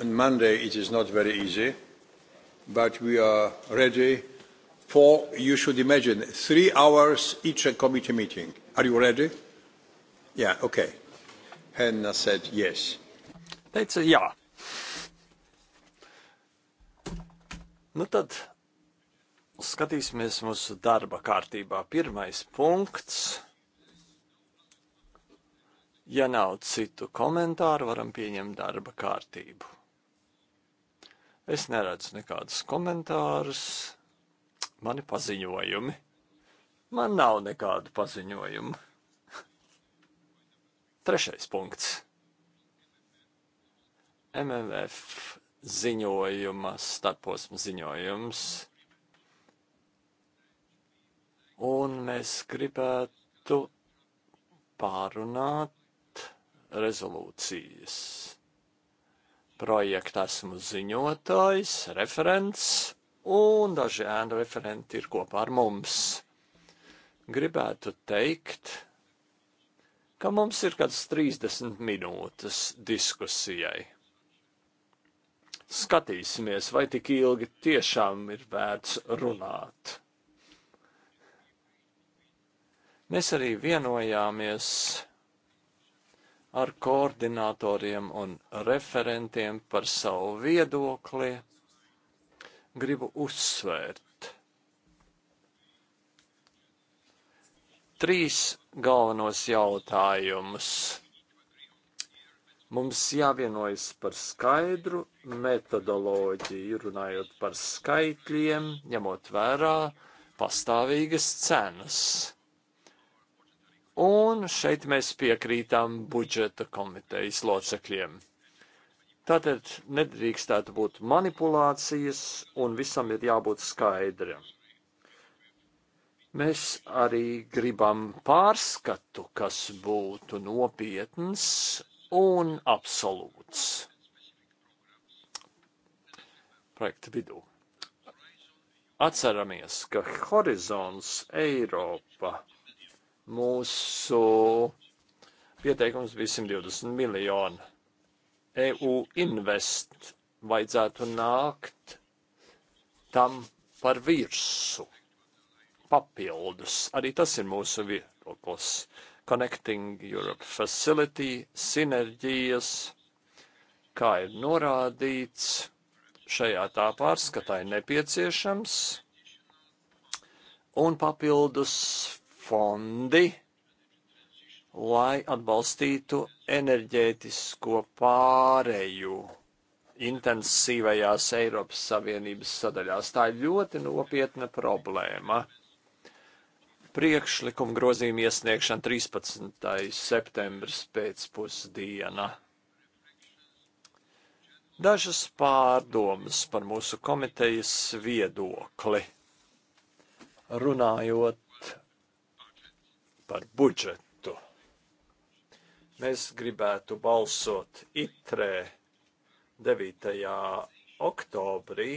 on Monday it is not very easy, but we are ready for, you should imagine, three hours each committee meeting. Are you ready? Yeah, okay. Henna said yes. Teica jā. Nu tad skatīsimies mūsu darba kārtībā. Pirmais punkts Ja nav citu komentāru, varam pieņemt darba kārtību. Es neredzu nekādus komentārus, mani paziņojumi. Man nav nekādu paziņojumu. Trešais punkts. MMF ziņojuma, starposma ziņojums. Un mēs gribētu pārunāt rezolūcijas. Projekta esmu ziņotājs, referents, un daži ēnu referenti ir kopā ar mums. Gribētu teikt, ka mums ir kāds 30 minūtes diskusijai. Skatīsimies, vai tik ilgi tiešām ir vērts runāt. Mēs arī vienojāmies ar koordinatoriem un referentiem par savu viedokli. Gribu uzsvērt trīs galvenos jautājumus. Mums jāvienojas par skaidru metodoloģiju, runājot par skaitļiem, ņemot vērā pastāvīgas cenas Un šeit mēs piekrītām budžeta komitejas locekļiem. Tātad nedrīkstētu būt manipulācijas, un visam ir jābūt skaidram. Mēs arī gribam pārskatu, kas būtu nopietns un absolūts projekta vidū. Atceramies, ka horizons Eiropa Mūsu pieteikums bija 120 miljoni. EU invest vajadzētu nākt tam par virsu, papildus. Arī tas ir mūsu viedoklis. Connecting Europe Facility, sinerģijas, kā ir norādīts, šajā tā pārskatā ir nepieciešams, un papildus fondi, lai atbalstītu enerģētisko pāreju intensīvajās Eiropas Savienības sadaļās. Tā ir ļoti nopietna problēma. Priekšlikuma grozījuma iesniegšana 13. septembris pēcpusdiena. Dažas pārdomas par mūsu komitejas viedokli runājot par budžetu. Mēs gribētu balsot itrē 9. oktobrī,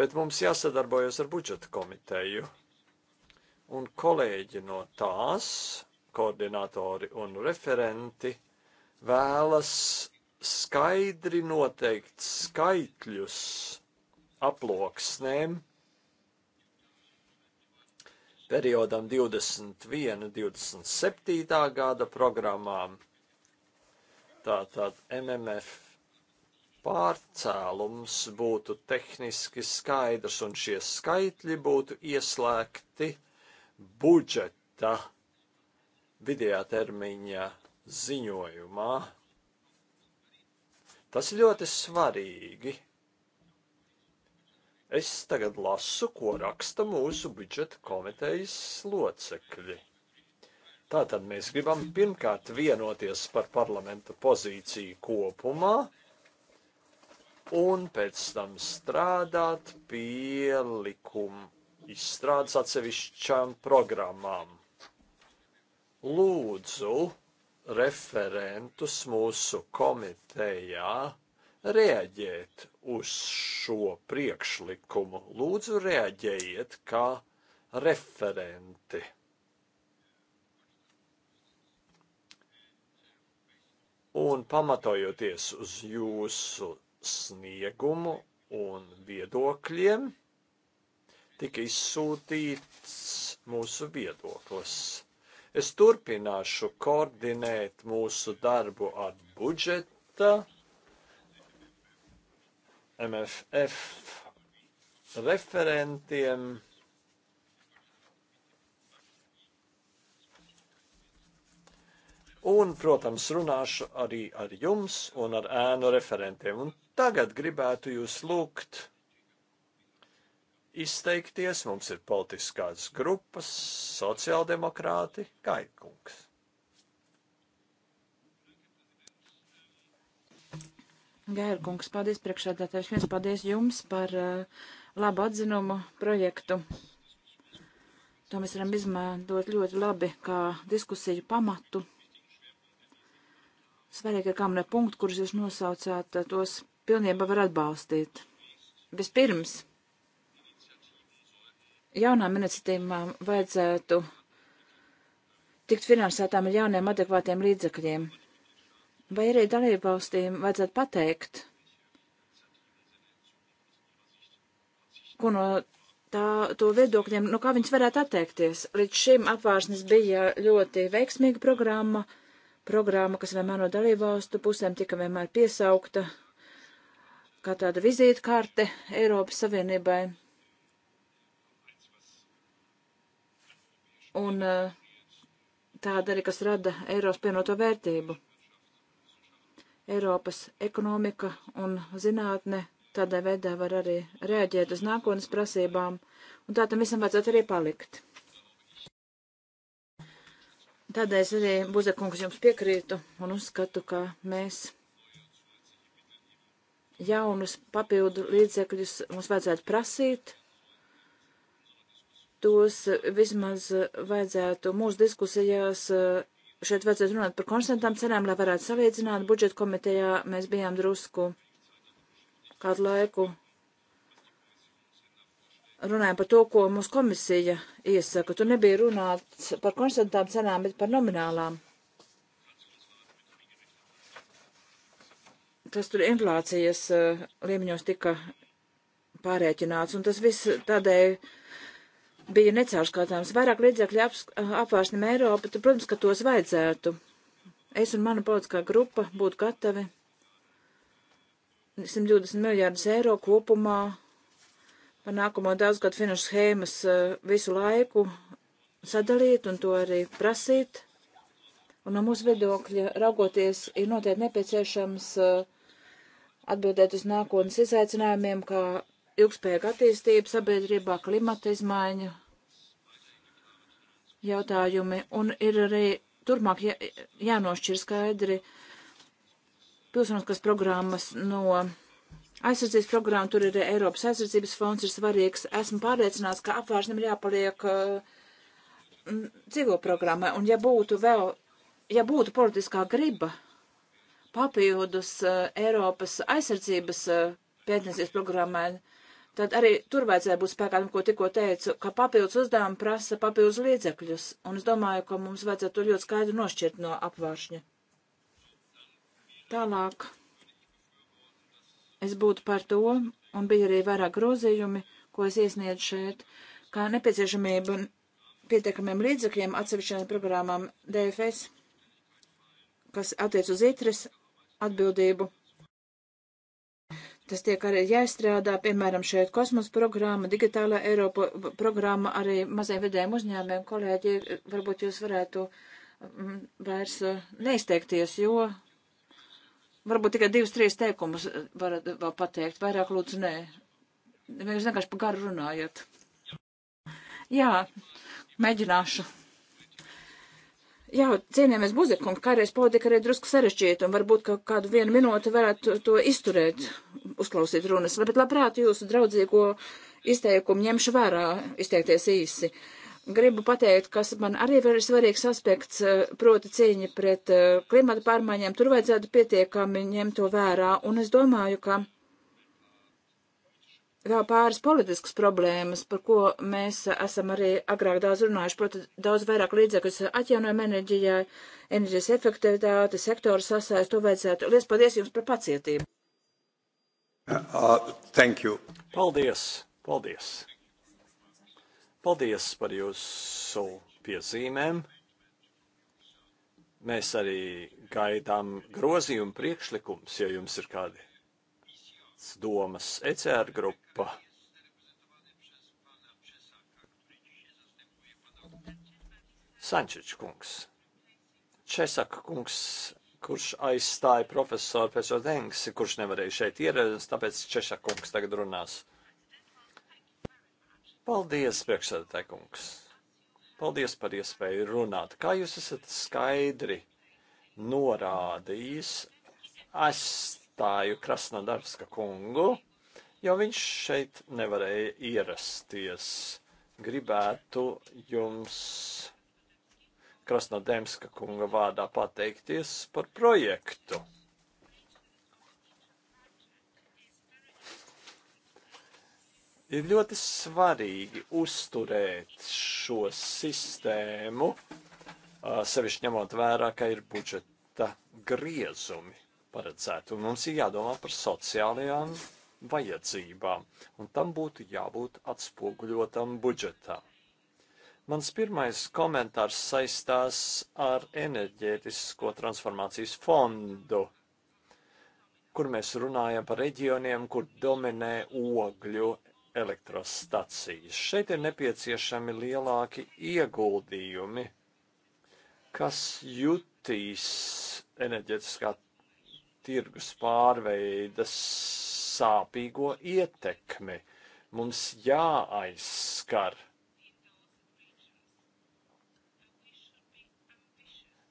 bet mums jāsadarbojas ar budžeta komiteju. Un kolēģi no tās, koordinatori un referenti, vēlas skaidri noteikt skaitļus aploksnēm periodam 21, 27. gada programmām. Tātad MMF pārcēlums būtu tehniski skaidrs un šie skaitļi būtu ieslēgti budžeta vidējā termiņa ziņojumā. Tas ļoti svarīgi, Es tagad lasu, ko raksta mūsu budžeta komitejas locekļi. Tātad mēs gribam pirmkārt vienoties par parlamenta pozīciju kopumā, un pēc tam strādāt pie likuma izstrādes atsevišķām programmām. Lūdzu referentus mūsu komitejā reaģēt uz šo priekšlikumu. Lūdzu, reaģējiet kā referenti. Un pamatojoties uz jūsu sniegumu un viedokļiem, tika izsūtīts mūsu viedoklis. Es turpināšu koordinēt mūsu darbu ar budžeta MFF referentiem. Un, protams, runāšu arī ar jums un ar ēnu referentiem. Un tagad gribētu jūs lūgt izteikties. Mums ir politiskās grupas, sociāldemokrāti, Kaikungs. Gērkungs, paldies priekšādātājs. Viens paldies jums par uh, labu atzinumu projektu. To mēs varam izmantot ļoti labi kā diskusiju pamatu. Svarīgi ir kāmne punkti, kurus jūs nosaucāt, eh, tos pilnībā var atbalstīt. Vispirms jaunām iniciatīvām vajadzētu tikt finansētām ar jauniem adekvātiem līdzekļiem. Vai arī dalībvalstīm vajadzētu pateikt, ko no tā, to viedokļiem, no nu, kā viņas varētu atteikties. Līdz šim apvārsnes bija ļoti veiksmīga programma, programma, kas vienmēr no dalībvalstu pusēm tika vienmēr piesaukta kā tāda vizītkarte Eiropas Savienībai. Un eh, tāda arī, kas rada Eiropas pienoto vērtību. Eiropas ekonomika un zinātne tādā veidā var arī rēģēt uz nākotnes prasībām, un tā tam visam vajadzētu arī palikt. Tādēļ es arī, Buzekungs, jums piekrītu un uzskatu, ka mēs jaunus papildu līdzekļus mums vajadzētu prasīt, tos vismaz vajadzētu mūsu diskusijās šeit vajadzētu runāt par konstantām cenām, lai varētu salīdzināt. Budžeta komitejā mēs bijām drusku kādu laiku runājām par to, ko mūsu komisija iesaka. Tur nebija runāts par konstantām cenām, bet par nominālām. Tas tur inflācijas uh, līmeņos tika pārēķināts, un tas viss tādēļ bija necaurskatāms. Vairāk līdzekļu eh, apvārsnim Eiropu, tad, protams, ka tos vajadzētu. Es un mana politiskā grupa būtu gatavi 120 miljārdus eiro kopumā par nākamo daudzgadu finanšu schēmas eh, visu laiku sadalīt un to arī prasīt. Un no mūsu viedokļa raugoties ir noteikti nepieciešams eh, atbildēt uz nākotnes izaicinājumiem, kā ilgspējīga attīstība sabiedrībā, klimata izmaiņu jautājumi, un ir arī turpmāk jā, jānošķir skaidri pilsoniskās programmas no aizsardzības programma, tur ir Eiropas aizsardzības fonds, ir svarīgs. Esmu pārliecināts, ka apvārsnim ir jāpaliek uh, dzīvo programmai, un ja būtu vēl, ja būtu politiskā griba papildus uh, Eiropas aizsardzības uh, pētniecības programmai, tad arī tur vajadzēja būt spēkām, ko tikko teicu, ka papildus uzdevumi prasa papildus līdzekļus, un es domāju, ka mums vajadzētu to ļoti skaidri nošķirt no apvāršņa. Tālāk es būtu par to, un bija arī vairāk grozījumi, ko es iesniedzu šeit, kā nepieciešamība pietiekamiem līdzekļiem atsevišķiem programām DFS, kas attiec uz ITRES atbildību Tas tiek arī jāizstrādā, piemēram, šeit kosmos programma, digitālā Eiropa programma, arī maziem vidējiem uzņēmiem. Kolēģi, varbūt jūs varētu mm, vairs eh, neizteikties, jo varbūt tikai divas, trīs teikumus varat vēl pateikt. Vairāk lūdzu, nē. Jūs vienkārši pa garu runājat. Jā, mēģināšu. Jā, cienījamies Buzirkungs, kādreiz politika arī drusku sarežģīta, un varbūt, ka kādu vienu minūti varētu to izturēt, uzklausīt runas, bet labprāt jūsu draudzīgo izteikumu ņemšu vērā, izteikties īsi. Gribu pateikt, kas man arī ir svarīgs aspekts, proti cīņa pret eh, klimata pārmaiņām, tur vajadzētu pietiekami ņemt to vērā, un es domāju, ka vēl pāris politiskas problēmas, par ko mēs esam arī agrāk daudz runājuši, proti daudz vairāk līdzekļus atjaunojumu enerģijai, enerģijas efektivitāti, sektoru sasaist, to vajadzētu. Lies paldies jums par pacietību. Uh, thank you. Paldies, paldies. Paldies par jūsu piezīmēm. Mēs arī gaidām grozījumu priekšlikums, ja jums ir kādi valsts domas ECR grupa. Sančič kungs. Česaka kungs, kurš aizstāja profesoru Pēcot Engsi, kurš nevarēja šeit ierasties, tāpēc Česaka kungs tagad runās. Paldies, priekšsēdētāji kungs. Paldies par iespēju runāt. Kā jūs esat skaidri norādījis, es atstāju Krasnodarska kungu, jo viņš šeit nevarēja ierasties. Gribētu jums Krasnodemska kunga vārdā pateikties par projektu. ir ļoti svarīgi uzturēt šo sistēmu, sevišķi ņemot vērā, ka ir budžeta griezumi paredzēta. Un mums ir jādomā par sociālajām vajadzībām, un tam būtu jābūt atspoguļotam budžetā. Mans pirmais komentārs saistās ar enerģētisko transformācijas fondu, kur mēs runājam par reģioniem, kur dominē ogļu elektrostacijas. Šeit ir nepieciešami lielāki ieguldījumi, kas jutīs enerģētiskā tirgus pārveidas sāpīgo ietekmi. Mums jāaizskar.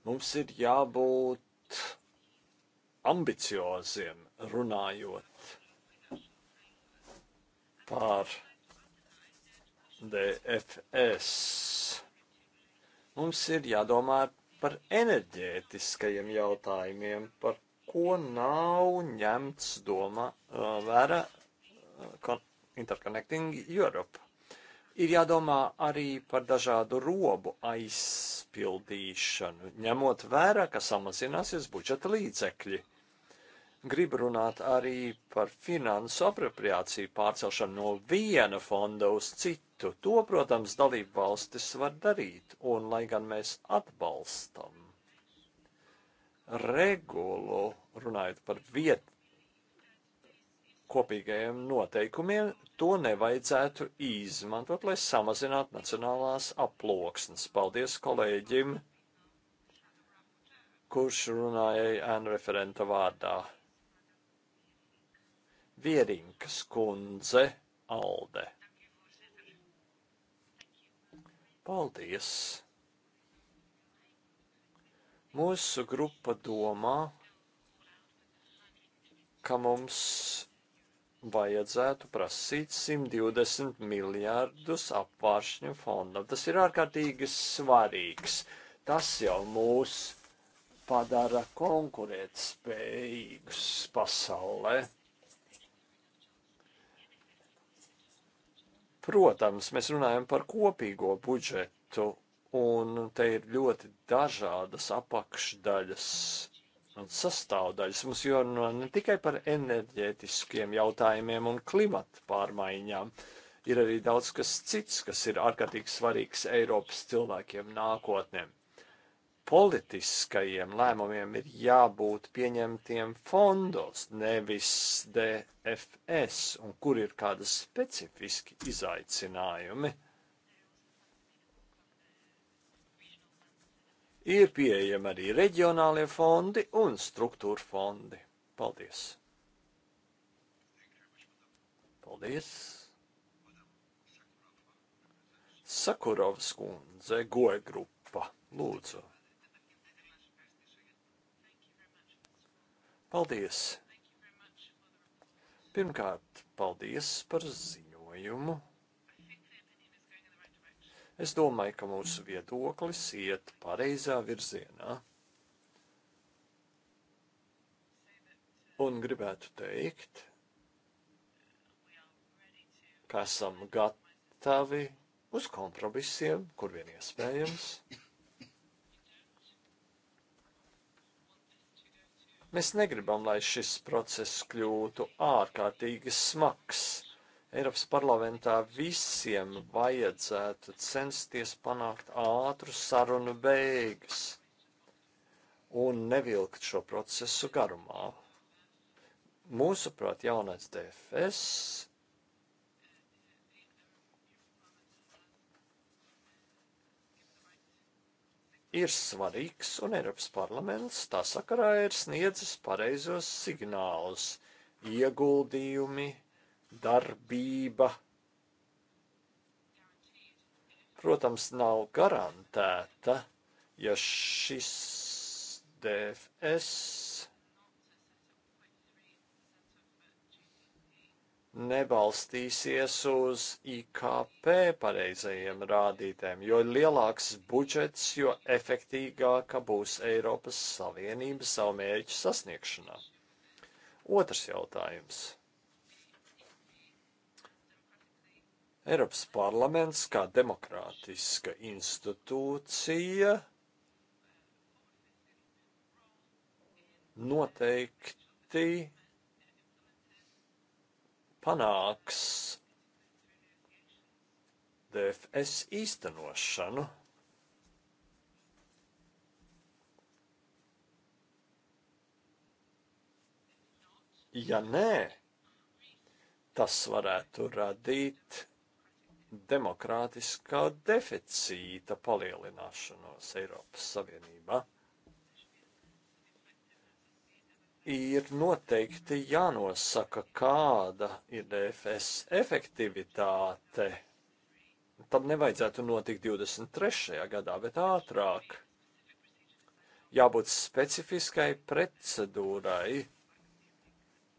Mums ir jābūt ambicioziem runājot par DFS. Mums ir jādomā par enerģētiskajiem jautājumiem, par ko nav ņemts domā vērā Interconnecting Europe. Ir jādomā arī par dažādu robu aizpildīšanu, ņemot vērā, ka samazināsies budžeta līdzekļi grib runāt arī par finansu apropriāciju pārcelšanu no viena fonda uz citu. To, protams, dalību valstis var darīt, un lai gan mēs atbalstam regulu, runājot par vietu kopīgajiem noteikumiem, to nevajadzētu izmantot, lai samazinātu nacionālās aploksnes. Paldies kolēģim, kurš runāja ēnu referenta vārdā. Vierinkas kundze Alde. Paldies! Mūsu grupa domā, ka mums vajadzētu prasīt 120 miljārdus apvāršņu fondam. Tas ir ārkārtīgi svarīgs. Tas jau mūs padara konkurētspējīgus pasaulē. Protams, mēs runājam par kopīgo budžetu Un te ir ļoti dažādas apakšdaļas un sastāvdaļas. Mums jārunā ne tikai par enerģētiskiem jautājumiem un klimatu pārmaiņām. Ir arī daudz kas cits, kas ir ārkārtīgi svarīgs Eiropas cilvēkiem nākotnēm. Politiskajiem lēmumiem ir jābūt pieņemtiem fondos, nevis DFS, un kur ir kādas specifiski izaicinājumi. Ir pieejami arī reģionālie fondi un struktūra fondi. Paldies! Paldies! Sakurovs kundze, goja grupa, lūdzu. Paldies! Pirmkārt, paldies par ziņojumu. Es domāju, ka mūsu viedoklis iet pareizā virzienā. Un gribētu teikt, ka esam gatavi uz kompromisiem, kur vien iespējams. Mēs negribam, lai šis process kļūtu ārkārtīgi smags Eiropas parlamentā visiem vajadzētu censties panākt ātru sarunu beigas un nevilkt šo procesu garumā. Mūsuprāt, jaunais DFS ir svarīgs, un Eiropas parlaments tā sakarā ir sniedzis pareizos signālus, ieguldījumi, darbība, protams, nav garantēta, ja šis DFS nebalstīsies uz IKP pareizajiem rādītēm, jo lielāks budžets, jo efektīgāka būs Eiropas Savienība savu mērķu sasniegšanā. Otrs jautājums. Eiropas parlaments kā demokrātiska institūcija noteikti panāks DFS īstenošanu. Ja nē, tas varētu radīt demokrātiskā deficīta palielināšanos Eiropas Savienībā. ir noteikti jānosaka, kāda ir DFS efektivitāte. Tam nevajadzētu notikt 23. gadā, bet ātrāk. Jābūt specifiskai procedūrai,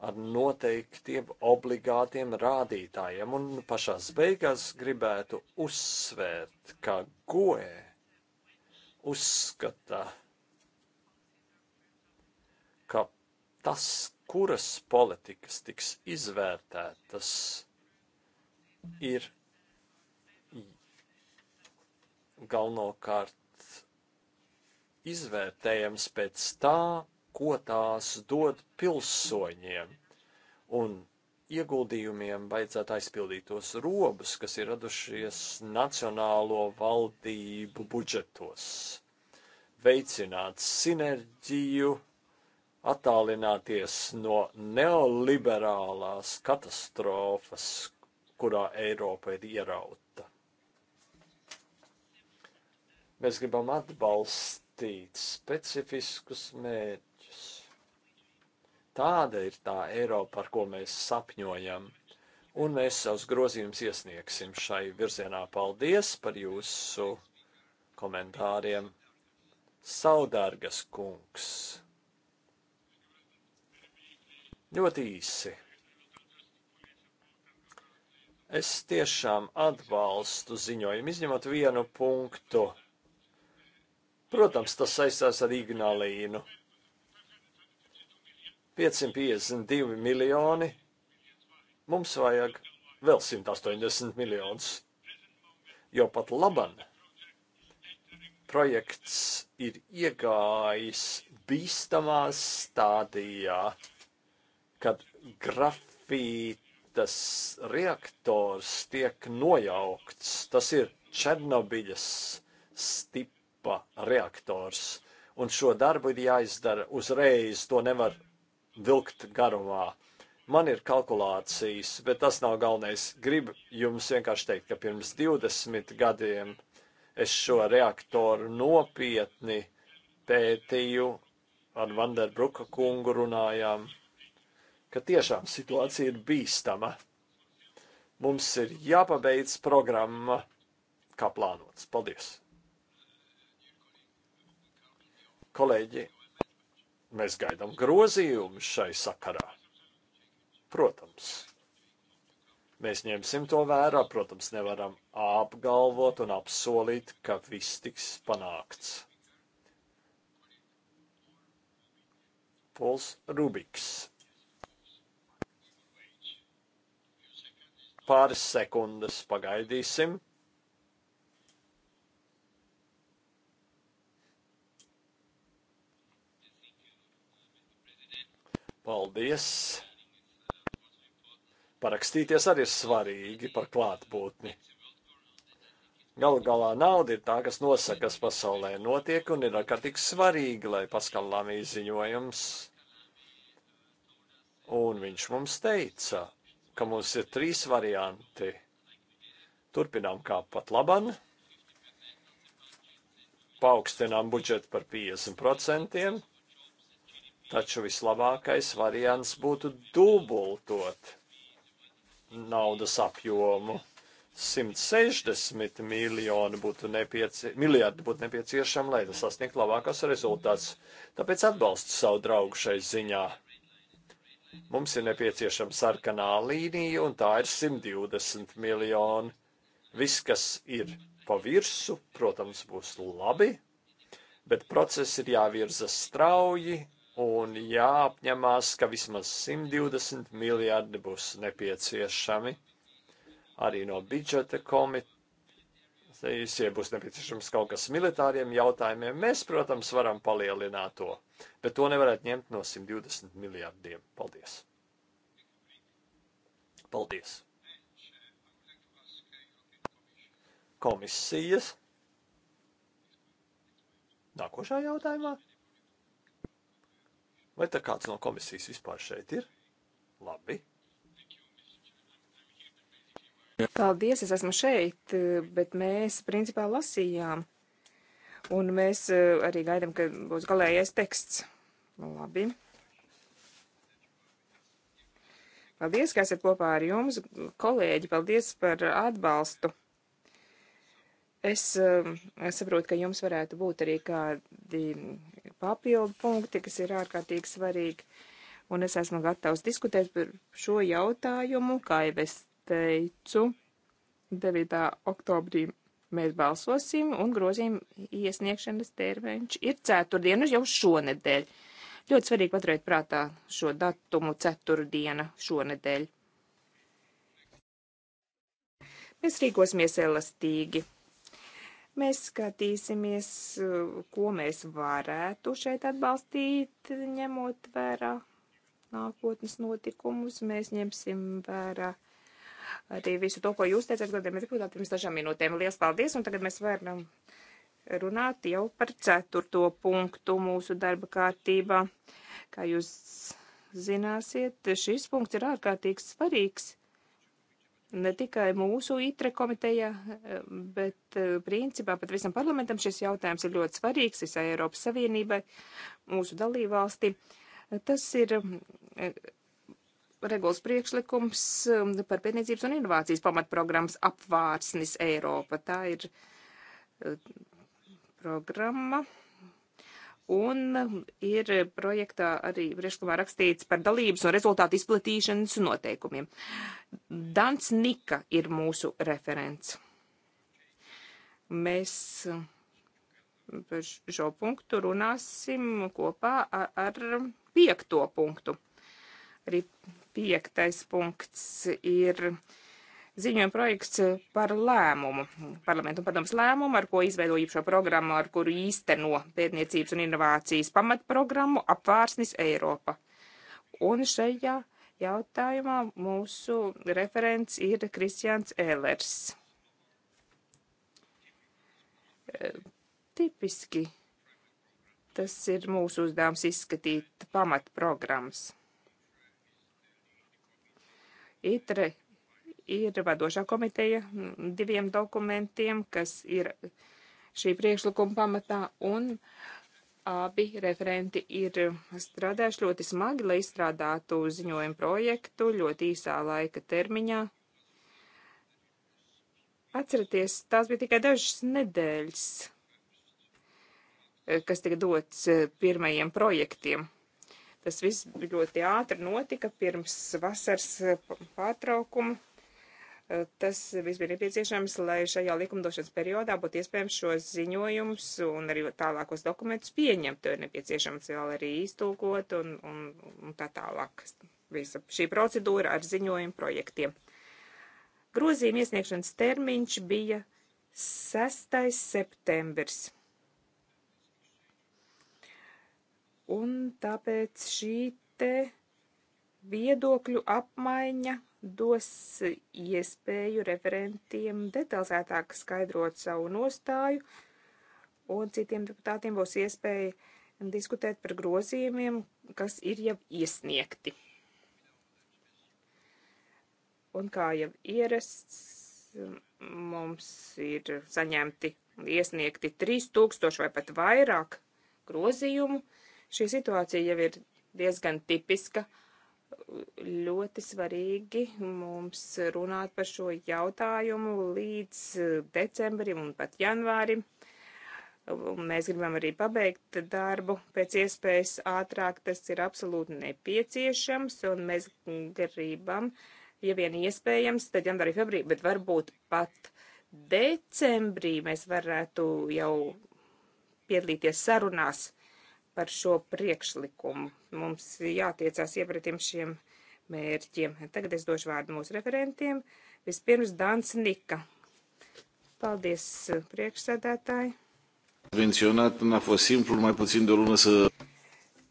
ar noteiktiem obligātiem rādītājiem. Un pašās beigās gribētu uzsvērt, ka goē uzskata, ka tas, kuras politikas tiks izvērtētas, ir galvenokārt izvērtējams pēc tā, ko tās dod pilsoņiem un ieguldījumiem vajadzētu aizpildīt tos robus, kas ir radušies nacionālo valdību budžetos, veicināt sinerģiju, attālināties no neoliberālās katastrofas, kurā Eiropa ir ierauta. Mēs gribam atbalstīt specifiskus mērķus Tāda ir tā Eiropa, par ko mēs sapņojam, un mēs savus grozījumus iesniegsim šai virzienā. Paldies par jūsu komentāriem! Saudārgas kungs. Ļoti īsi. Es tiešām atbalstu ziņojumu, izņemot vienu punktu. Protams, tas saistās ar Ignalīnu. 552 miljoni, mums vajag vēl 180 miljonus, jo pat laban projekts ir iegājis bīstamā stādījā, kad grafītas reaktors tiek nojaukts. Tas ir Černobiļas stipa reaktors, un šo darbu ir jāizdara uzreiz, to nevar vilkt garumā. Man ir kalkulācijas, bet tas nav galvenais. Gribu jums vienkārši teikt, ka pirms 20 gadiem es šo reaktoru nopietni pētīju, ar Vanderbruka kungu runājām, ka tiešām situācija ir bīstama. Mums ir jāpabeidz programma, kā plānots. Paldies! Kolēģi, Mēs gaidām grozījumus šai sakarā. Protams, mēs ņemsim to vērā, protams, nevaram apgalvot un apsolīt, ka viss tiks panākts. Pols Rubiks. Pāris sekundes pagaidīsim. Paldies! Parakstīties arī ir svarīgi par klātbūtni. Galu galā nauda ir tā, kas nosaka, kas pasaulē notiek, un ir ārkārtīgi svarīgi, lai paskalām izziņojums. Un viņš mums teica, ka mums ir trīs varianti. Turpinām kā pat laban, paaugstinām budžetu par 50%, Taču vislabākais variants būtu dubultot naudas apjomu. 160 miljoni būtu nepieci miljardi būtu nepieciešami, lai tas sasniegtu labākos rezultātus. Tāpēc atbalstu savu draugu šai ziņā. Mums ir nepieciešama sarkanā līnija, un tā ir 120 miljoni. Viss, kas ir pa virsu, protams, būs labi, bet process ir jāvirza strauji un jāapņemās, ka vismaz 120 miljārdi būs nepieciešami arī no budžeta komitejas, ja būs nepieciešams kaut kas militāriem jautājumiem. Mēs, protams, varam palielināt to, bet to nevarētu ņemt no 120 miljārdiem. Paldies! Paldies! Komisijas. Nākošā jautājumā. Vai te kāds no komisijas vispār šeit ir? Labi. Paldies, es esmu šeit, bet mēs principā lasījām. Un mēs eh, arī gaidām, ka būs galējais teksts. Labi. Paldies, ka esat kopā ar jums, kolēģi. Paldies par atbalstu. Es, um, es saprotu, ka jums varētu būt arī kādi papildu punkti, kas ir ārkārtīgi svarīgi, un es esmu gatavs diskutēt par šo jautājumu, kā jau es teicu, 9. oktobrī mēs balsosim, un grozījuma iesniegšanas termiņš ir ceturtdiena jau šonedēļ. Ļoti svarīgi paturēt prātā šo datumu ceturtdiena šonedēļ. Mēs rīkosimies elastīgi. Mēs skatīsimies, ko mēs varētu šeit atbalstīt, ņemot vērā nākotnes notikumus. Mēs ņemsim vērā arī visu to, ko jūs teicāt, godējumie deputāti, pirms dažām minūtēm. Lielas paldies, un tagad mēs varam runāt jau par ceturto punktu mūsu darba kārtībā. Kā jūs zināsiet, šis punkts ir ārkārtīgi svarīgs ne tikai mūsu ITRE komiteja, bet eh, principā pat visam parlamentam šis jautājums ir ļoti svarīgs visai Eiropas Savienībai, mūsu dalībvalsti. Tas ir eh, regulas priekšlikums um, par pētniecības un inovācijas pamatprogrammas apvārsnis Eiropa. Tā ir eh, programma, Un um, ir projektā arī priekšlikumā rakstīts par dalības un rezultātu izplatīšanas noteikumiem. Dans Nika ir mūsu referents. Mēs um, par šo punktu runāsim kopā ar, ar piekto punktu. Arī piektais punkts ir uh, ziņojuma projekts eh, par lēmumu, parlamentu un padoms lēmumu, ar ko izveido īpašo programmu, ar kuru īsteno pētniecības un inovācijas pamatprogrammu apvārsnis Eiropa. Un šajā jautājumā mūsu referents ir Kristians Ēlers. Eh, tipiski tas ir mūsu uzdevums izskatīt pamatprogrammas. ITRE ir vadošā komiteja mm, diviem dokumentiem, kas ir šī priekšlikuma pamatā, un abi referenti ir strādājuši ļoti smagi, lai izstrādātu ziņojumu projektu ļoti īsā laika termiņā. Atcerieties, tās bija tikai dažas nedēļas, eh, kas tika dots eh, pirmajiem projektiem. Tas viss ļoti ātri notika pirms vasaras eh, pārtraukuma. Tas viss bija nepieciešams, lai šajā likumdošanas periodā būtu iespējams šos ziņojumus un arī tālākos dokumentus pieņemt. To ir nepieciešams vēl arī iztūkot un, un, un tā tālāk. Visa šī procedūra ar ziņojumu projektiem. Grozījuma iesniegšanas termiņš bija 6. septembris. Un tāpēc šī te viedokļu apmaiņa dos iespēju referentiem detalizētāk skaidrot savu nostāju, un citiem deputātiem būs iespēja diskutēt par grozījumiem, kas ir jau iesniegti. Un kā jau ierasts, mums ir saņemti iesniegti 3000 vai pat vairāk grozījumu. Šī situācija jau ir diezgan tipiska. Uh, ļoti svarīgi mums runāt par šo jautājumu līdz decembrim un pat janvārim. Mēs gribam arī pabeigt darbu pēc iespējas ātrāk, tas ir absolūti nepieciešams, un mēs gribam, ja vien iespējams, tad janvārī, februārī, bet varbūt pat decembrī mēs varētu jau piedalīties sarunās par šo priekšlikumu. Mums jātiecās iepratim šiem mērķiem. Tagad es došu vārdu mūsu referentiem. Vispirms Dans Nika. Paldies, priekšsēdētāji. Menționat, n-a fost simplu, mai puțin de o lună să...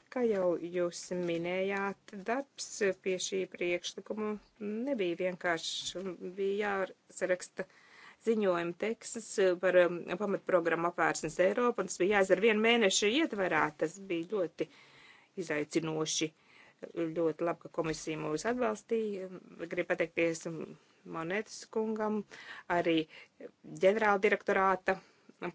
Kā jau jūs minējāt, darbs pie šī priekšlikuma nebija vienkārši. Bija jāsaraksta uh, ziņojuma teksts eh, par um, pamatprogrammu apvērsnes Eiropa, un tas bija jāizdara vienu mēnešu ietvarā. Tas bija ļoti izaicinoši. Ļoti labi, ka komisija mūs atbalstīja. Gribu pateikties Monetas kungam, arī ģenerāla direktorāta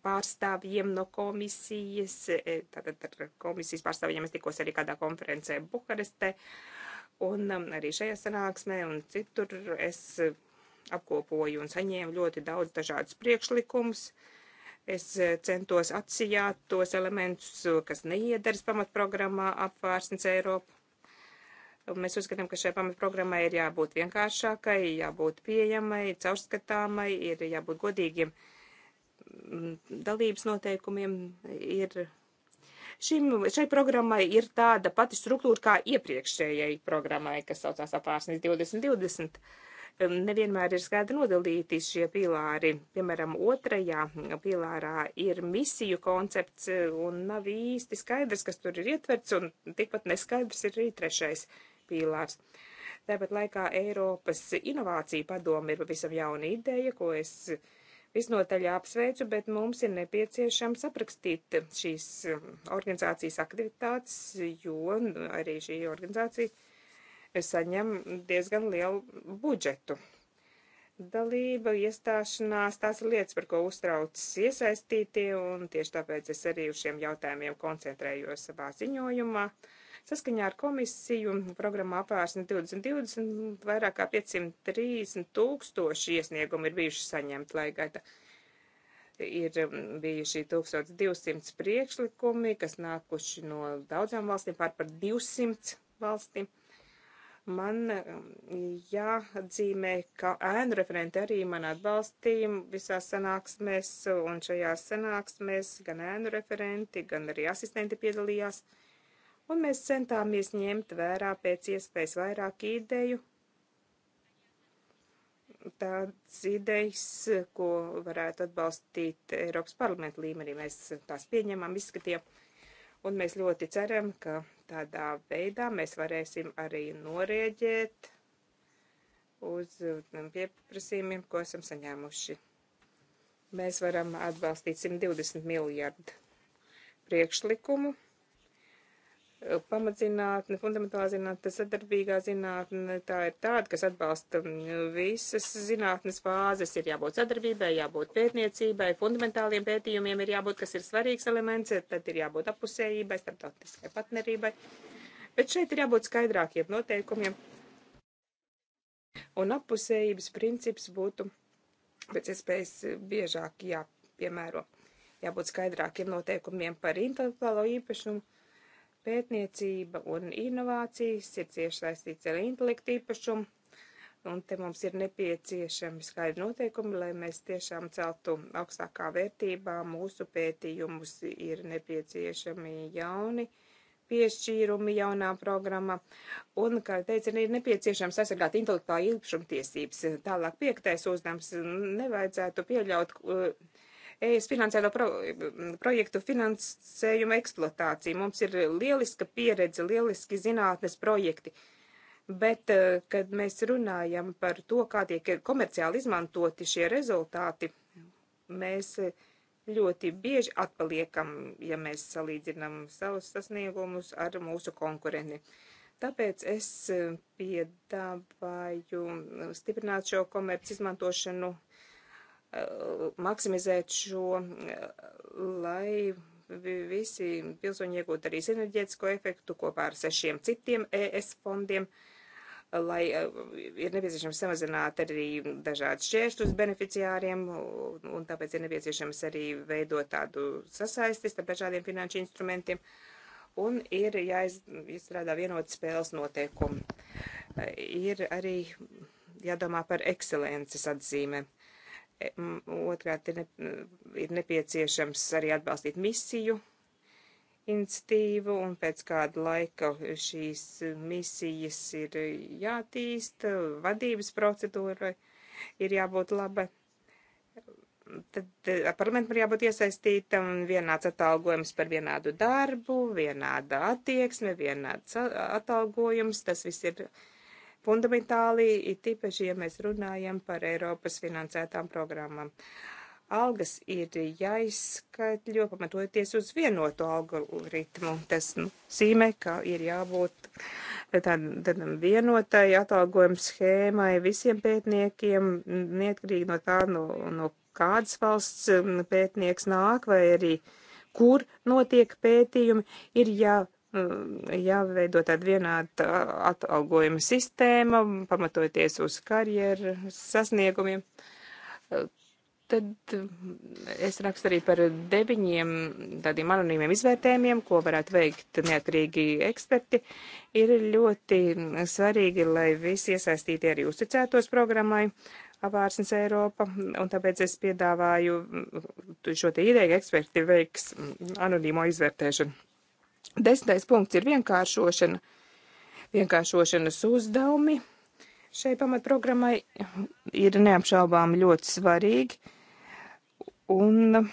pārstāvjiem no komisijas, eh, tātad ar komisijas pārstāvjiem es tikos arī kādā konferencē Bukarestē, un um, arī šajā sanāksmē un citur es apkopoju un saņēmu ļoti daudz dažādus priekšlikumus. Es eh, centos atsijāt tos elementus, eh, kas neiedaras pamatprogrammā apvārsnes Eiropu. Un mēs uzskatām, ka šai pamatprogrammai ir jābūt vienkāršākai, jābūt pieejamai, caurskatāmai, ir jābūt godīgiem mm, dalības noteikumiem. Ir šim, šai programmai ir tāda pati struktūra kā iepriekšējai programmai, kas saucās apvārsnes 2020 nevienmēr ir skaidri nodalīti šie pīlāri. Piemēram, otrajā pīlārā ir misiju koncepts e, un nav īsti skaidrs, kas tur ir ietverts, un tikpat neskaidrs ir arī trešais pīlārs. Tāpat laikā Eiropas inovācija padoma ir pavisam jauna ideja, ko es visnotaļ apsveicu, bet mums ir nepieciešams aprakstīt šīs e, organizācijas aktivitātes, jo arī šī organizācija saņem diezgan lielu budžetu. Dalība, iestāšanās, tās ir lietas, par ko uztraucas iesaistītie, un tieši tāpēc es arī uz šiem jautājumiem koncentrējos savā ziņojumā. Saskaņā ar komisiju programmā apvērsni 2020 vairāk kā 530 tūkstoši iesniegumu ir bijuši saņemti, lai gada ir um, bijuši 1200 priekšlikumi, kas nākuši no daudzām valstīm, pār par 200 valstīm. Man um, jāatzīmē, ka ēnu referenti arī man atbalstīja visās sanāksmēs, un šajās sanāksmēs gan ēnu referenti, gan arī asistenti piedalījās, un mēs centāmies ņemt vērā pēc iespējas vairāk ideju, tādas idejas, ko varētu atbalstīt Eiropas parlamenta līmenī. Mēs tās pieņemam, izskatījām, un mēs ļoti ceram, ka Tādā veidā mēs varēsim arī norēģēt uz pieprasījumiem, ko esam saņēmuši. Mēs varam atbalstīt 120 miljardu priekšlikumu Eh, pamatzinātne, fundamentālā zinātne, sadarbīgā zinātne, tā ir tāda, kas atbalsta mm, visas zinātnes fāzes, ir jābūt sadarbībai, jābūt pētniecībai, fundamentāliem pētījumiem ir jābūt, kas ir svarīgs elements, tad ir jābūt apusējībai, starptautiskai partnerībai, bet šeit ir jābūt skaidrākiem noteikumiem, un apusējības princips būtu pēc iespējas biežāk jāpiemēro, jābūt skaidrākiem noteikumiem par intelektuālo īpašumu, Pētniecība un inovācijas ir cieši saistīts ar intelektu īpašumu, un te mums ir nepieciešami skaidri noteikumi, lai mēs tiešām celtu augstākā vērtībā mūsu pētījumus, ir nepieciešami jauni piešķīrumi jaunā programma, un, kā teicu, ir nepieciešams aizsargāt intelektuālā īpašuma tiesības. Tālāk piektais uzdevums nevajadzētu pieļaut uh, ES finansēto pro, projektu finansējumu eksploatāciju. Mums ir lieliska pieredze, lieliski zinātnes projekti. Bet, eh, kad mēs runājam par to, kā tiek komerciāli izmantoti šie rezultāti, mēs eh, ļoti bieži atpaliekam, ja mēs salīdzinām savus sasniegumus ar mūsu konkurenti. Tāpēc es eh, piedāvāju stiprināt šo komerci izmantošanu Eh, maksimizēt šo, eh, lai visi pilsoņi iegūtu arī sinerģētisko efektu kopā ar sešiem citiem ES fondiem, lai eh, ir nepieciešams samazināt arī dažādas šķēršļus beneficiāriem, un tāpēc ir nepieciešams arī veidot tādu sasaisti starp dažādiem finanšu instrumentiem un ir jāizstrādā vienotas spēles noteikumi. Ir arī jādomā par ekscelences atzīme. E, Otrkārt, ir, ne, ir nepieciešams arī atbalstīt misiju iniciatīvu, un pēc kāda laika šīs misijas ir jātīsta, vadības procedūra ir jābūt labai. Tad e, parlamentam ir jābūt iesaistītam vienāds atalgojums par vienādu darbu, vienāda attieksme, vienāds atalgojums. Tas viss ir fundamentāli, ir tīpaši, ja mēs runājam par Eiropas finansētām programmām. Algas ir jāizskaitļo, pamatojoties uz vienotu algoritmu. Tas nu, zīmē, ka ir jābūt tādam vienotai atalgojuma schēmai visiem pētniekiem, neatkarīgi no tā, no, no kādas valsts pētnieks nāk vai arī kur notiek pētījumi, ir jā. Ja Mm, jāveido tāda vienāda atalgojuma sistēma, pamatoties uz karjeru sasniegumiem. Uh, tad mm, es rakstu arī par deviņiem tādiem anonīmiem izvērtējumiem, ko varētu veikt neatkarīgi eksperti. Ir ļoti svarīgi, lai visi iesaistītie arī uzticētos programmai Avārsnes Eiropa, un tāpēc es piedāvāju mm, šo te ideju, ka eksperti veiks anonīmo izvērtēšanu Desmitais punkts ir vienkāršošana. Vienkāršošanas uzdevumi šai pamatprogrammai ir neapšaubām ļoti svarīgi. Un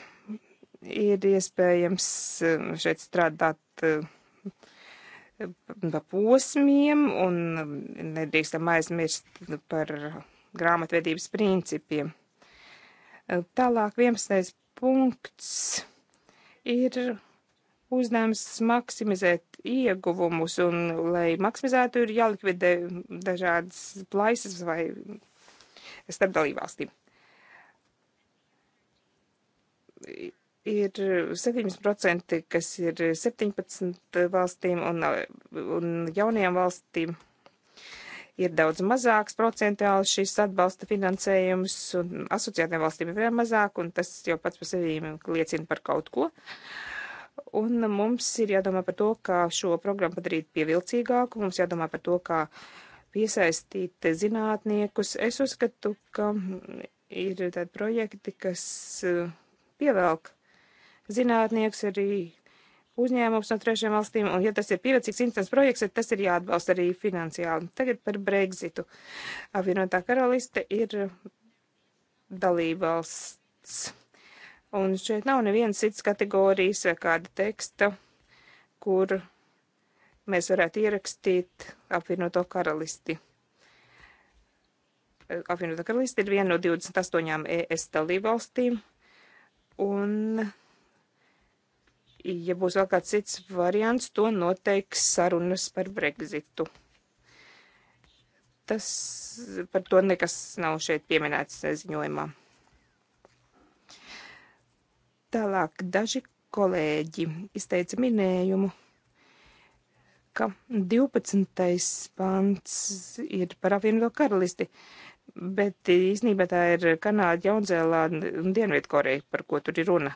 ir iespējams eh, šeit strādāt eh, pa posmiem un nedrīkstam aizmirst par grāmatvedības principiem. Eh, tālāk 11. punkts ir uzdevums maksimizēt ieguvumus, un, lai maksimizētu, ir jālikvidē dažādas plaisas vai starp dalībvalstīm. Ir 7%, kas ir 17 valstīm un, un jaunajām valstīm. Ir daudz mazāks procentuāli šis atbalsta finansējums, un asociētām valstīm ir vēl mazāk, un tas jau pats par sevi liecina par kaut ko. Uh, Un mums ir jādomā par to, kā šo programmu padarīt pievilcīgāku, mums jādomā par to, kā piesaistīt zinātniekus. Es uzskatu, ka ir tādi projekti, kas eh, pievelk zinātniekus arī uzņēmums no trešajām valstīm, un ja tas ir pievilcīgs instants projekts, tad tas ir jāatbalsta arī finansiāli. Tagad par Brexitu. Apvienotā karaliste ir dalībvalsts Un šeit nav nevienas citas kategorijas vai kāda teksta, kur mēs varētu ierakstīt apvienoto karalisti. Apvienotā karalista ir viena no 28 ES dalībvalstīm, un, ja būs vēl kāds cits variants, to noteiks sarunas par Brexitu. Tas par to nekas nav šeit pieminēts ziņojumā. Tālāk daži kolēģi izteica minējumu, ka 12. pants ir par apvienoto karalisti, bet īsnībā tā ir Kanāda, Jaunzēlāda un Dienvietkoreja, par ko tur ir runa.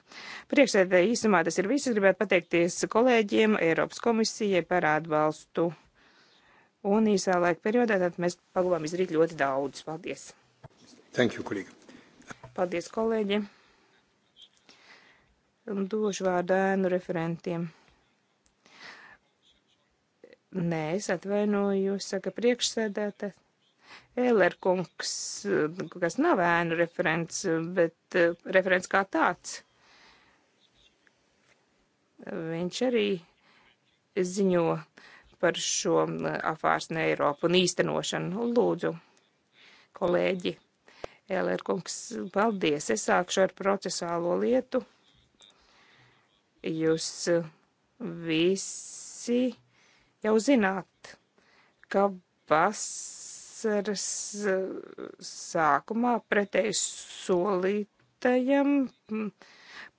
Priekšsēdē īsumā tas ir viss. Gribētu pateikties kolēģiem, Eiropas komisijai par atbalstu. Un īsā laika periodā tad mēs pagulām izrīt ļoti daudz. Paldies! Thank you, kolēģi! Paldies, kolēģi! Došu vārdu ēnu referentiem. Nē, es atvainojos, saka priekšsēdētājs. Ēlerkungs, kas nav ēnu referents, bet uh, referents kā tāds. Viņš arī ziņo par šo eh, afārsni Eiropu un īstenošanu. Lūdzu, kolēģi, Ēlerkungs, paldies. Es sākšu ar procesālo lietu. Jūs eh, visi jau zināt, ka vasaras eh, sākumā pretēji solītajam hm,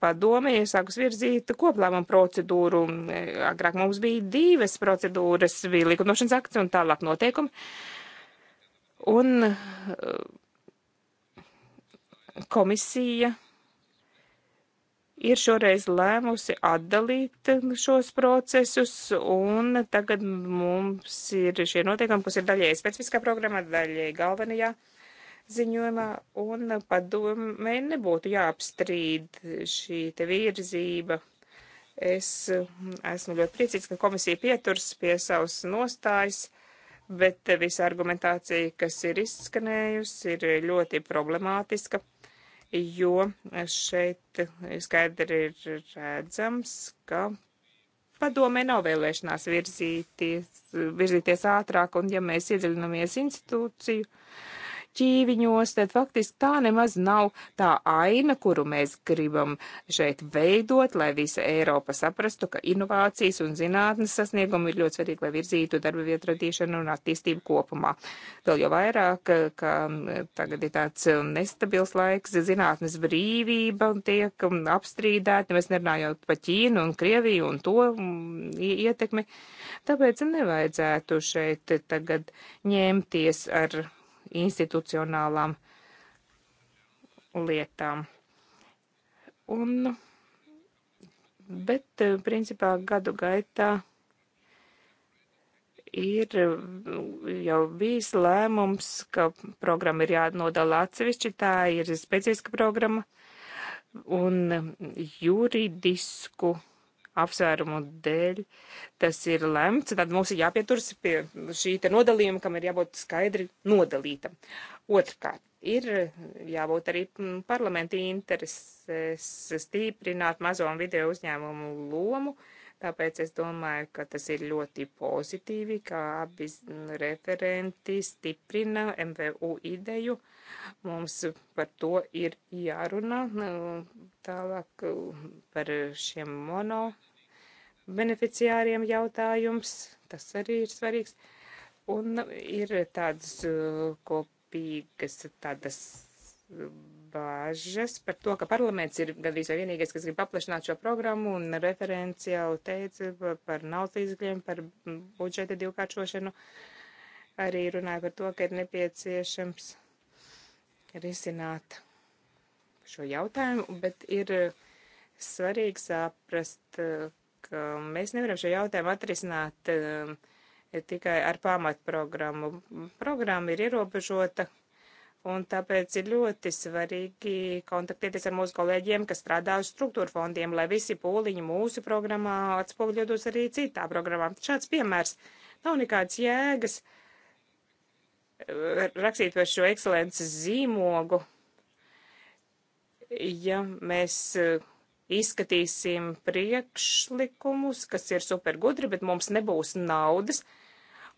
padome iesākus virzīt koplēmumu procedūru. Eh, agrāk mums bija divas procedūras, bija likumdošanas akts un tālāk noteikumi. Un komisija ir šoreiz lēmusi atdalīt šos procesus, un tagad mums ir šie noteikumi, kas ir daļēji specifiskā programmā, daļēji galvenajā ziņojumā, un padomē nebūtu jāapstrīd šī te virzība. Es esmu ļoti priecīgs, ka komisija pieturs pie savas nostājas, bet visa argumentācija, kas ir izskanējusi, ir ļoti problemātiska jo šeit skaidri ir redzams, ka padomē nav vēlēšanās virzīties, virzīties ātrāk, un ja mēs iedziļinamies institūciju ķīviņos, tad faktiski tā nemaz nav tā aina, kuru mēs gribam šeit veidot, lai visa Eiropa saprastu, ka inovācijas un zinātnes sasniegumi ir ļoti svarīgi, lai virzītu darba vietu radīšanu un attīstību kopumā. Vēl jau vairāk, ka tagad ir tāds nestabils laiks, zinātnes brīvība tiek apstrīdēta, mēs nerunājot pa Ķīnu un Krieviju un to ietekmi. Tāpēc nevajadzētu šeit tagad ņemties ar institucionālām lietām. Un, bet, eh, principā, gadu gaitā ir eh, jau bijis lēmums, ka programma ir jānodala atsevišķi, tā ir specifiska programma, un eh, juridisku apsvērumu dēļ tas ir lemts, tad mums ir jāpieturas pie šī te nodalījuma, kam ir jābūt skaidri nodalītam. Otrkārt, ir jābūt arī parlamenti intereses stīprināt mazo un video uzņēmumu lomu, tāpēc es domāju, ka tas ir ļoti pozitīvi, ka abi referenti stiprina MVU ideju. Mums par to ir jārunā tālāk par šiem mono beneficiāriem jautājums, tas arī ir svarīgs. Un ir tādas uh, kopīgas, tādas uh, bāžas par to, ka parlaments ir gandrīz vai vienīgais, kas grib paplašināt šo programmu un referenci jau teica par naudas līdzekļiem, par mm, budžeta divkāršošanu. Arī runāja par to, ka ir nepieciešams risināt šo jautājumu, bet ir uh, svarīgi saprast, ka mēs nevaram šo jautājumu atrisināt eh, tikai ar pamatprogrammu. Programma ir ierobežota, un tāpēc ir ļoti svarīgi kontaktēties ar mūsu kolēģiem, kas strādā uz struktūra fondiem, lai visi pūliņi mūsu programmā atspogļotos arī citā programmā. Šāds piemērs nav nekāds jēgas eh, rakstīt par šo ekscelences zīmogu, ja mēs uh, izskatīsim priekšlikumus, kas ir supergudri, bet mums nebūs naudas.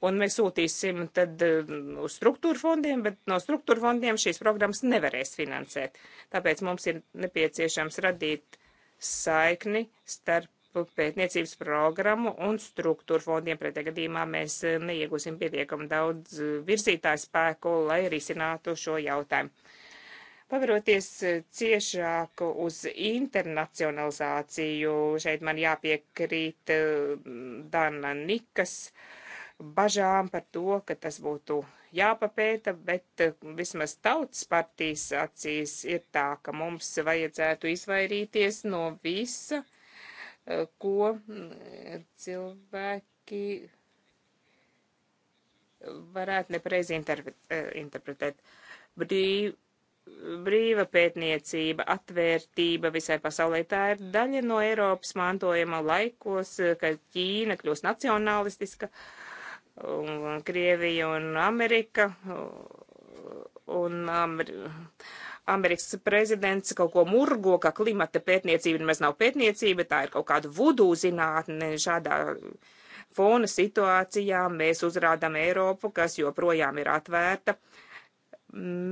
Un mēs sūtīsim tad um, uz struktūra fondiem, bet no struktūra fondiem šīs programmas nevarēs finansēt. Tāpēc mums ir nepieciešams radīt saikni starp pētniecības programmu un struktūra fondiem. Pretējā gadījumā mēs uh, neiegūsim pietiekami daudz uh, virzītāju spēku, lai risinātu šo jautājumu. Pavaroties e, ciešāk uz internacionalizāciju, šeit man jāpiekrīt e, Dana Nikas bažām par to, ka tas būtu jāpapēta, bet e, vismaz tautas partijas acīs ir tā, ka mums vajadzētu izvairīties no visa, ko cilvēki varētu nepareizi interpretēt. Brīv, brīva pētniecība, atvērtība visai pasaulē. Tā ir daļa no Eiropas mantojuma laikos, kad Ķīna kļūst nacionalistiska, un Krievija un Amerika. Un Amer Amerikas prezidents kaut ko murgo, ka klimata pētniecība nemaz nav pētniecība, tā ir kaut kāda vudū zinātne šādā fona situācijā. Mēs uzrādām Eiropu, kas joprojām ir atvērta. Uh,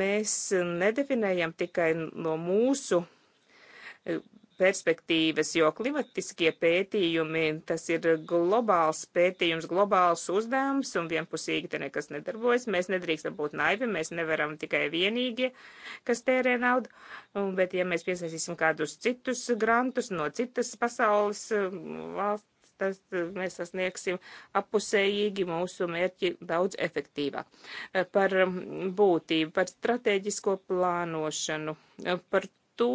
Mēs nedefinējam tikai no mūsu e, perspektīvas, jo klimatiskie pētījumi, tas ir globāls pētījums, globāls uzdevums, un vienpusīgi te nekas nedarbojas. Mēs nedrīkstam būt naivi, mēs nevaram tikai vienīgi, kas tērē naudu, bet ja mēs piesaistīsim kādus citus grantus no citas pasaules valsts, e, tas eh, mēs sasniegsim apusējīgi mūsu mērķi daudz efektīvāk. Eh, par mm, būtību, par strateģisko plānošanu, eh, par to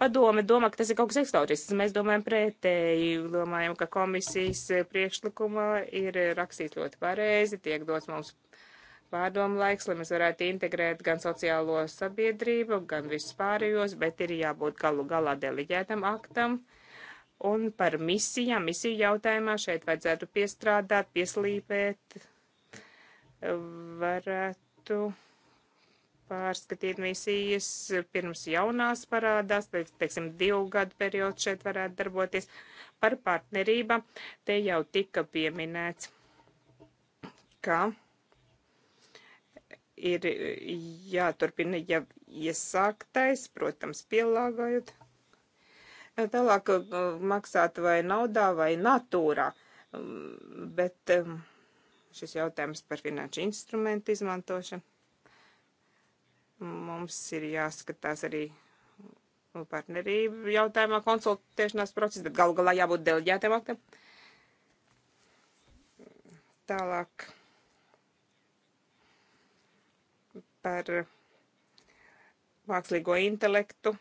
padome domā, ka tas ir kaut kas ekstaurisks. Mēs domājam pretēji, domājam, ka komisijas priekšlikumā ir rakstīts ļoti pareizi, tiek dots mums pārdomu laiks, lai mēs varētu integrēt gan sociālo sabiedrību, gan visus pārējos, bet ir jābūt galu galā deliģētam aktam. Uh, Un par misijām, misiju jautājumā šeit vajadzētu piestrādāt, pieslīpēt, varētu pārskatīt misijas pirms jaunās parādās, pēc, teiksim, divu gadu periodu šeit varētu darboties par partnerība. Te jau tika pieminēts, ka ir jāturpina jau iesāktais, protams, pielāgojot tālāk uh, maksāt vai naudā vai natūrā. Um, bet um, šis jautājums par finanšu instrumentu izmantošanu mums ir jāskatās arī partnerību jautājumā konsultēšanās process, bet galu galā jābūt deleģētiem aktiem. Tālāk par mākslīgo intelektu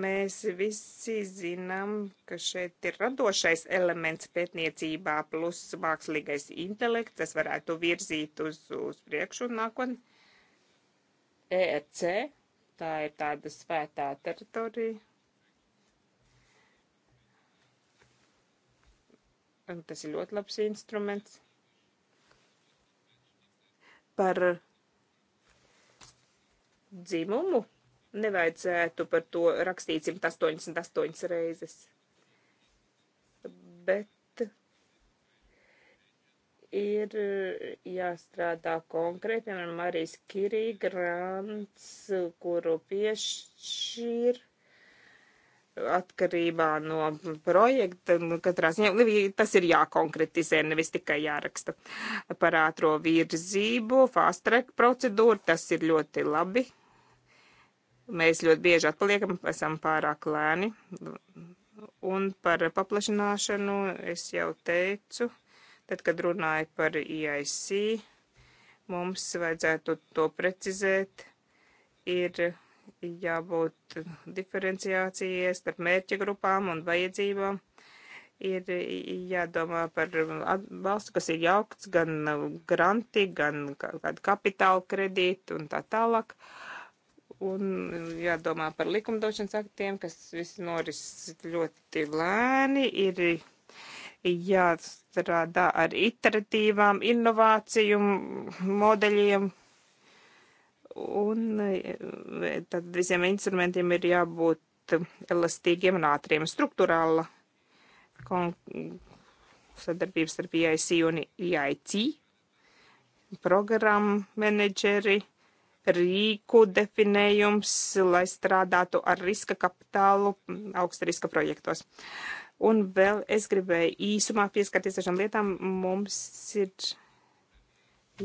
Mēs visi zinām, ka šeit ir radošais elements pētniecībā plus mākslīgais intelekts, tas varētu virzīt uz, uz priekšu un nākotni. EEC, tā ir tāda svētā teritorija. Un tas ir ļoti labs instruments. Par dzimumu nevajadzētu par to rakstīt 188 reizes. Bet ir jāstrādā konkrēti, piemēram, arī skirī grants, kuru piešķir atkarībā no projekta. Nu, katrā ziņā nu, tas ir jākonkretizē, nevis tikai jāraksta par ātro virzību, fast track procedūru. Tas ir ļoti labi Mēs ļoti bieži atpaliekam, esam pārāk lēni. Un par paplašināšanu es jau teicu, tad, kad runāju par e IIC, mums vajadzētu to precizēt. Ir jābūt diferenciācijai starp mērķa grupām un vajadzībām. Ir jādomā par atbalstu, kas ir jaukts, gan granti, gan kādu kapitāla kredītu un tā tālāk. Uh, un mm, jādomā par likumdošanas aktiem, kas viss noris ļoti lēni, ir jāstrādā ar iteratīvām inovāciju modeļiem, un eh, tad visiem instrumentiem ir jābūt elastīgiem un ātriem. Struktūrāla sadarbības starp IIC un IIC programmu menedžeri rīku definējums, lai strādātu ar riska kapitālu mm, augsta riska projektos. Un vēl es gribēju īsumā pieskarties dažām lietām. Mums ir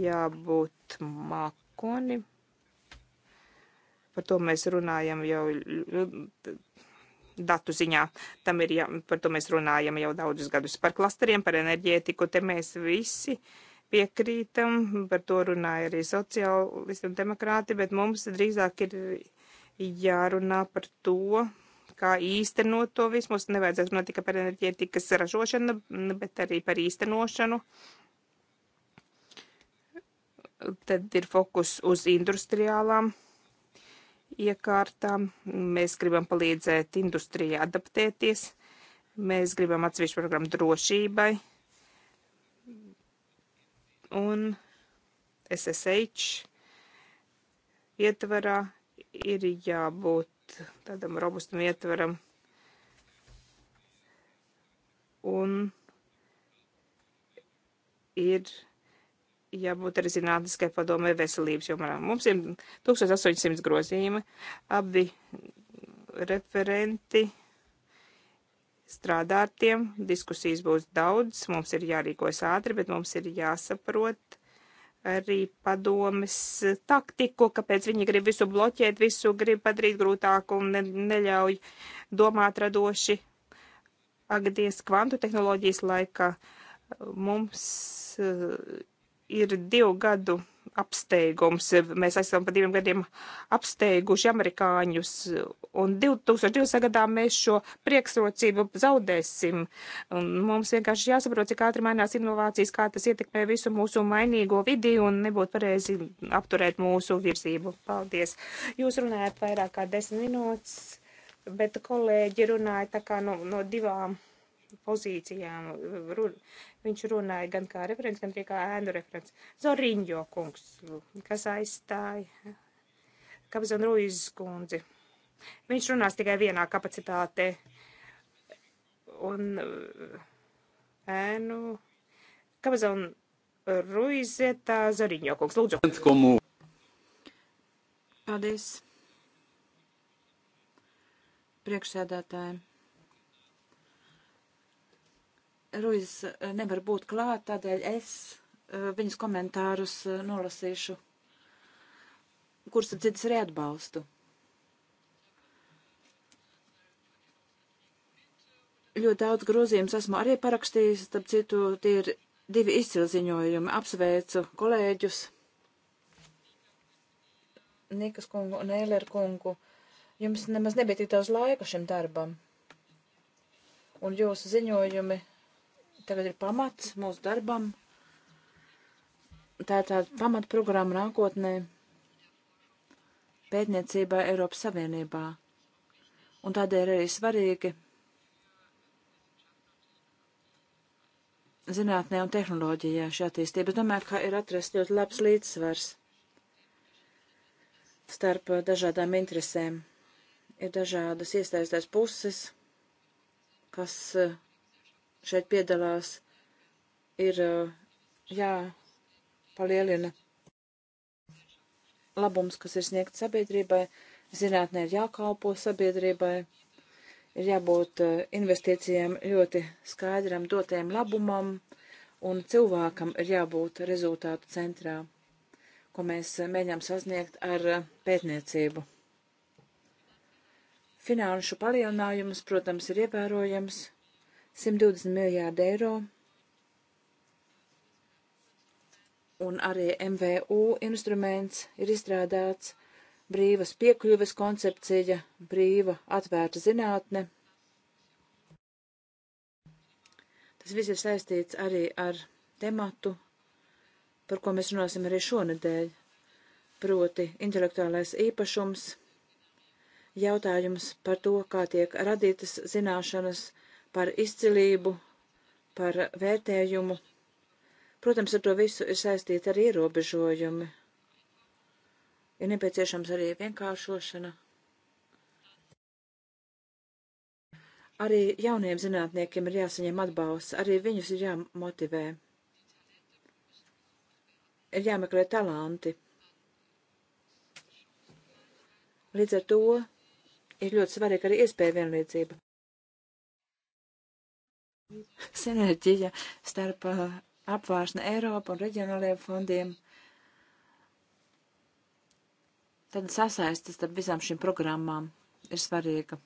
jābūt mākoni. Par to mēs runājam jau datu ziņā. Tam ir, jā, par to mēs runājam jau daudzus gadus. Par klasteriem, par enerģētiku, te mēs visi uh, piekrītam, par to runāja arī sociālisti un demokrāti, bet mums drīzāk ir jārunā par to, kā īstenot to visu. Mums nevajadzētu runāt tikai par enerģētikas ražošanu, bet arī par īstenošanu. Tad ir fokus uz industriālām iekārtām. Mēs gribam palīdzēt industrijai adaptēties. Mēs gribam atsevišķu programmu drošībai un SSH ietvarā ir jābūt tādam robustam ietvaram. Un ir jābūt arī zinātniskai padomē veselības jomā. Mums ir 1800 grozījumi, abi referenti strādā ar tiem. Diskusijas būs daudz, mums ir jārīkojas ātri, bet mums ir jāsaprot arī padomes taktiku, kāpēc viņi grib visu bloķēt, visu grib padarīt grūtāku un ne, neļauj domāt radoši. Agadies kvantu tehnoloģijas laika mums eh, ir divu gadu apsteigums. Mēs esam pa diviem gadiem apsteiguši amerikāņus, un 2020. gadā mēs šo priekšrocību zaudēsim. Un mums vienkārši jāsaprot, cik ātri mainās inovācijas, kā tas ietekmē visu mūsu mainīgo vidi, un nebūtu pareizi apturēt mūsu virzību. Paldies! Jūs runājat vairāk kā desmit minūtes, bet kolēģi runāja tā kā no, no divām pozīcijām. Viņš runāja gan kā referents, gan arī kā ēnu referents. Zoriņo kungs, kas aizstāja Kapzan Ruizes kundzi. Viņš runās tikai vienā kapacitātē. Un uh, ēnu Kapzan Ruize tā Zoriņo kungs, lūdzu. Paldies. Priekšsēdētājiem. Ruiz eh, nevar būt klāt, tādēļ es eh, viņas komentārus eh, nolasīšu, kurus tad citas arī atbalstu. Ļoti daudz grozījums esmu arī parakstījis, tad citu tie ir divi izcilziņojumi. Apsveicu kolēģus Nikas kungu un Eileru kungu. Jums nemaz nebija tik daudz laika šim darbam. Un jūsu ziņojumi tagad ir pamats mūsu darbam. Tā ir tāda pamatprogramma nākotnē pētniecībā Eiropas Savienībā. Un tādēļ arī svarīgi zinātnē un tehnoloģijā šī attīstība. Es domāju, ka ir atrasts ļoti labs līdzsvars starp dažādām interesēm. Ir dažādas iesaistās puses, kas uh, šeit piedalās, ir jāpalielina labums, kas ir sniegts sabiedrībai, zinātnē ir jākalpo sabiedrībai, ir jābūt investīcijiem ļoti skaidram dotiem labumam, un cilvēkam ir jābūt rezultātu centrā, ko mēs mēģinām sasniegt ar pētniecību. Finanšu palielinājums, protams, ir ievērojams, 120 miljārdi eiro. Un arī MVU instruments ir izstrādāts, brīvas piekļuves koncepcija, brīva atvērta zinātne. Tas viss ir saistīts arī ar tematu, par ko mēs runāsim arī šonadēļ, proti intelektuālais īpašums, jautājums par to, kā tiek radītas zināšanas, par izcilību, par vērtējumu. Protams, ar to visu ir saistīti arī ierobežojumi. Ir nepieciešams arī vienkāršošana. Arī jauniem zinātniekiem ir jāsaņem atbalsts, arī viņus ir jāmotivē. Ir jāmeklē talanti. Līdz ar to ir ļoti svarīga arī iespēja vienlīdzība sinerģija starp uh, apvāršana Eiropa un reģionālajiem fondiem. Tad sasaistas starp visām šīm programmām ir svarīga.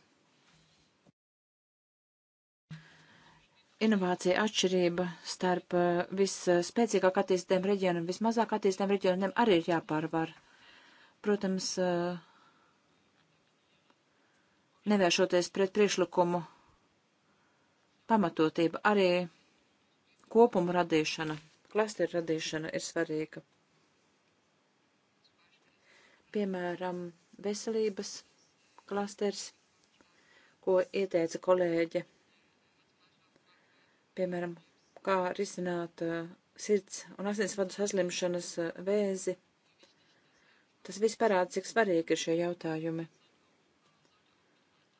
Inovācija atšķirība starp uh, visspēcīgāk attīstītiem reģioniem un vismazāk attīstītiem reģioniem arī ir jāpārvar. Protams, uh, nevēršoties pret priekšlikumu pamatotība, arī kopuma radīšana, klasteru radīšana ir svarīga. Piemēram, veselības klasters, ko ieteica kolēģe. Piemēram, kā risināt uh, sirds un asinsvadu saslimšanas uh, vēzi. Tas viss parāda, cik svarīgi ir šie jautājumi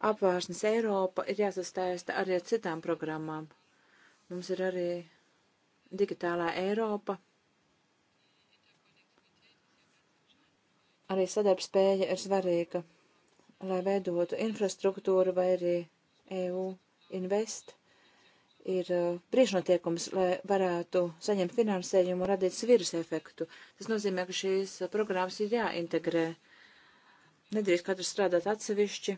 apvārsnes Eiropa ir jāsastaista arī ar citām programmām. Mums ir arī digitālā Eiropa. Arī sadarbspēja ir svarīga, lai veidotu infrastruktūru vai arī EU Invest ir uh, priešnotiekums, lai varētu saņemt finansējumu un radīt sviras efektu. Tas nozīmē, ka šīs uh, programmas ir jāintegrē. Nedrīkst katrs strādāt atsevišķi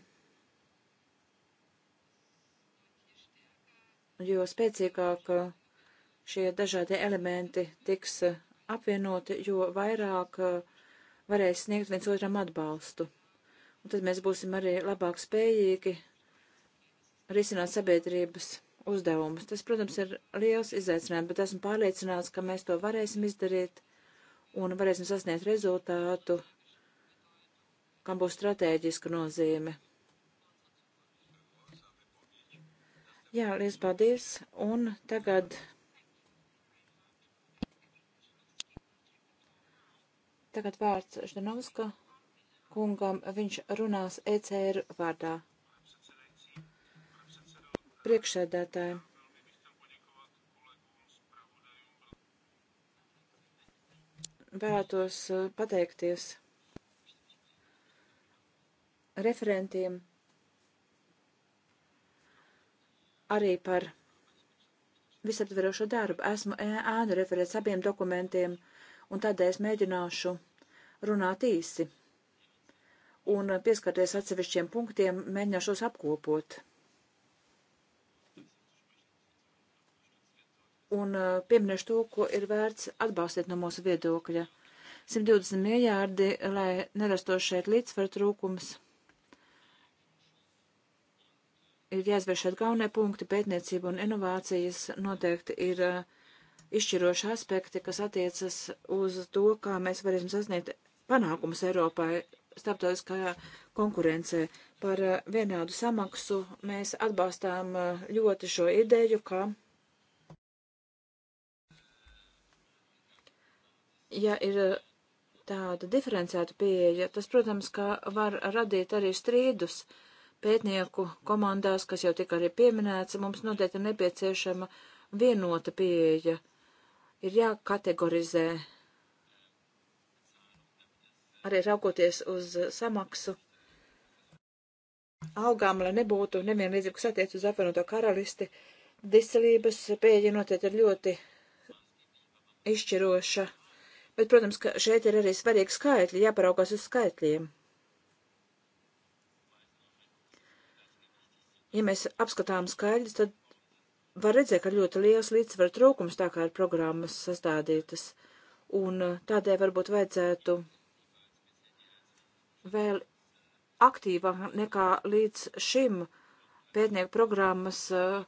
jo spēcīgāk eh, šie dažādie elementi tiks eh, apvienoti, jo vairāk eh, varēs sniegt viens otram atbalstu. Un tad mēs būsim arī labāk spējīgi risināt sabiedrības uzdevumus. Tas, protams, ir liels izaicinājums, bet esmu pārliecināts, ka mēs to varēsim izdarīt un varēsim sasniegt rezultātu, kam būs strateģiska nozīme. Jā, liels paldies. Un tagad. Tagad vārds Ždanovska kungam. Viņš runās ECR vārdā. Priekšsēdētāji. Vēlētos pateikties referentiem arī par visaptverošo darbu. Esmu ēnu referēts abiem dokumentiem, un tādēļ es mēģināšu runāt īsi un pieskarties atsevišķiem punktiem, mēģināšos apkopot. Un uh, pieminēšu to, ko ir vērts atbalstīt no mūsu viedokļa. 120 miljārdi, lai nerastos šeit līdzsver trūkums ir jāizver šeit galvenie punkti, pētniecība un inovācijas noteikti ir eh, izšķiroši aspekti, kas attiecas uz to, kā mēs varēsim sasniegt panākumus Eiropai starptautiskajā konkurencē. Par eh, vienādu samaksu mēs atbalstām eh, ļoti šo ideju, ka ja ir tāda diferenciēta pieeja, tas, protams, ka var radīt arī strīdus. Uh, pētnieku komandās, kas jau tika arī pieminēts, mums noteikti ir nepieciešama vienota pieeja. Ir jākategorizē arī raugoties uz samaksu algām, lai nebūtu nevienlīdzību, kas attiec uz apvienoto karalisti. Diselības pieeja noteikti ir ļoti izšķiroša, bet, protams, ka šeit ir arī svarīgi skaitļi, jāparaugās uz skaitļiem. Ja mēs apskatām skaidrs, tad var redzēt, ka ļoti liels līdzsver trūkums tā kā ir programmas sastādītas, un uh, tādēļ varbūt vajadzētu vēl aktīvāk nekā līdz šim pētnieku programmas, uh,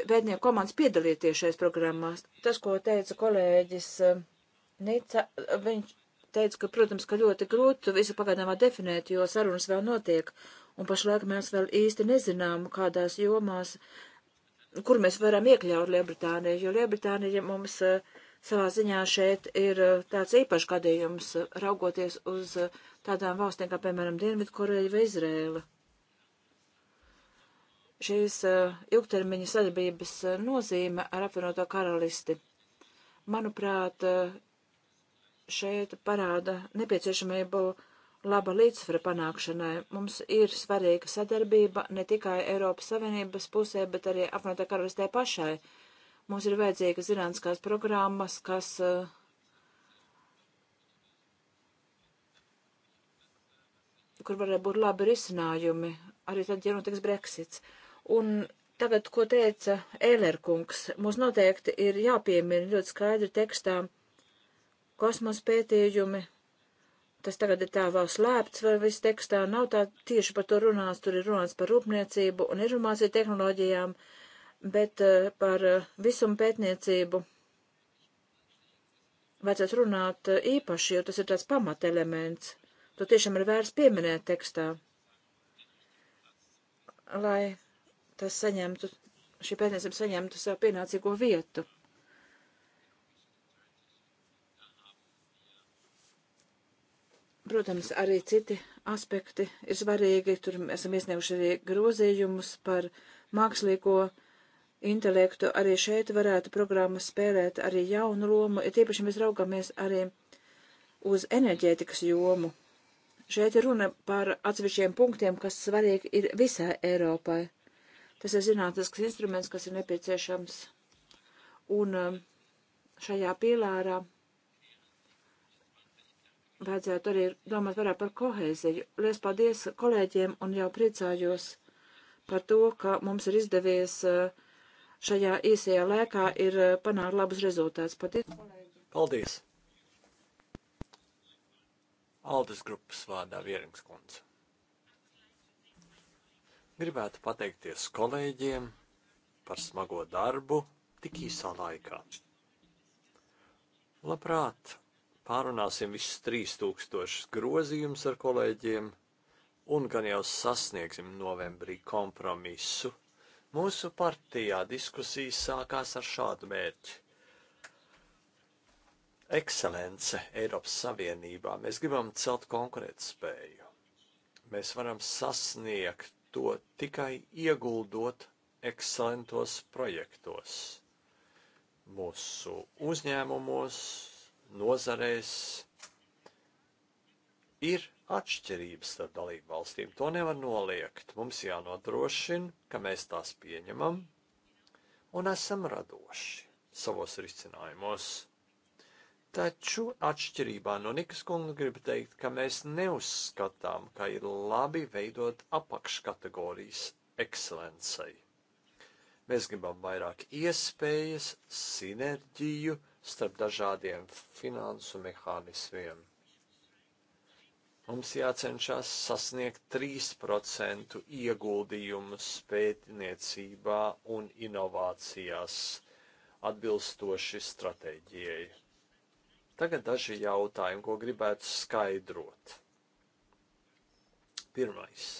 pētnieku komandas piedalīties šajās programmās. Tas, ko teica kolēģis uh, Nica, viņš teica, ka, protams, ka ļoti grūti visu pagaidām definēt, jo sarunas vēl notiek. Uh, un pašlaik mēs vēl īsti nezinām, kādās jomās, kur mēs varam iekļaut Lielbritāniju, jo Lielbritānija mums eh, savā ziņā šeit ir eh, tāds īpašs gadījums, raugoties uz eh, tādām valstīm kā, piemēram, Dienvidkoreja vai Izrēla. Šīs ilgtermiņa sadarbības nozīme ar apvienoto karalisti, manuprāt, šeit parāda nepieciešamību laba līdzsvara panākšanai. Mums ir svarīga sadarbība ne tikai Eiropas Savienības pusē, bet arī apvienotā karalistē pašai. Mums ir vajadzīga zinātniskās programmas, kas uh, kur varētu būt labi risinājumi, arī tad, ja notiks Brexits. Un tagad, ko teica Ēlerkungs, mums noteikti ir jāpiemina ļoti skaidri tekstā kosmos pētījumi, tas tagad ir tā vēl slēpts, vai viss tekstā nav tā tieši par to runās, tur ir runāts par rūpniecību un informāciju tehnoloģijām, bet uh, par uh, visumu pētniecību vajadzētu runāt uh, īpaši, jo tas ir tāds pamatelements. To tiešām ir vērts pieminēt tekstā, lai tas saņemtu, šī pētniecība saņemtu savu pienācīgo vietu. Protams, arī citi aspekti ir svarīgi. Tur esam iesnieguši arī grozījumus par mākslīgo intelektu. Arī šeit varētu programmas spēlēt arī jaunu lomu. Ir tīpaši mēs raugamies arī uz enerģētikas jomu. Šeit ir runa par atsevišķiem punktiem, kas svarīgi ir visai Eiropai. Tas ir zinātnisks instruments, kas ir nepieciešams. Un um, šajā pīlārā vajadzētu arī domāt vairāk par kohēziju. Lies paldies kolēģiem un jau priecājos par to, ka mums ir izdevies eh, šajā īsajā laikā ir eh, panākt labus rezultātus. Paldies, kolēģi! Paldies! Aldas grupas vārdā Vierings kundze. Gribētu pateikties kolēģiem par smago darbu tik īsā laikā. Labprāt, pārunāsim visus 3000 grozījumus ar kolēģiem un gan jau sasniegsim novembrī kompromisu. Mūsu partijā diskusijas sākās ar šādu mērķi. Ekscelence Eiropas Savienībā. Mēs gribam celt konkurētspēju. Mēs varam sasniegt to tikai ieguldot ekscelentos projektos mūsu uzņēmumos, nozarēs ir atšķirības starp dalību valstīm. To nevar noliegt. Mums jānodrošina, ka mēs tās pieņemam un esam radoši savos risinājumos. Taču atšķirībā no Nikas kunga gribu teikt, ka mēs neuzskatām, ka ir labi veidot apakškategorijas ekscelencei. Mēs gribam vairāk iespējas, sinerģiju starp dažādiem finansu mehānismiem. Mums jācenšas sasniegt 3% ieguldījumus pētniecībā un inovācijās atbilstoši stratēģijai. Tagad daži jautājumi, ko gribētu skaidrot. Pirmais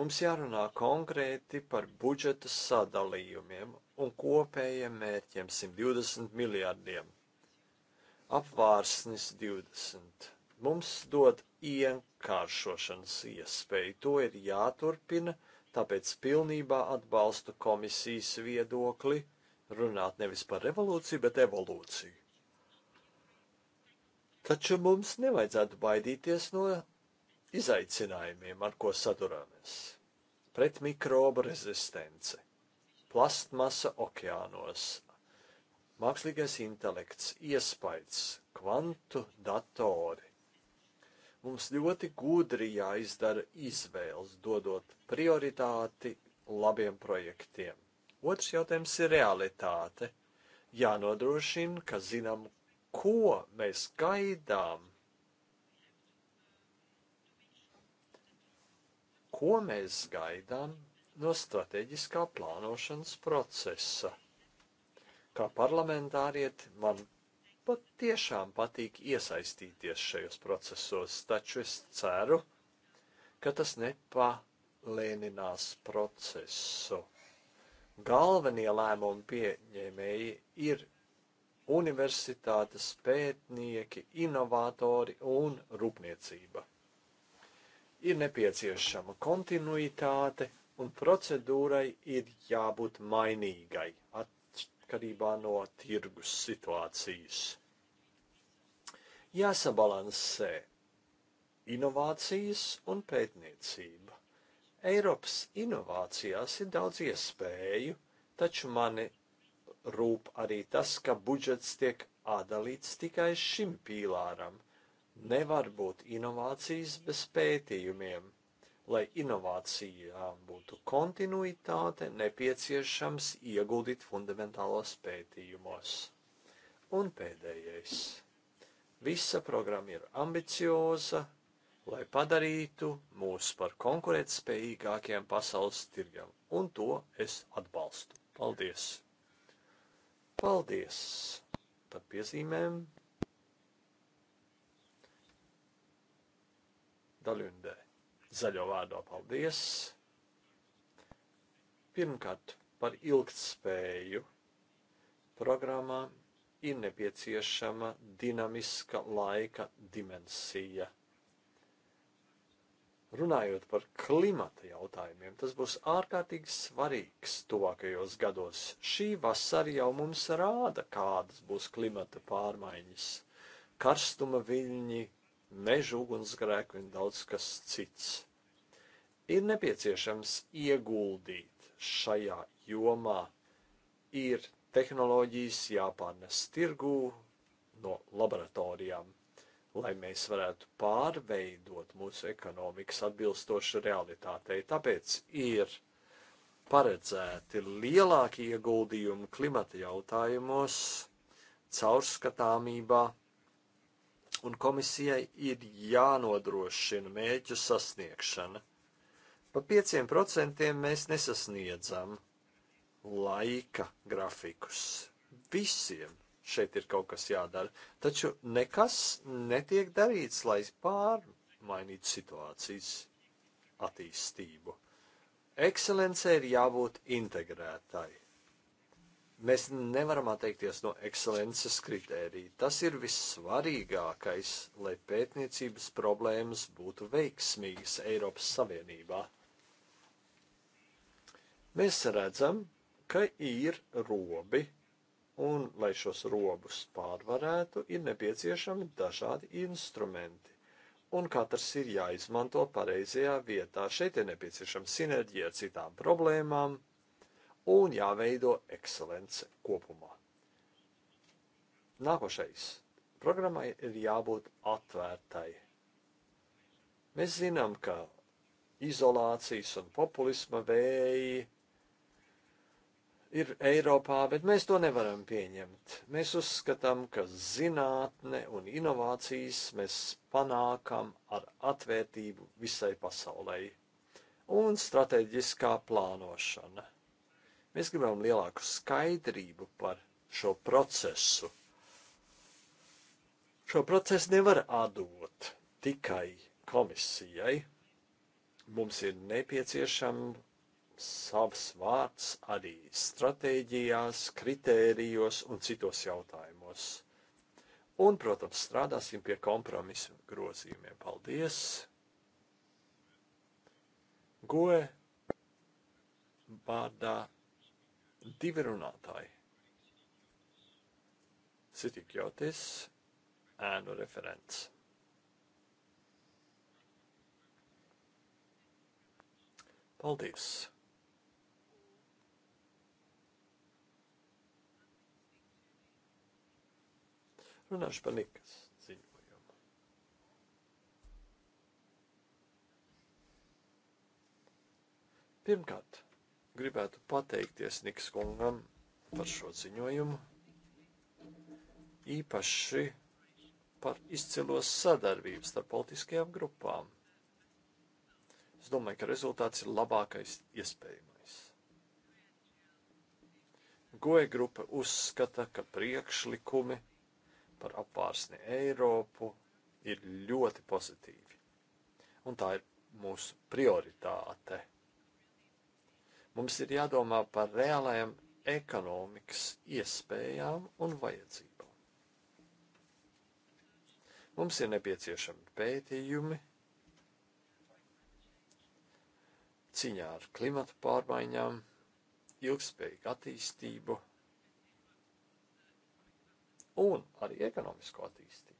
Mums jārunā konkrēti par budžeta sadalījumiem un kopējiem mērķiem - 120 miljardiem. Apvārsnis 20. Mums dod ienkāršošanas iespēju, to ir jāturpina, tāpēc pilnībā atbalstu komisijas viedokli runāt nevis par revolūciju, bet evolūciju. Taču mums nevajadzētu baidīties no izaicinājumiem, ar ko sadurāmies. Pret mikroba rezistence, plastmasa okeānos, mākslīgais intelekts, iespējas, kvantu datori. Mums ļoti gudri jāizdara izvēles, dodot prioritāti labiem projektiem. Otrs jautājums ir realitāte. Jānodrošina, ka zinām, ko mēs gaidām ko mēs gaidām no strateģiskā plānošanas procesa. Kā parlamentāriet, man pat tiešām patīk iesaistīties šajos procesos, taču es ceru, ka tas nepalēninās procesu. Galvenie lēmumu pieņēmēji ir universitātes pētnieki, inovatori un rūpniecība ir nepieciešama kontinuitāte un procedūrai ir jābūt mainīgai atkarībā no tirgus situācijas. Jāsabalansē inovācijas un pētniecība. Eiropas inovācijās ir daudz iespēju, taču mani rūp arī tas, ka budžets tiek atdalīts tikai šim pīlāram – Nevar būt inovācijas bez pētījumiem. Lai inovācijām būtu kontinuitāte, nepieciešams ieguldīt fundamentālos pētījumos. Un pēdējais. Visa programma ir ambicioza, lai padarītu mūs par konkurētspējīgākiem pasaules tirgam, un to es atbalstu. Paldies! Paldies par piezīmēm! Daļundē. Zaļo vārdā paldies! Pirmkārt, par ilgtspēju programmā ir nepieciešama dinamiska laika dimensija. Runājot par klimata jautājumiem, tas būs ārkārtīgi svarīgs tuvākajos gados. Šī vasara jau mums rāda, kādas būs klimata pārmaiņas. Karstuma viļņi, mežu ugunsgrēku un daudz kas cits. Ir nepieciešams ieguldīt šajā jomā. Ir tehnoloģijas jāpārnes tirgū no laboratorijām, lai mēs varētu pārveidot mūsu ekonomikas atbilstoši realitātei. Tāpēc ir paredzēti lielāki ieguldījumi klimata jautājumos, caurskatāmībā un komisijai ir jānodrošina mēķu sasniegšana. Pa pieciem procentiem mēs nesasniedzam laika grafikus. Visiem šeit ir kaut kas jādara, taču nekas netiek darīts, lai pārmainītu situācijas attīstību. Ekscelencē ir jābūt integrētai Mēs nevaram atteikties no ekscelences kritērija. Tas ir vissvarīgākais, lai pētniecības problēmas būtu veiksmīgas Eiropas Savienībā. Mēs redzam, ka ir robi, un, lai šos robus pārvarētu, ir nepieciešami dažādi instrumenti, un katrs ir jāizmanto pareizajā vietā. Šeit ir nepieciešama sinerģija ar citām problēmām, un jāveido ekscelence kopumā. Nākošais. Programmai ir jābūt atvērtai. Mēs zinām, ka izolācijas un populisma vēji ir Eiropā, bet mēs to nevaram pieņemt. Mēs uzskatām, ka zinātne un inovācijas mēs panākam ar atvērtību visai pasaulē un strateģiskā plānošana. Mēs gribam lielāku skaidrību par šo procesu. Šo procesu nevar atdot tikai komisijai. Mums ir nepieciešama savs vārds arī stratēģijās, kritērijos un citos jautājumos. Un, protams, strādāsim pie kompromisu grozījumiem. Paldies! Goe vārdā divi runātāji. Sitik Jotis, ēnu referents. Paldies! Runāšu par Nikas ziņojumu. Pirmkārt, Gribētu pateikties Niks kungam par šo ziņojumu, īpaši par izcilo sadarbību starp politiskajām grupām. Es domāju, ka rezultāts ir labākais iespējamais. Goja grupa uzskata, ka priekšlikumi par apvārsni Eiropu ir ļoti pozitīvi, un tā ir mūsu prioritāte – Mums ir jādomā par reālajām ekonomikas iespējām un vajadzībām. Mums ir nepieciešami pētījumi cīņā ar klimatu pārmaiņām, ilgspējīgu attīstību un arī ekonomisko attīstību.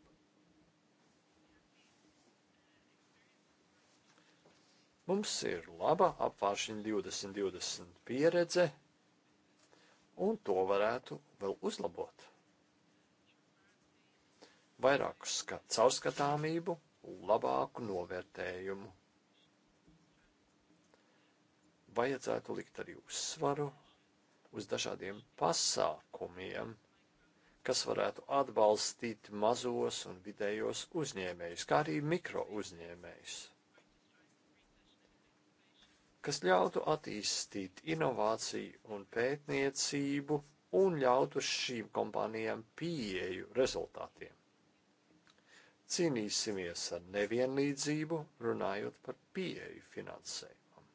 Mums ir laba apvāršana 2020 pieredze, un to varētu vēl uzlabot. Vairāku skat, caurskatāmību, labāku novērtējumu. Vajadzētu likt arī uzsvaru uz dažādiem pasākumiem, kas varētu atbalstīt mazos un vidējos uzņēmējus, kā arī mikro uzņēmējus kas ļautu attīstīt inovāciju un pētniecību un ļautu šīm kompānijām pieeju rezultātiem. Cīnīsimies ar nevienlīdzību, runājot par pieeju finansējumam.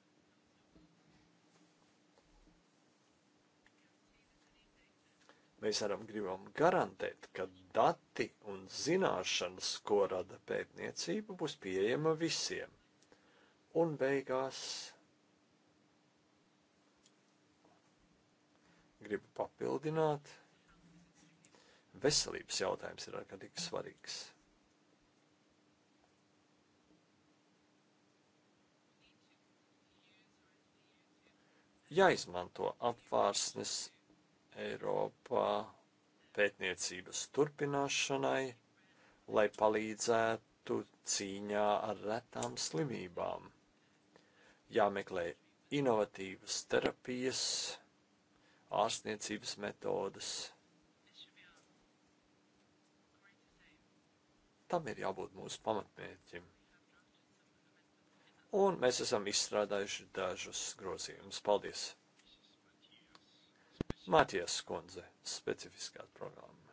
Mēs varam gribam garantēt, ka dati un zināšanas, ko rada pētniecība, būs pieejama visiem. Un beigās gribu papildināt. Veselības jautājums ir ārkārtīgi svarīgs. Jāizmanto apvārsnes Eiropā pētniecības turpināšanai, lai palīdzētu cīņā ar retām slimībām. Jāmeklē inovatīvas terapijas, ārstniecības metodas. Tam ir jābūt mūsu pamatmērķim. Un mēs esam izstrādājuši dažus grozījumus. Paldies! Matijas kundze, specifiskā programma.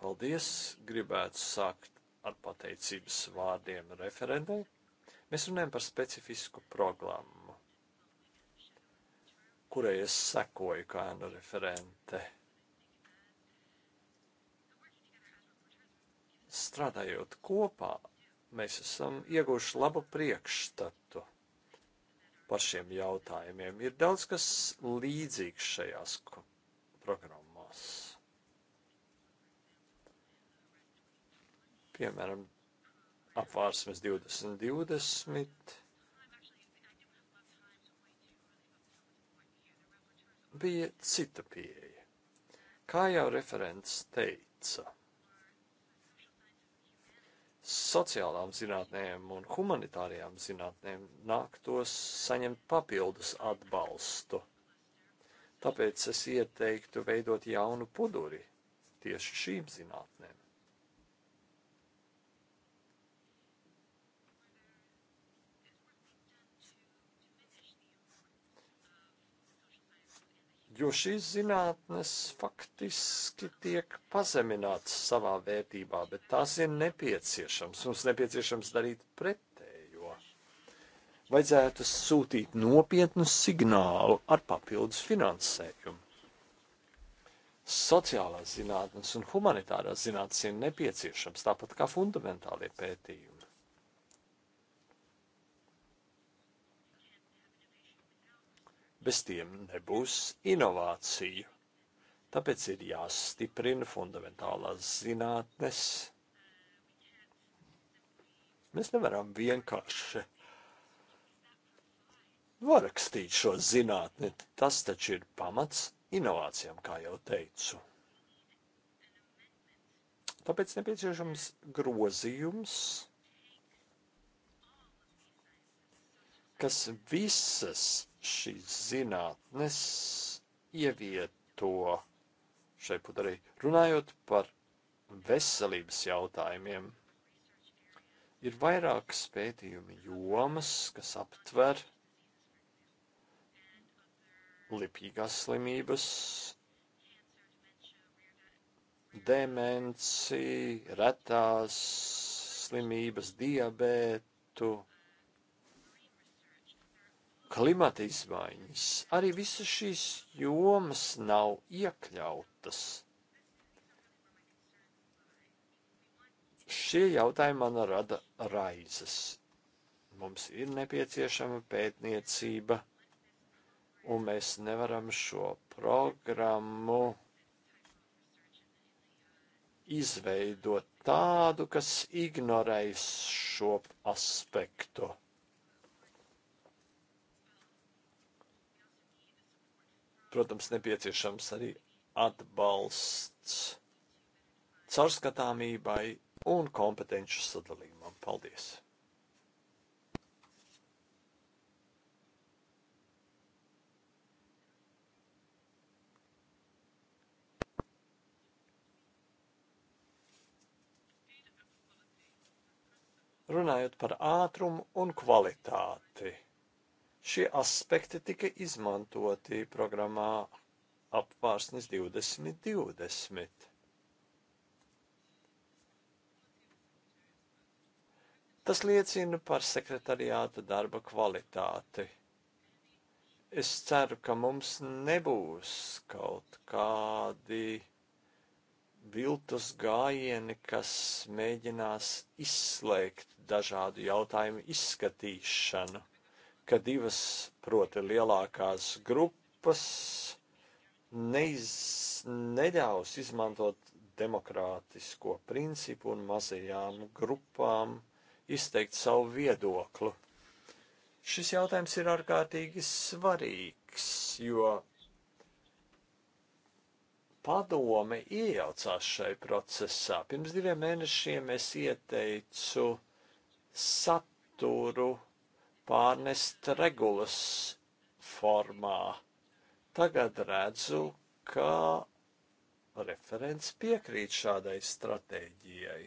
Paldies! Gribētu sākt ar pateicības vārdiem referendai. Mēs runājam par specifisku programmu, kurai es sekoju kā ēnu referente. Strādājot kopā, mēs esam ieguvuši labu priekšstatu par šiem jautājumiem. Ir daudz kas līdzīgs šajās programmās. piemēram, apvārsmes 2020. Bija cita pieeja. Kā jau referents teica, sociālām zinātnēm un humanitārajām zinātnēm nāktos saņemt papildus atbalstu. Tāpēc es ieteiktu veidot jaunu puduri tieši šīm zinātnēm. jo šīs zinātnes faktiski tiek pazeminātas savā vērtībā, bet tās ir nepieciešams. Mums nepieciešams darīt pretējo. Vajadzētu sūtīt nopietnu signālu ar papildus finansējumu. Sociālās zinātnes un humanitārās zinātnes ir nepieciešams, tāpat kā fundamentālie pētījumi. Bez tiem nebūs inovāciju. Tāpēc ir jāstiprina fundamentālās zinātnes. Mēs nevaram vienkārši norakstīt šo zinātni. Tas taču ir pamats inovācijām, kā jau teicu. Tāpēc nepieciešams grozījums, kas visas šīs zinātnes ievieto šai putarī. Runājot par veselības jautājumiem, ir vairākas pētījumi jomas, kas aptver lipīgās slimības, demenci, retās slimības, diabētu, klimata izmaiņas, arī visas šīs jomas nav iekļautas. Šie jautājumi man rada raizes. Mums ir nepieciešama pētniecība, un mēs nevaram šo programmu izveidot tādu, kas ignorēs šo aspektu Protams, nepieciešams arī atbalsts caurskatāmībai un kompetenču sadalījumam. Paldies! runājot par ātrumu un kvalitāti. Šie aspekti tika izmantoti programmā apvārsnes 2020. Tas liecina par sekretariāta darba kvalitāti. Es ceru, ka mums nebūs kaut kādi viltus gājieni, kas mēģinās izslēgt dažādu jautājumu izskatīšanu ka divas, proti, lielākās grupas neiz, neļaus izmantot demokrātisko principu un mazajām grupām izteikt savu viedoklu. Šis jautājums ir ārkārtīgi svarīgs, jo padome iejaucās šai procesā. Pirms diviem mēnešiem es ieteicu saturu pārnest regulas formā. Tagad redzu, ka referents piekrīt šādai stratēģijai.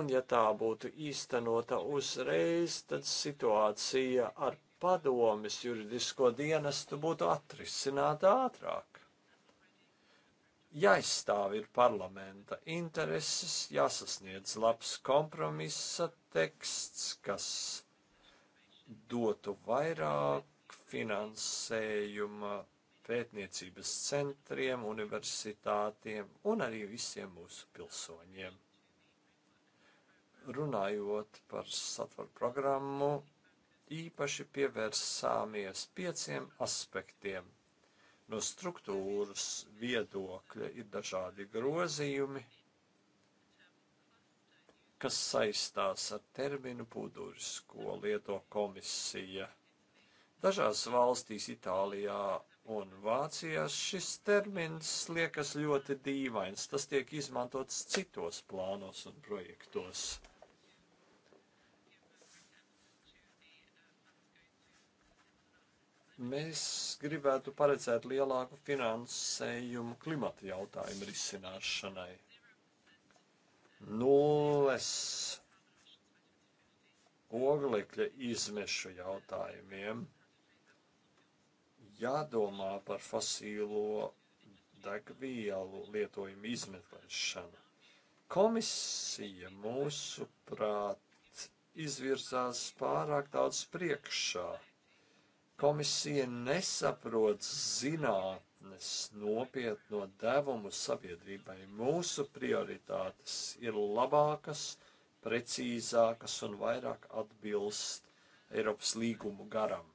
Un ja tā būtu īstenota uzreiz, tad situācija ar padomis juridisko dienestu būtu atrisināta ātrāk jāizstāv ir parlamenta intereses, jāsasniedz labs kompromisa teksts, kas dotu vairāk finansējuma pētniecības centriem, universitātiem un arī visiem mūsu pilsoņiem. Runājot par satvaru programmu, īpaši pievērsāmies pieciem aspektiem No struktūras viedokļa ir dažādi grozījumi, kas saistās ar terminu puduris, ko lieto komisija. Dažās valstīs, Itālijā un Vācijā, šis termins liekas ļoti dīvains. Tas tiek izmantots citos plānos un projektos. Mēs gribētu paredzēt lielāku finansējumu klimata jautājumu risināšanai. Nulles oglekļa izmešu jautājumiem. Jādomā par fosīlo degvielu lietojumu izmeklēšanu. Komisija mūsuprāt izvirzās pārāk daudz priekšā. Komisija nesaprot zinātnes nopietno devumu sabiedrībai. Mūsu prioritātes ir labākas, precīzākas un vairāk atbilst Eiropas līgumu garam.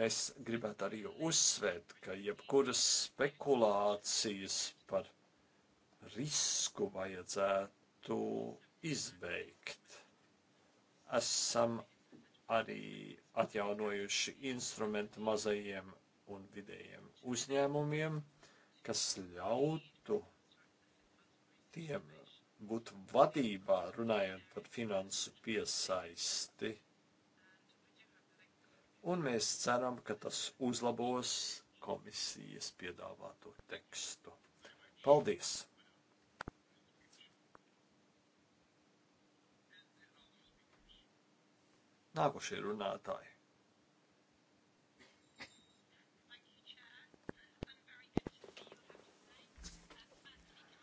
Mēs gribētu arī uzsvērt, ka jebkuras spekulācijas par risku vajadzētu izbeigt. Esam arī atjaunojuši instrumentu mazajiem un vidējiem uzņēmumiem, kas ļautu tiem būt vadībā, runājot par finansu piesaisti. Un mēs ceram, ka tas uzlabos komisijas piedāvāto tekstu. Paldies! Nākošie runātāji.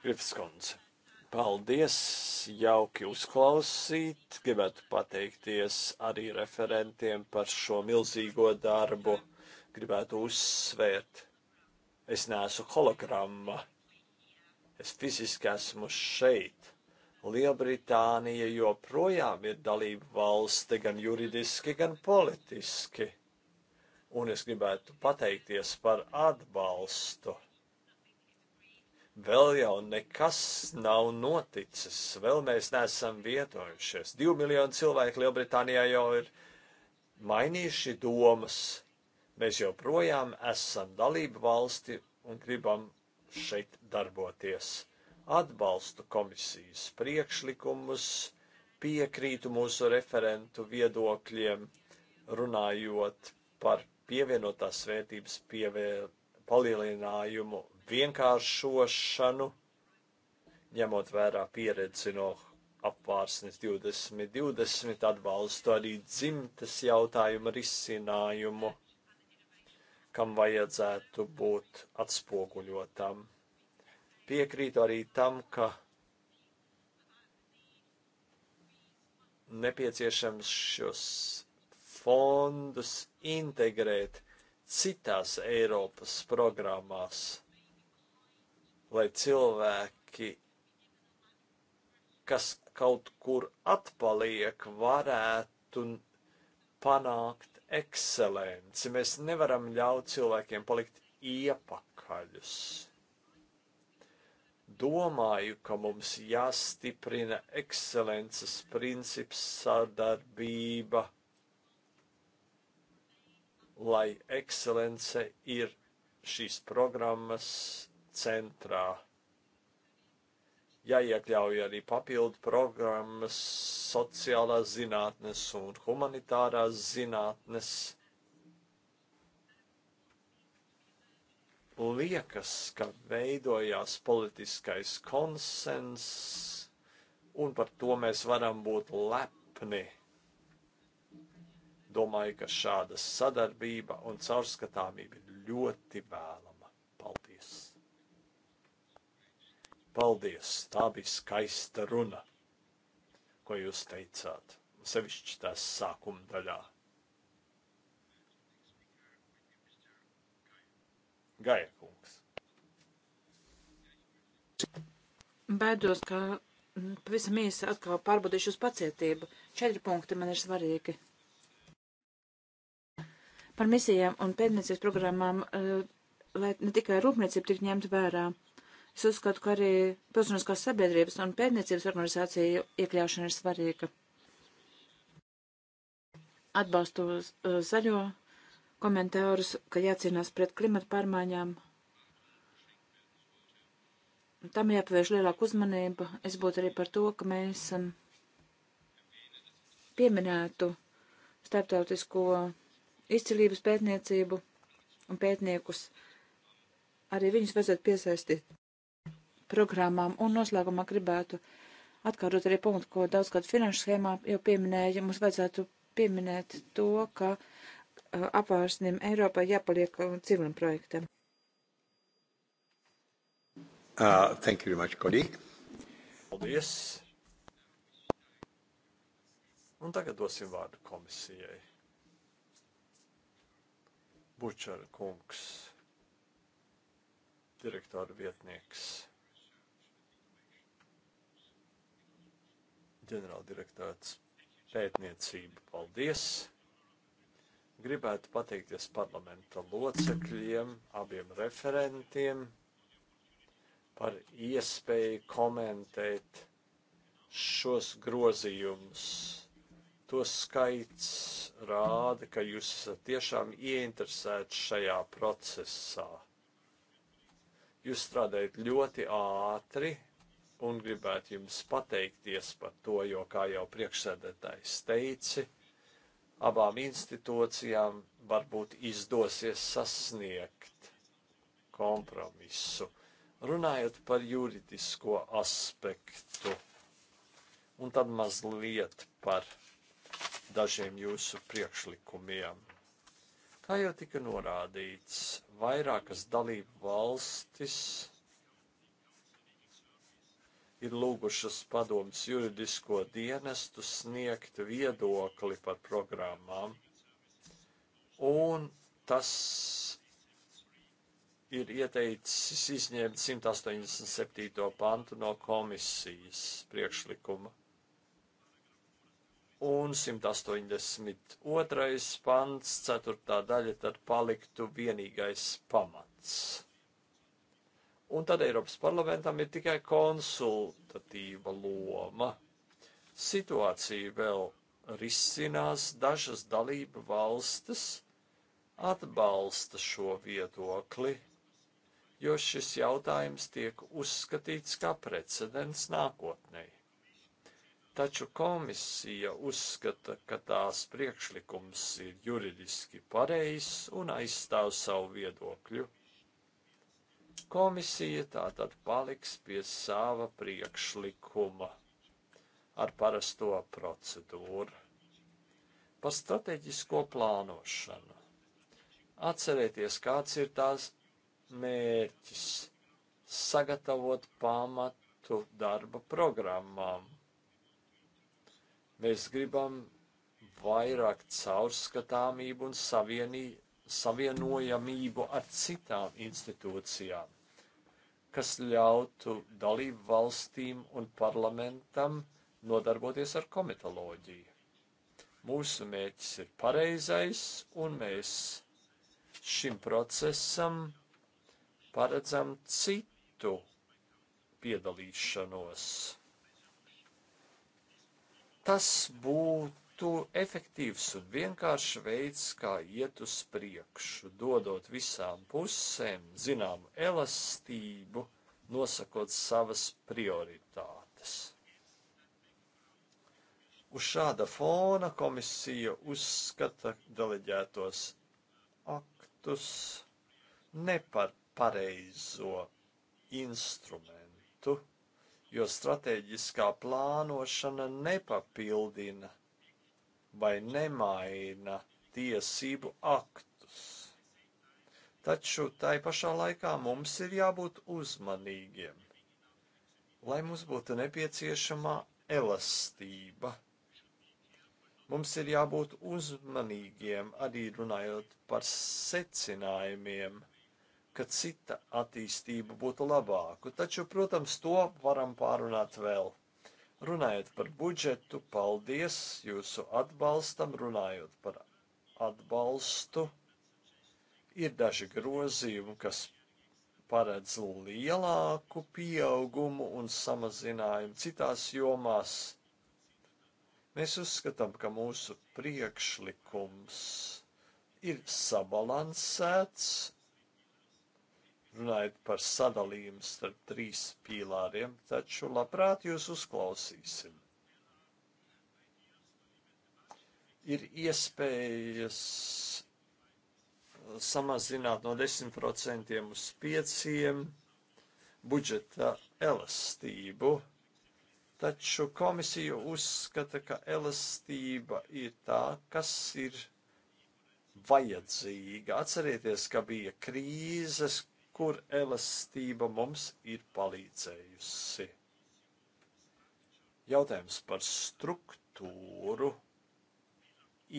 Grifskons. Paldies, jauki uzklausīt. Gribētu pateikties arī referentiem par šo milzīgo darbu. Gribētu uzsvērt. Es neesmu hologramma. Es fiziski esmu šeit Lielbritānija joprojām ir dalība valste gan juridiski, gan politiski. Un es gribētu pateikties par atbalstu. Vēl jau nekas nav noticis, vēl mēs neesam vietojušies. Divi miljoni cilvēku Lielbritānijā jau ir mainījuši domas. Mēs joprojām esam dalība valsti un gribam šeit darboties. Atbalstu komisijas priekšlikumus, piekrītu mūsu referentu viedokļiem, runājot par pievienotās vērtības pievē, palielinājumu vienkāršošanu, ņemot vērā pieredzi no apvārsnes 2020 atbalstu arī dzimtes jautājumu risinājumu, kam vajadzētu būt atspoguļotam Piekrītu arī tam, ka nepieciešams šos fondus integrēt citās Eiropas programmās, lai cilvēki, kas kaut kur atpaliek, varētu panākt ekscelenci. Mēs nevaram ļaut cilvēkiem palikt iepakaļus domāju, ka mums jāstiprina ekscelences princips sadarbība, lai ekscelence ir šīs programmas centrā. Jāiekļauj arī papildu programmas sociālās zinātnes un humanitārās zinātnes liekas, ka veidojās politiskais konsens, un par to mēs varam būt lepni. Domāju, ka šāda sadarbība un caurskatāmība ir ļoti vēlama. Paldies! Paldies! Tā bija skaista runa, ko jūs teicāt, sevišķi tās sākuma daļā. Gaja kungs. Baidos, ka mm, pavisam īsi atkal pārbaudīšu uz pacietību. Četri punkti man ir svarīgi. Par misijām un pētniecības programmām, eh, lai ne tikai rūpniecība tik ņemta vērā. Es uzskatu, ka arī pilsoniskās sabiedrības un pētniecības organizācija iekļaušana ir svarīga. Atbalstu eh, zaļo komentārus, ka jācīnās pret klimatu pārmaiņām. Tam jāpievērš lielāka uzmanība. Es būtu arī par to, ka mēs um, pieminētu starptautisko izcilības pētniecību un pētniekus. Arī viņus vajadzētu piesaistīt programmām. Un noslēgumā gribētu atkārtot arī punktu, ko daudzgad finanšu schēmā jau pieminēja. Mums vajadzētu pieminēt to, ka apvārsnim Eiropai jāpaliek uh, civilam projektam. Uh, thank you very much, Cody. Paldies. Un tagad dosim vārdu komisijai. Bučara kungs, direktora vietnieks, ģenerāldirektāts pētniecība. Paldies! Gribētu pateikties parlamenta locekļiem, abiem referentiem par iespēju komentēt šos grozījumus. To skaits rāda, ka jūs esat tiešām ieinteresēti šajā procesā. Jūs strādājat ļoti ātri, un gribētu jums pateikties par to, jo, kā jau priekšsēdētājs teica, abām institūcijām varbūt izdosies sasniegt kompromisu. Runājot par juridisko aspektu, un tad mazliet par dažiem jūsu priekšlikumiem. Kā jau tika norādīts, vairākas dalību valstis ir lūgušas padomus juridisko dienestu sniegt viedokli par programmām, un tas ir ieteicis izņemt 187. pantu no komisijas priekšlikuma. Un 182. pants, 4. daļa, tad paliktu vienīgais pamats. Un tad Eiropas parlamentam ir tikai konsultatīva loma. Situācija vēl risinās, dažas dalība valstis atbalsta šo viedokli, jo šis jautājums tiek uzskatīts kā precedents nākotnēji. Taču komisija uzskata, ka tās priekšlikums ir juridiski pareizs un aizstāv savu viedokļu. Komisija tātad paliks pie sava priekšlikuma ar parasto procedūru. Pa strateģisko plānošanu. Atcerieties, kāds ir tās mērķis - sagatavot pamatu darba programmām. Mēs gribam vairāk caurskatāmību un savienību savienojamību ar citām institūcijām, kas ļautu dalību valstīm un parlamentam nodarboties ar komitoloģiju. Mūsu mērķis ir pareizais, un mēs šim procesam paredzam citu piedalīšanos. Tas būtu būtu efektīvs un vienkāršs veids, kā iet uz priekšu, dodot visām pusēm zināmu elastību, nosakot savas prioritātes. Uz šāda fona komisija uzskata deleģētos aktus ne par pareizo instrumentu, jo strateģiskā plānošana nepapildina vai nemaina tiesību aktus. Taču tai pašā laikā mums ir jābūt uzmanīgiem, lai mums būtu nepieciešamā elastība. Mums ir jābūt uzmanīgiem arī runājot par secinājumiem, ka cita attīstība būtu labāka. Taču, protams, to varam pārunāt vēl. Runājot par budžetu, paldies jūsu atbalstam, runājot par atbalstu. Ir daži grozījumi, kas paredz lielāku pieaugumu un samazinājumu citās jomās. Mēs uzskatām, ka mūsu priekšlikums ir sabalansēts runājat par sadalījumu starp trīs pīlāriem, taču labprāt jūs uzklausīsim. Ir iespējas samazināt no 10% uz 5% budžeta elastību, taču komisija uzskata, ka elastība ir tā, kas ir vajadzīga. Atcerieties, ka bija krīzes, kur elastība mums ir palīdzējusi. Jautājums par struktūru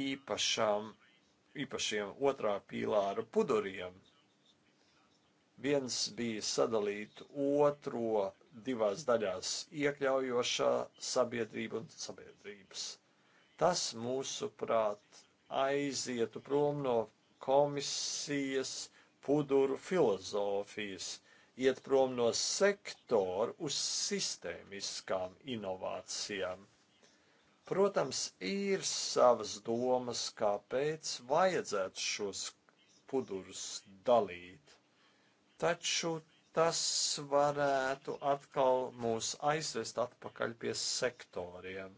īpašām, īpašiem otrā pīlāra puduriem. Viens bija sadalīt otro divās daļās - iekļaujošā sabiedrība un sabiedrības. Tas, mūsuprāt, aizietu prom no komisijas puduru filozofijas, iet prom no sektoru uz sistēmiskām inovācijām. Protams, ir savas domas, kāpēc vajadzētu šos pudurus dalīt, taču tas varētu atkal mūs aizvest atpakaļ pie sektoriem.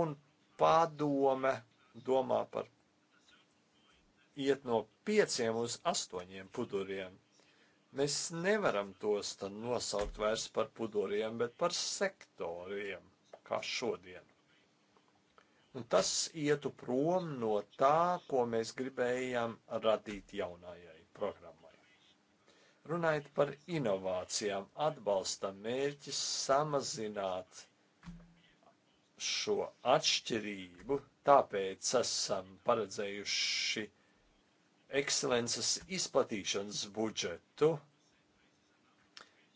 Un padome domā par iet no pieciem uz astoņiem puduriem. Mēs nevaram tos tad nosaukt vairs par puduriem, bet par sektoriem, kā šodien. Un tas ietu prom no tā, ko mēs gribējām radīt jaunajai programmai. Runājot par inovācijām, atbalsta mērķis samazināt šo atšķirību, tāpēc esam paredzējuši ekscelences izplatīšanas budžetu,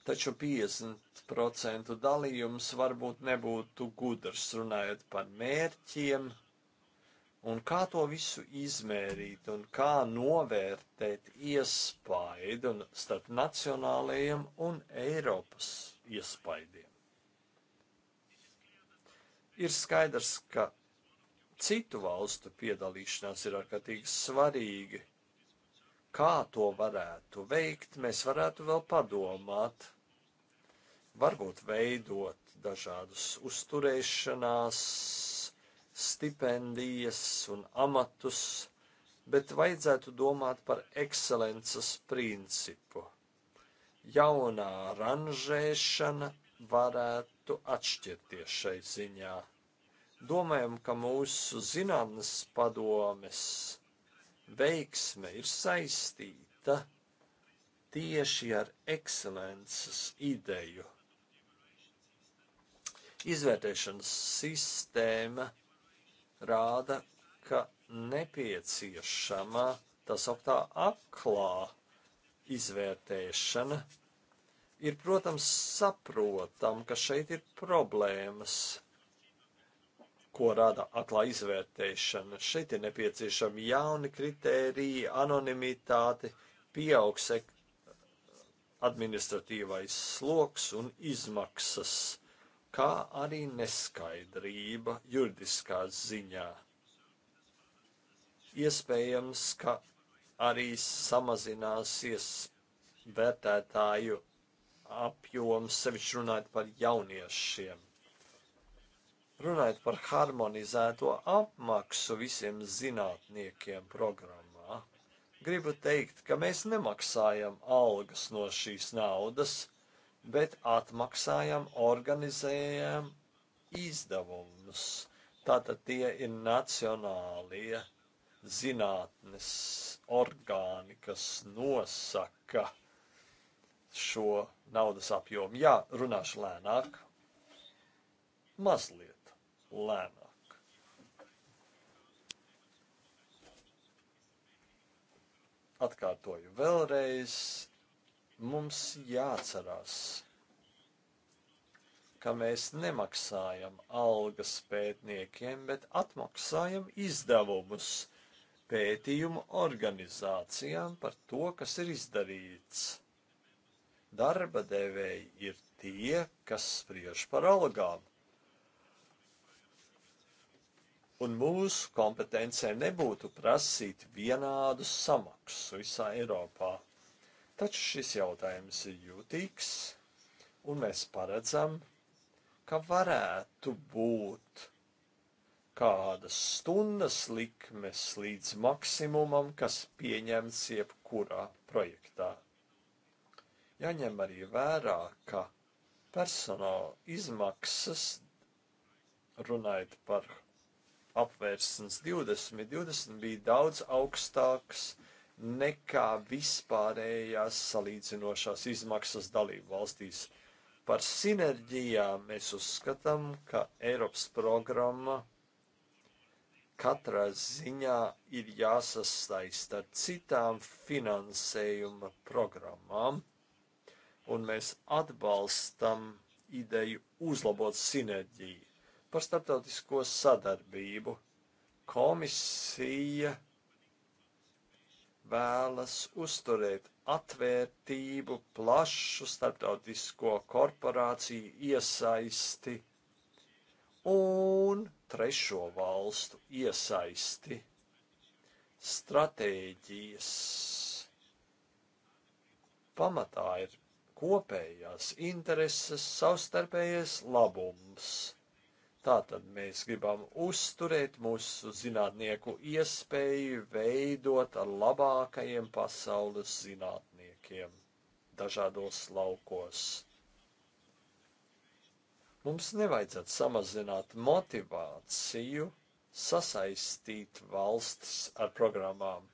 taču 50% dalījums varbūt nebūtu gudrs, runājot par mērķiem un kā to visu izmērīt un kā novērtēt iespaidu starp nacionālajiem un Eiropas iespaidiem. Ir skaidrs, ka citu valstu piedalīšanās ir ārkārtīgi svarīgi Kā to varētu veikt, mēs varētu vēl padomāt, varbūt veidot dažādus uzturēšanās, stipendijas un amatus, bet vajadzētu domāt par ekscelences principu. Jaunā ranžēšana varētu atšķirties šai ziņā. Domājam, ka mūsu zinātnes padomes veiksme ir saistīta tieši ar ekscelences ideju. Izvērtēšanas sistēma rāda, ka nepieciešama tā sauktā aklā izvērtēšana ir, protams, saprotam, ka šeit ir problēmas ko rada atklāja izvērtēšana. Šeit ir nepieciešami jauni kritēriji, anonimitāte, pieaugs administratīvais sloks un izmaksas, kā arī neskaidrība juridiskā ziņā. Iespējams, ka arī samazināsies vērtētāju apjoms, sevišķi runājot par jauniešiem Runājot par harmonizēto apmaksu visiem zinātniekiem programmā, gribu teikt, ka mēs nemaksājam algas no šīs naudas, bet atmaksājam, organizējam izdevumus. Tātad tie ir nacionālie zinātnes orgāni, kas nosaka šo naudas apjomu. Jā, runāšu lēnāk. Mazliet lēnāk. Atkārtoju vēlreiz, mums jāatcerās, ka mēs nemaksājam algas pētniekiem, bet atmaksājam izdevumus pētījumu organizācijām par to, kas ir izdarīts. Darba devēji ir tie, kas spriež par algām. un mūsu kompetencē nebūtu prasīt vienādu samaksu visā Eiropā. Taču šis jautājums ir jūtīgs, un mēs paredzam, ka varētu būt kādas stundas likmes līdz maksimumam, kas pieņemts jebkurā projektā. Jaņem arī vērā, ka personāla izmaksas, runājot par apvērsnes 20, 20 bija daudz augstāks nekā vispārējās salīdzinošās izmaksas dalību valstīs. Par sinerģijām mēs uzskatām, ka Eiropas programma katrā ziņā ir jāsastaista ar citām finansējuma programmām, un mēs atbalstam ideju uzlabot sinerģiju Par starptautisko sadarbību komisija vēlas uzturēt atvērtību, plašu starptautisko korporāciju iesaisti un trešo valstu iesaisti stratēģijas. Pamatā ir kopējās intereses, savstarpējais labums Tātad mēs gribam uzturēt mūsu zinātnieku iespēju veidot ar labākajiem pasaules zinātniekiem dažādos laukos. Mums nevajadzētu samazināt motivāciju sasaistīt valstis ar programmām.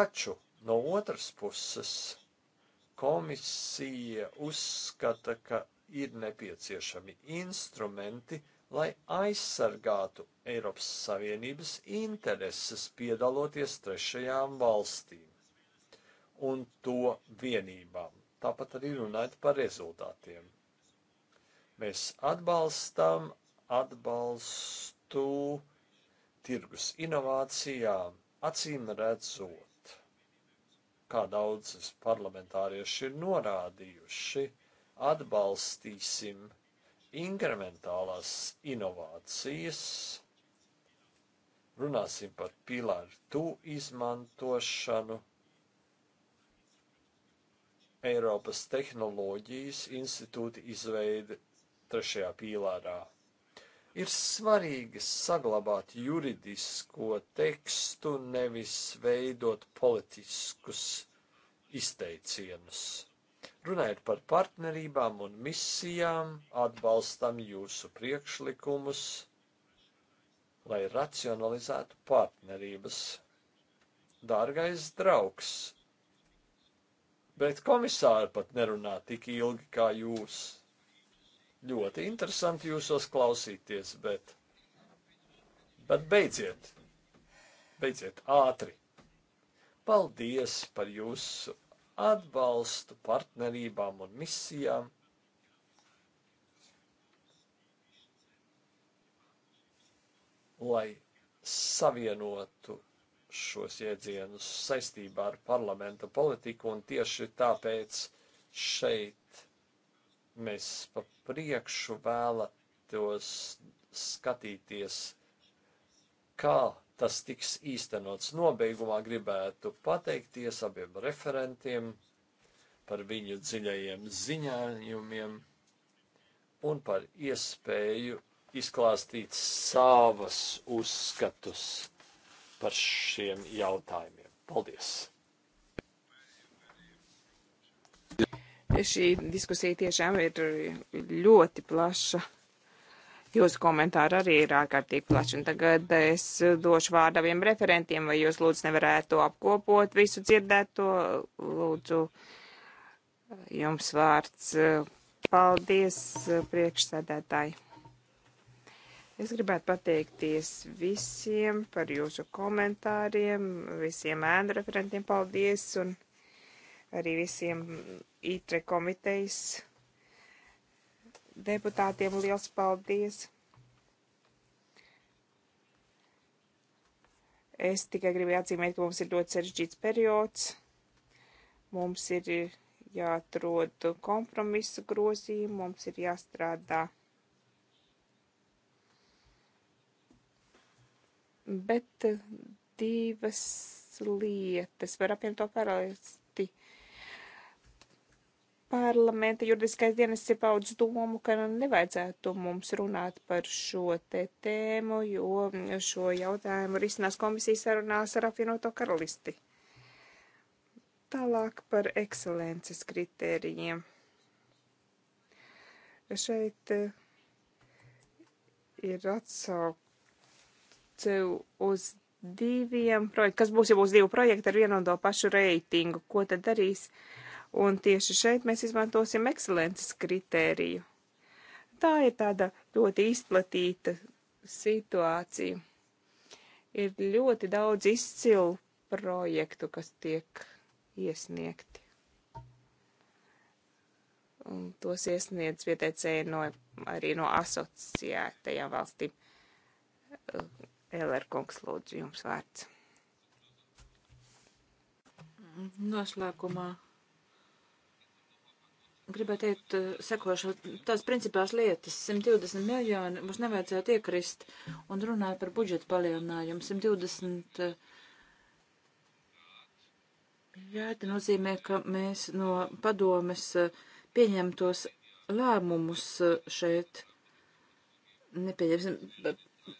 Taču no otras puses komisija uzskata, ka ir nepieciešami instrumenti, kas lai aizsargātu Eiropas Savienības intereses piedaloties trešajām valstīm un to vienībām. Tāpat arī runājot par rezultātiem. Mēs atbalstam atbalstu tirgus inovācijām, acīm redzot, kā daudzas parlamentārieši ir norādījuši, atbalstīsim Inkrementālās inovācijas, runāsim par pilāru tu izmantošanu, Eiropas tehnoloģijas institūti izveida trešajā pīlārā. Ir svarīgi saglabāt juridisko tekstu, nevis veidot politiskus izteicienus. Runājot par partnerībām un misijām, atbalstam jūsu priekšlikumus, lai racionalizētu partnerības. Dārgais draugs, bet komisāri pat nerunā tik ilgi kā jūs. Ļoti interesanti jūsos klausīties, bet, bet beidziet, beidziet ātri. Paldies par jūsu atbalstu partnerībām un misijām. Lai savienotu šos jēdzienus saistībā ar parlamenta politiku, un tieši tāpēc šeit mēs pa priekšu vēlatos skatīties, kā tas tiks īstenots. Nobeigumā gribētu pateikties abiem referentiem par viņu dziļajiem ziņājumiem un par iespēju izklāstīt savas uzskatus par šiem jautājumiem. Paldies! Šī diskusija tiešām ir ļoti plaša. Jūsu komentāri arī ir ārkārtīgi plaši, un tagad es došu vārdu abiem referentiem, vai jūs lūdzu nevarētu apkopot visu dzirdēto. Lūdzu, jums vārds. Paldies, priekšsēdētāji. Es gribētu pateikties visiem par jūsu komentāriem, visiem ēnu referentiem paldies, un arī visiem ITRE komitejas deputātiem liels paldies! Es tikai gribēju atzīmēt, ka mums ir ļoti sarežģīts periods. Mums ir jāatrod kompromisu grozījumi, mums ir jāstrādā. Bet divas lietas var apņemt to paralēlis Parlamenta juridiskais dienas ir paudz domu, ka nu nevajadzētu mums runāt par šo te tēmu, jo šo jautājumu risinās komisijas sarunās ar apvienoto karalisti. Tālāk par ekscelences kritērijiem. Šeit eh, ir atsauce uz diviem projektiem, kas būs, ja būs divi projekti ar vienu un to pašu reitingu. Ko tad darīs? Uh, Un tieši šeit mēs izmantosim ekscelences kritēriju. Tā ir tāda ļoti izplatīta situācija. Ir ļoti daudz izcilu projektu, kas tiek iesniegti. Un tos iesniedz vietēcēji no, arī no asociētajām valstīm. Elere kungs, lūdzu, jums vārds. Noslēgumā gribētu teikt eh, sekošu, tās principās lietas, 120 miljoni, mums nevajadzētu iekrist un runāt par budžetu palielinājumu. 120 miljārdi eh, nozīmē, ka mēs no padomes eh, pieņemtos lēmumus šeit nepieņemsim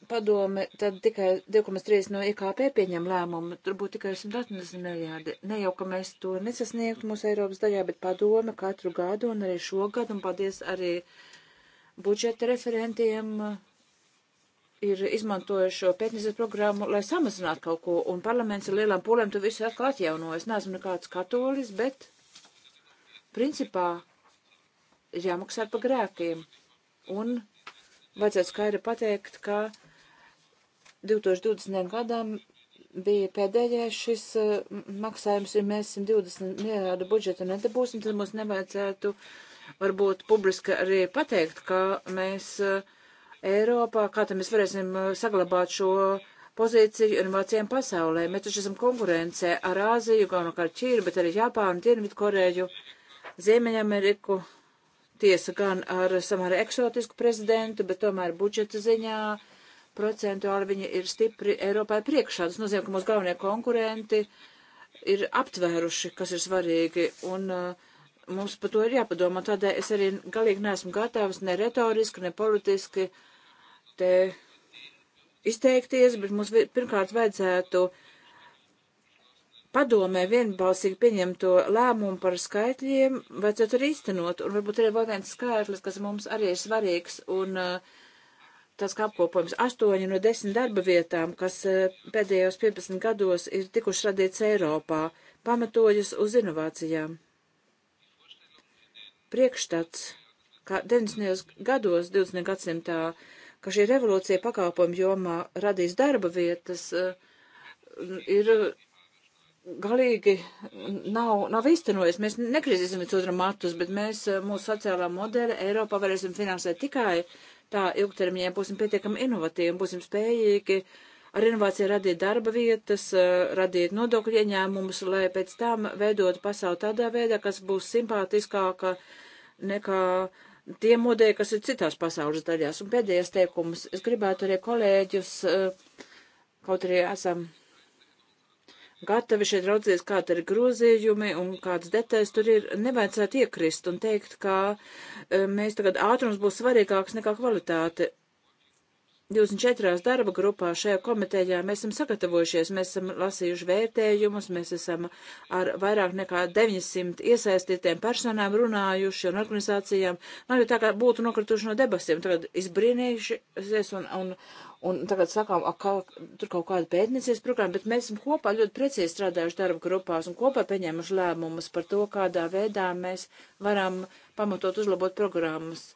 padome tad tikai 2,3 no IKP pieņem lēmumu, tur būtu tikai 180 miljārdi. Ne jau, ka mēs to nesasniegtu mūsu Eiropas daļā, bet padome katru gadu un arī šogad, un paldies arī budžeta referentiem, ir izmantojuši šo pētniecības programmu, lai samazinātu kaut ko, un parlaments ar lielām pūlēm to visu atkal atjaunojas. Neesmu nekāds katolis, bet principā ir jāmaksā par grēkiem. Un vajadzētu skaidri pateikt, ka 2020. gadam bija pēdējais šis maksājums, ja mēs 120 miljārdu budžetu nedabūsim, tad mums nevajadzētu varbūt publiski arī pateikt, ka mēs eh, Eiropā, kā tam mēs varēsim eh, saglabāt šo pozīciju inovācijām pasaulē. Mēs taču esam konkurencē ar Āziju, galvenokārt Čīru, bet arī Japānu, Dienvidkoreju, Ziemeņameriku tiesa gan ar samērā eksotisku prezidentu, bet tomēr budžeta ziņā procentuāli viņi ir stipri Eiropai priekšā. Tas nozīmē, ka mūsu galvenie konkurenti ir aptvēruši, kas ir svarīgi, un uh, mums par to ir jāpadomā. Tādēļ es arī galīgi neesmu gatavs ne retoriski, ne politiski te izteikties, bet mums pirmkārt vajadzētu uh, padomē vienbalsīgi pieņemto lēmumu par skaitļiem, vajadzētu arī īstenot, un varbūt arī vēl viens skaitlis, kas mums arī ir svarīgs, un eh, tas kā apkopojums - astoņi no desmit darba vietām, kas eh, pēdējos 15 gados ir tikuši radīts Eiropā, pamatojas uz inovācijām. Priekšstats, kā 90. gados, 20. gadsimtā, ka šī revolūcija pakāpojumu jomā radīs darba vietas, eh, ir galīgi nav, nav iztenojies. Mēs nekritīsim viens otram matus, bet mēs eh, mūsu sociālā modeļa Eiropā varēsim finansēt tikai tā ilgtermiņā, būsim pietiekami inovatīvi, būsim spējīgi ar inovāciju radīt darba vietas, eh, radīt nodokļu ieņēmumus, lai pēc tam veidot pasauli tādā veidā, kas būs simpātiskāka nekā tie modeļi, kas ir citās pasaules daļās. Un pēdējais teikums, es gribētu arī kolēģus, eh, kaut arī esam gatavi šeit raudzīties, kāda ir grozījumi un kādas detaļas tur ir. Nevajadzētu iekrist un teikt, ka eh, mēs tagad ātrums būs svarīgāks nekā kvalitāte. 24. darba grupā šajā komitejā mēs esam sagatavojušies, mēs esam lasījuši vērtējumus, mēs esam ar vairāk nekā 900 iesaistītiem personām runājuši un organizācijām. Nav jau tā, ka būtu nokrituši no debesīm, tagad izbrīnījušies un, un, un tagad sakām, ka tur kaut kāda pētniecības programma, bet mēs esam kopā ļoti precīzi strādājuši darba grupās un kopā pieņēmuši lēmumus par to, kādā veidā mēs varam pamatot uzlabot programmas.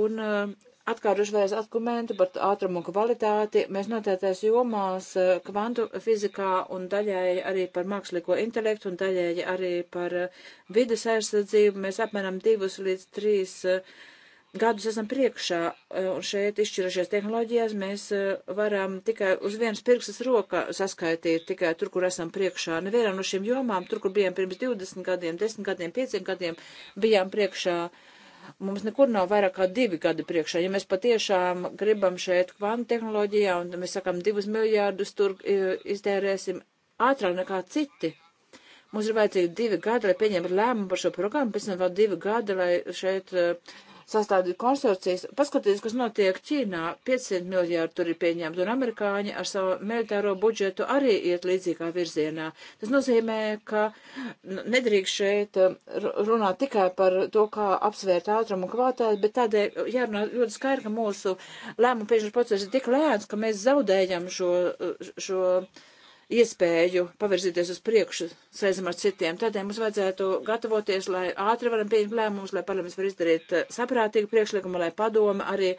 Un uh, atkārtošu vēlreiz argumentu par ātrumu un kvalitāti. Mēs noteiktās jomās eh, kvantu fizikā un daļēji arī par mākslīgo intelektu un daļēji arī par eh, vidas aizsardzību. Mēs apmēram divus līdz trīs eh, gadus esam priekšā, un šeit izšķirošies tehnoloģijās mēs varam tikai uz vienas pirkstas roka saskaitīt, tikai tur, kur esam priekšā. Nevienam no šīm jomām, tur, kur bijām pirms 20 gadiem, 10 gadiem, 5 gadiem, bijām priekšā uh, Mums nekur nav vairāk kā divi gadi priekšā. Ja mēs patiešām gribam šeit kvantu tehnoloģijā un mēs sakam divus miljārdus tur iztērēsim ātrāk nekā citi, mums ir vajadzīgi divi gadi, lai pieņemtu lēmumu par šo programmu, pēc tam vēl divi gadi, lai šeit uh, sastādīt konsorcijas. Paskatieties, kas notiek Ķīnā, 500 miljārdu tur ir pieņemti, un amerikāņi ar savu militāro budžetu arī iet līdzīgā virzienā. Tas nozīmē, ka nedrīkst šeit um, runāt tikai par to, kā apsvērt ātrumu un kvalitāti, bet tādēļ jārunā ļoti skaidri, ka mūsu lēmumu pieņemšanas process ir tik lēns, ka mēs zaudējam šo, šo iespēju pavirzīties uz priekšu saistībā ar citiem. Tādēļ mums vajadzētu gatavoties, lai ātri varam pieņemt lēmumus, lai parlaments var izdarīt eh, saprātīgu priekšlikumu, lai padoma arī.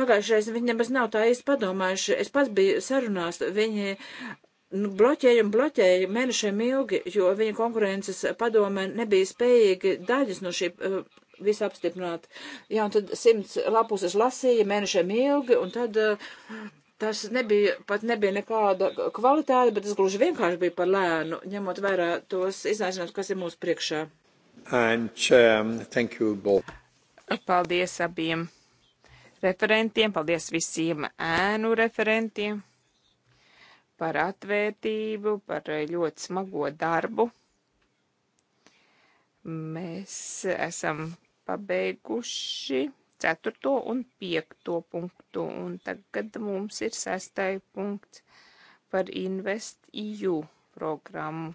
Pagājušais viņi nemaz nav tā īsti padomājuši. Es pats biju sarunās, viņi nu, bloķēja un bloķēja mēnešiem ilgi, jo viņa konkurences padome nebija spējīgi daļas no šī uh, eh, visu apstiprināt. Jā, un tad simts lapus es lasīju mēnešiem ilgi, un tad uh, Tas nebija, pat nebija nekāda kvalitāte, bet tas gluži vienkārši bija par lēnu, ņemot vērā tos izaicinājumus, kas ir mūsu priekšā. And, um, thank you, Bob. Paldies abiem referentiem, paldies visiem ēnu referentiem par atvērtību, par ļoti smago darbu. Mēs esam pabeiguši. 4. un 5. punktu. Un tagad mums ir 6. punkts par Invest EU programmu.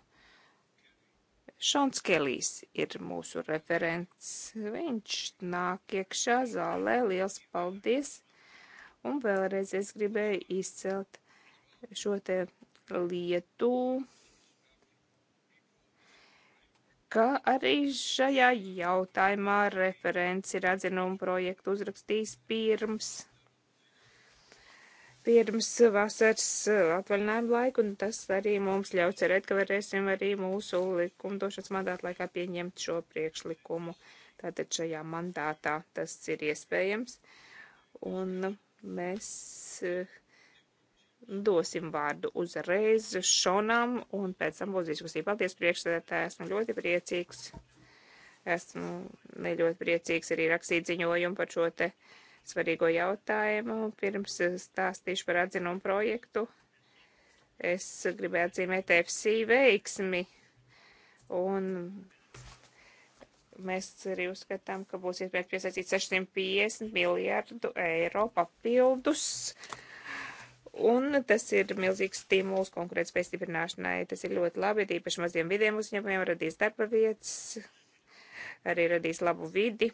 Šons Kelijs ir mūsu referents. Viņš nāk iekšā zālē. Liels paldies! Un vēlreiz es gribēju izcelt šo te lietu ka arī šajā jautājumā referents ir atzinumu projektu uzrakstījis pirms, pirms vasaras eh, atvaļinājuma laika, un tas arī mums ļauj cerēt, ka varēsim arī mūsu likumdošanas mandātu laikā pieņemt šo priekšlikumu. Tātad šajā mandātā tas ir iespējams. Un mēs eh, dosim vārdu uzreiz Šonam, un pēc tam būs diskusija. Paldies, priekšsēdētāji, esmu ļoti priecīgs. Esmu ne ļoti priecīgs arī rakstīt ziņojumu par šo te svarīgo jautājumu. Pirms stāstīšu par atzinumu projektu. Es gribēju atzīmēt FC veiksmi, un mēs arī uzskatām, ka būs iespējams piesaistīt 650 miljardu eiro papildus. Uh, Un tas ir milzīgs stimuls konkurētspējas stiprināšanai. Tas ir ļoti labi, tīpaši maziem vidiem uzņēmumiem radīs darba vietas, arī radīs labu vidi,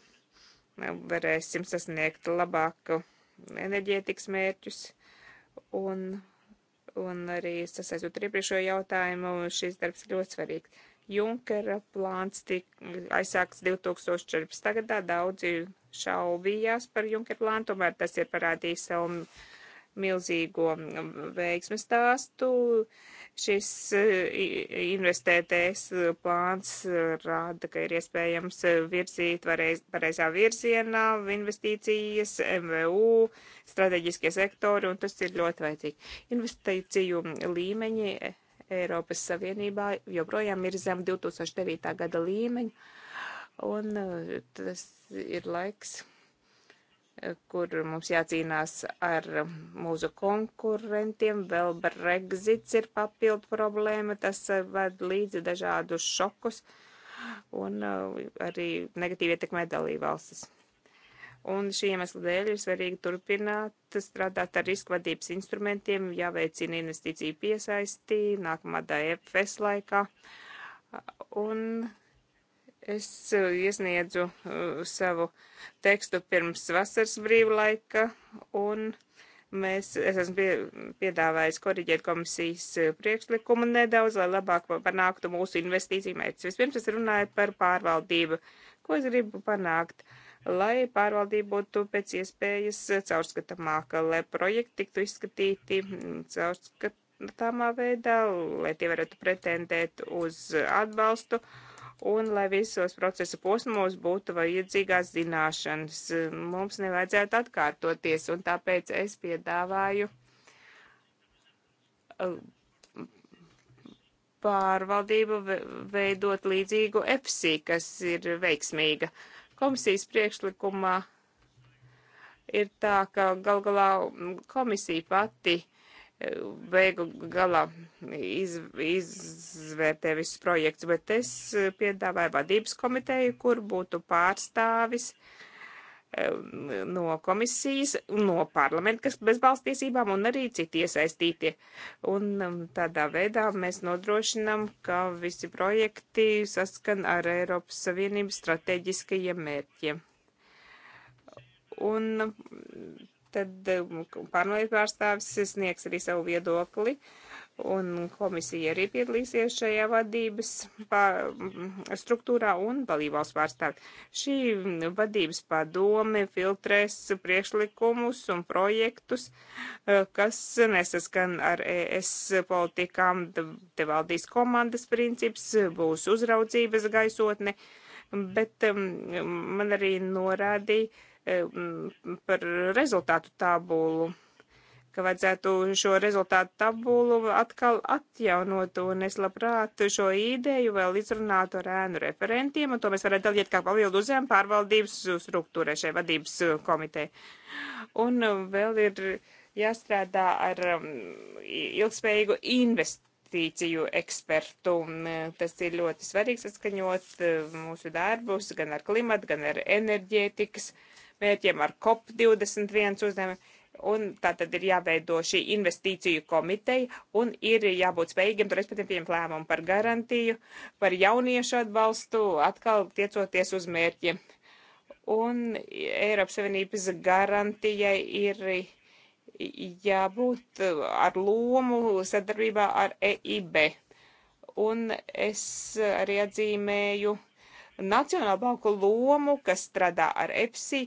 varēsim sasniegt labāku enerģētikas mērķus. Un, un arī sasaistot ar iepriekšējo jautājumu, šis darbs ir ļoti svarīgs. Junkera plāns tika aizsākts 2014. gadā, daudzi šaubījās par Junkera plānu, tomēr tas ir parādījis savu milzīgo mm, veiksmes stāstu. Šis eh, investētais eh, plāns eh, rāda, ka ir iespējams virzīt varēs, pareizā virzienā investīcijas, MVU, strateģiskie sektori, un tas ir ļoti vajadzīgi. Investīciju līmeņi Eiropas Savienībā joprojām ir zem 2009. gada līmeņa, un tas ir laiks kur mums jācīnās ar mūsu konkurentiem. Vēl Brexits ir papildu problēma, tas eh, ved līdzi dažādus šokus un eh, arī negatīvi ietekmē dalībvalstis. Un šī iemesla dēļ ir svarīgi turpināt strādāt ar riska vadības instrumentiem, jāveicina investīciju piesaisti nākamā DFS laikā. Un Es uh, iesniedzu uh, savu tekstu pirms vasaras brīvlaika, un mēs, es esmu pie, piedāvājis koriģēt komisijas uh, priekšlikumu nedaudz, lai labāk panāktu mūsu investīciju mērķus. Vispirms es runāju par pārvaldību. Ko es gribu panākt? Lai pārvaldība būtu pēc iespējas caurskatāmāka, lai projekti tiktu izskatīti mm, caurskatāmā veidā, lai tie varētu pretendēt uz atbalstu un lai visos procesa posmos būtu vajadzīgās zināšanas. Mums nevajadzētu atkārtoties, un tāpēc es piedāvāju uh, pārvaldību veidot līdzīgu EFSI, kas ir veiksmīga. Komisijas priekšlikumā ir tā, ka gal galā mm, komisija pati beigu galā iz, izvērtē visus projektus, bet es piedāvāju vadības komiteju, kur būtu pārstāvis no komisijas, no parlamenta, kas bez balstiesībām un arī citi iesaistītie. Un tādā veidā mēs nodrošinām, ka visi projekti saskan ar Eiropas Savienības strateģiskajiem mērķiem. Un tad um, pārnolietu pārstāvis sniegs arī savu viedokli, un komisija arī piedalīsies šajā vadības mm, struktūrā un dalībvalsts pārstāvi. Šī mm, vadības padome filtrēs priekšlikumus un projektus, eh, kas nesaskan ar ES politikām, te valdīs komandas princips, būs uzraudzības gaisotne, bet mm, man arī norādīja, par rezultātu tabulu, ka vajadzētu šo rezultātu tabulu atkal atjaunot, un es labprāt šo ideju vēl izrunātu ar ēnu referentiem, un to mēs varētu dalīt kā papildu uzņēmumu pārvaldības struktūrē šai vadības komitē. Un vēl ir jāstrādā ar ilgspējīgu investīciju investīciju ekspertu. Tas ir ļoti svarīgi saskaņot mūsu darbus gan ar klimatu, gan ar enerģētikas mērķiem, ar COP21 uzdevumiem. Un tā tad ir jāveido šī investīciju komiteja un ir jābūt spējīgiem, respektīvi, pieņemt lēmumu par garantiju, par jauniešu atbalstu, atkal tiecoties uz mērķiem. Un Eiropas Savienības garantijai ir jābūt ar lomu sadarbībā ar EIB. Un es arī atzīmēju Nacionālo banku lomu, kas strādā ar EPSI,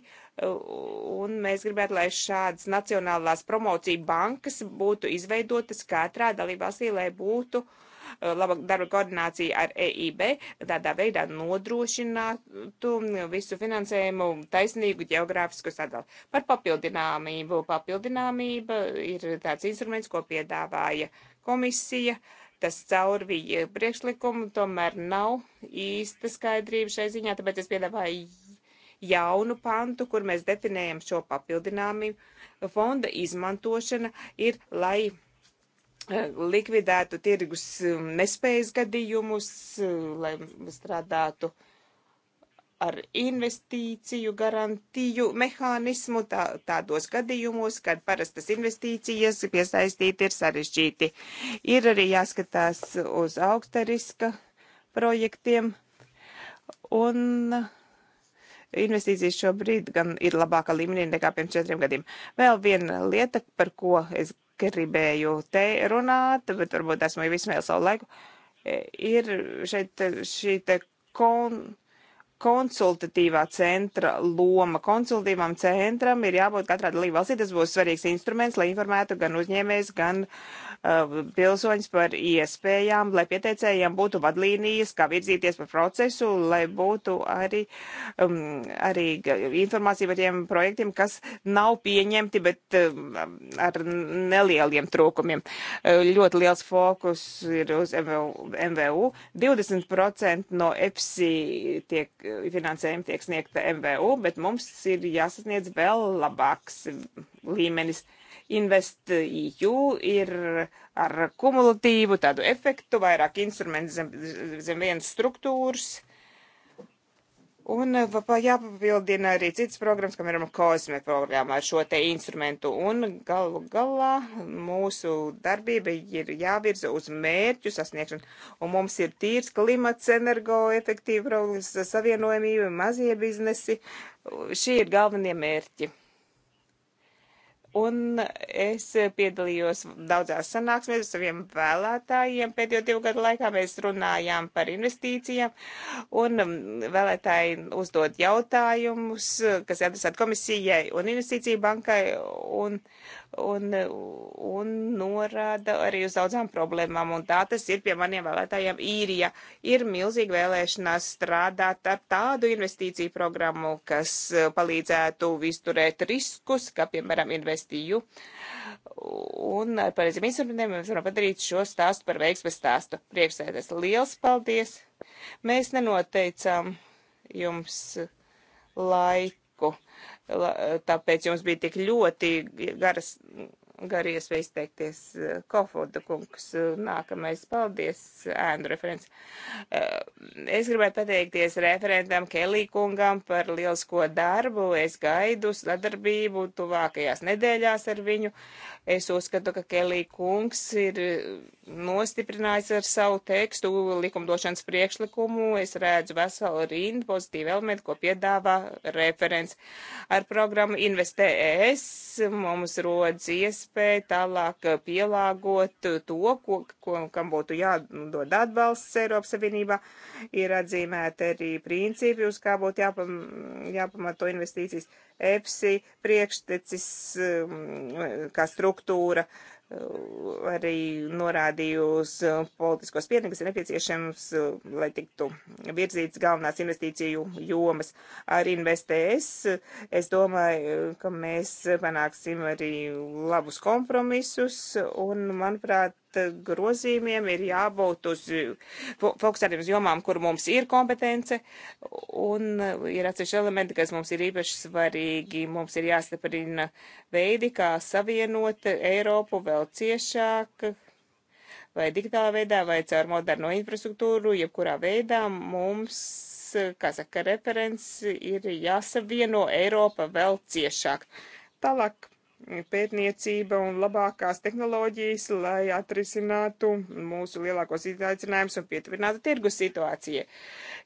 un mēs gribētu, lai šādas nacionālās promocija bankas būtu izveidotas katrā dalībvalstī, lai būtu uh, laba darba koordinācija ar EIB, tādā veidā nodrošinātu visu finansējumu taisnīgu geogrāfisku sadalu. Par papildināmību. Papildināmība ir tāds instruments, ko piedāvāja komisija. Uh, tas caurvīja priekšlikumu, tomēr nav īsta skaidrība šai ziņā, tāpēc es piedāvāju jaunu pantu, kur mēs definējam šo papildinājumu. Fonda izmantošana ir, lai eh, likvidētu tirgus mm, nespējas gadījumus, mm, lai strādātu ar investīciju garantiju mehānismu tā, tādos gadījumos, kad parastas investīcijas piesaistīt ir sarežģīti. Ir arī jāskatās uz augsta riska projektiem, un investīcijas šobrīd gan ir labāka līmenī nekā pirms četriem gadiem. Vēl viena lieta, par ko es gribēju te runāt, bet varbūt esmu jau vismēl savu laiku, e, ir šeit šī te kon konsultatīvā centra loma. Konsultīvam centram ir jābūt katrā dalībvalstī. Tas būs svarīgs instruments, lai informētu gan uzņēmējs, gan Uh, pilsoņus par iespējām, lai pieteicējiem būtu vadlīnijas, kā virzīties par procesu, lai būtu arī, um, arī informācija par tiem projektiem, kas nav pieņemti, bet um, ar nelieliem trūkumiem. Uh, ļoti liels fokus ir uz MVU. 20% no EPSI tiek, finansējumi tiek sniegta MVU, bet mums ir jāsasniedz vēl labāks līmenis. InvestEU ir ar kumulatīvu tādu efektu, vairāk instrumentu zem, zem vienas struktūras. Un eh, jāpapildina arī citas programmas, kam ir kosme programma ar šo te instrumentu. Un galu galā mūsu darbība ir jāvirza uz mērķu sasniegšanu. Un mums ir tīrs klimats, energoefektīva savienojumība, mazie biznesi. Šie ir galvenie mērķi. Un es piedalījos daudzās sanāksmēs ar saviem vēlētājiem. Pēdējo divu gadu laikā mēs runājām par investīcijām, un um, vēlētāji uzdod jautājumus, kas ir adresēti komisijai un investīciju bankai. Un, uh, un, un norāda arī uz daudzām problēmām. Un tā tas ir pie maniem vēlētājiem īrija. Ir milzīga vēlēšanās strādāt ar tādu investīciju programmu, kas eh, palīdzētu izturēt riskus, kā piemēram investīju. Un ar pareiziem instrumentiem mēs varam padarīt šo stāstu par veiksmes stāstu. Priekšsēdēs, liels paldies! Mēs nenoteicām jums laiku laiku. Tāpēc jums bija tik ļoti garas Garijas vai izteikties eh, Kofoda kungs. Nākamais paldies, ēnu referents. Eh, es gribētu pateikties referentam Kelī kungam par lielisko darbu. Es gaidu sadarbību tuvākajās nedēļās ar viņu. Es uzskatu, ka Kelī kungs ir eh, nostiprinājis ar savu tekstu likumdošanas priekšlikumu. Es redzu veselu rindu pozitīvu elementu, ko piedāvā referents. Ar programmu Investē ES mums rodas iespējas jāinvestē, tālāk eh, pielāgot eh, to, ko, ko, kam būtu jādod atbalsts Eiropas Savienībā. Ir atzīmēti arī principi, uz kā būtu jāpam, jāpamato investīcijas. EPSI priekštecis eh, kā struktūra uh, Eh, arī norādīju uz politisko spiedienu, kas ir nepieciešams, eh, lai tiktu virzīts galvenās investīciju jomas. Ar investēs eh, es domāju, ka mēs panāksim arī labus kompromisus un, manuprāt, grozījumiem ir jābūt uz fokusētiem uz jomām, kur mums ir kompetence, un ir atsevišķi elementi, kas mums ir īpaši svarīgi. Mums ir jāstiprina veidi, kā savienot Eiropu vēl ciešāk, vai digitālā veidā, vai caur moderno infrastruktūru, jebkurā veidā mums kā saka, referents ir jāsavieno Eiropa vēl ciešāk. Tālāk pētniecība un labākās tehnoloģijas, lai atrisinātu mūsu lielākos izaicinājumus un pietuvinātu tirgus situācijai.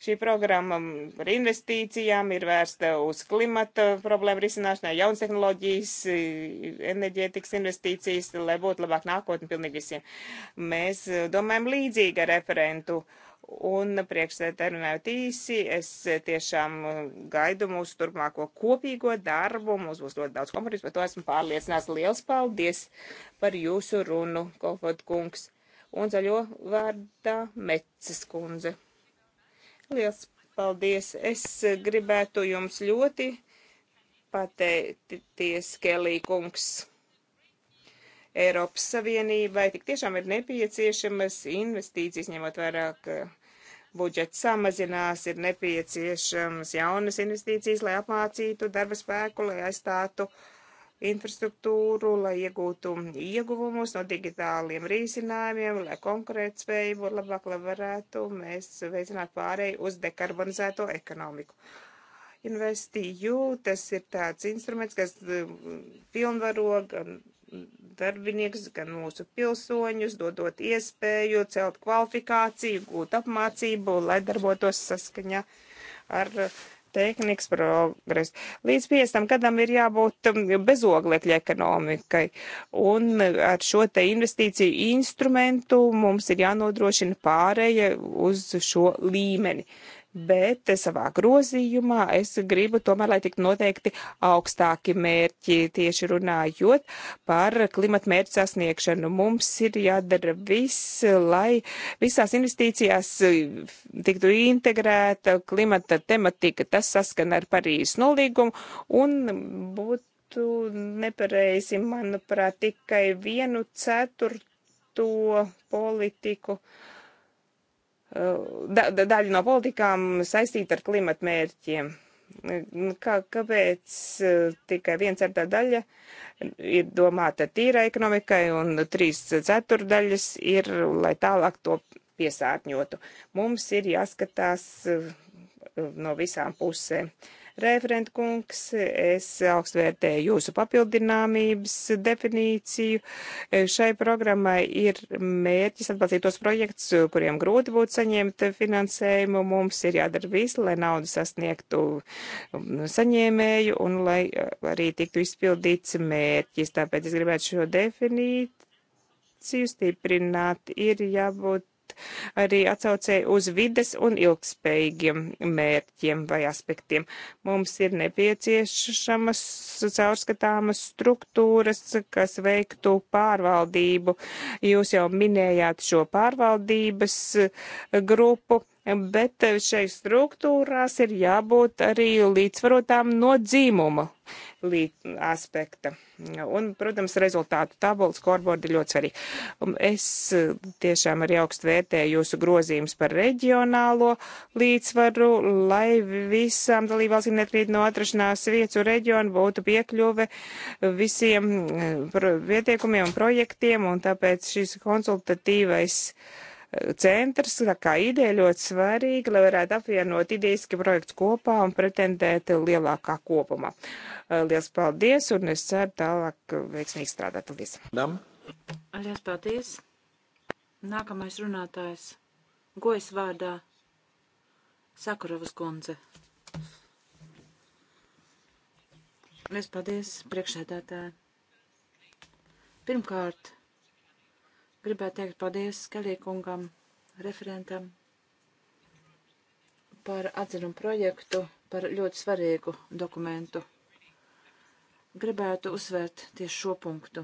Šī programma par investīcijām ir vērsta uz klimata problēmu risināšanai, jaunas tehnoloģijas, enerģētikas investīcijas, lai būtu labāk nākotni pilnīgi visiem. Mēs domājam līdzīgi ar referentu. Uh, Un priekšsēdētāji runājot īsi, es tiešām uh, gaidu mūsu turpmāko kopīgo darbu. Mums būs ļoti daudz kompromisu, par to esmu pārliecināts. Liels paldies par jūsu runu, Kolfot kungs. Un zaļo vārdā Meces kundze. Liels paldies. Es gribētu jums ļoti pateikties, Kelī kungs Eiropas Savienībai tik tiešām ir nepieciešamas investīcijas, ņemot vairāk eh, budžets samazinās, ir nepieciešams jaunas investīcijas, lai apmācītu darba spēku, lai aizstātu infrastruktūru, lai iegūtu ieguvumus no digitāliem risinājumiem, lai konkurēt spēju būtu labāk, lai varētu mēs veicināt pārēju uz dekarbonizēto ekonomiku. Investīju, tas ir tāds instruments, kas eh, pilnvaro gan darbinieks, gan mūsu pilsoņus, dodot iespēju celt kvalifikāciju, gūt apmācību, lai darbotos saskaņā ar uh, tehnikas progresu. Līdz 50 gadam ir jābūt um, bezoglekļa ekonomikai, un ar šo te investīciju instrumentu mums ir jānodrošina pāreja uz šo līmeni bet savā grozījumā es gribu tomēr, lai tiktu noteikti augstāki mērķi, tieši runājot par klimata mērķu sasniegšanu. Mums ir jādara viss, lai visās investīcijās tiktu integrēta klimata tematika. Tas saskan ar Parīzes nolīgumu un būtu nepareizi, manuprāt, tikai vienu ceturto politiku uh, Uh, da, da, daļa no politikām saistīta ar klimatmērķiem. Nu, kā, kāpēc uh, tikai viens ceturtā daļa ir domāta tīrai ekonomikai un trīs ceturdaļas ir, lai tālāk to piesārņotu? Mums ir jāskatās uh, no visām pusēm. Uh, Referent kungs, es augstvērtēju jūsu papildināmības definīciju. Šai programmai ir mērķis atbalstīt tos projekts, kuriem grūti būtu saņemt finansējumu. Mums ir jādara visu, lai naudu sasniegtu saņēmēju un lai arī tiktu izpildīts mērķis. Tāpēc es gribētu šo definīt. Stiprināt ir jābūt jābūt arī atsaucēji uz vides un ilgspējīgiem mērķiem vai aspektiem. Mums ir nepieciešamas caurskatāmas struktūras, kas veiktu pārvaldību. Jūs jau minējāt šo pārvaldības eh, grupu bet šai struktūrās ir jābūt arī līdzsvarotām no dzīmuma aspekta. Un, protams, rezultātu tabula scoreboard ir ļoti svarīga. Es eh, tiešām arī augstu vērtēju jūsu grozījumus par reģionālo līdzsvaru, lai visām dalībvalstīm netrīt no atrašanās vietas un reģionu būtu piekļuve visiem eh, pietiekumiem un projektiem, un tāpēc šis konsultatīvais uh, centrs, kā ideja ļoti svarīga, lai varētu apvienot idejiski projekts kopā un pretendēt lielākā kopumā. Lielas paldies un es ceru tālāk veiksmīgi strādāt. Paldies! Lielas paldies! Nākamais runātājs. Gojas vārdā Sakuravas kundze. Liels paldies, priekšsēdētāji. Pirmkārt, Gribētu teikt paldies Skelīkungam, referentam par atzinumu projektu, par ļoti svarīgu dokumentu. Gribētu uzsvērt tieši šo punktu.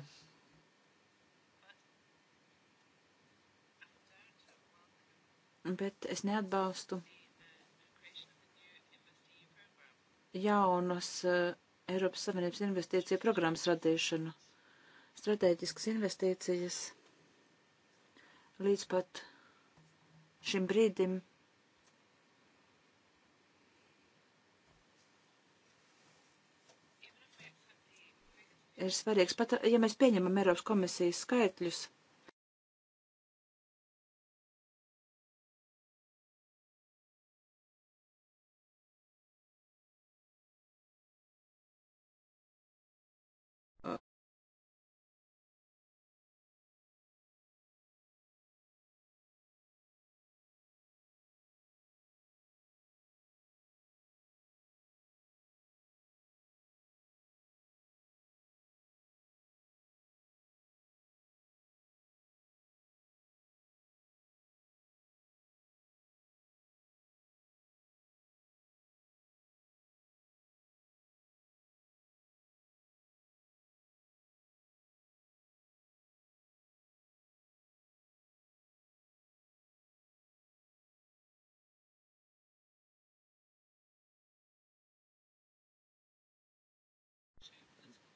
Bet es neatbalstu jaunas eh, Eiropas Savienības investīcija programmas radīšanu. Stratēģiskas investīcijas līdz pat šim brīdim. Ir svarīgs, pat ja mēs pieņemam Eiropas komisijas skaitļus,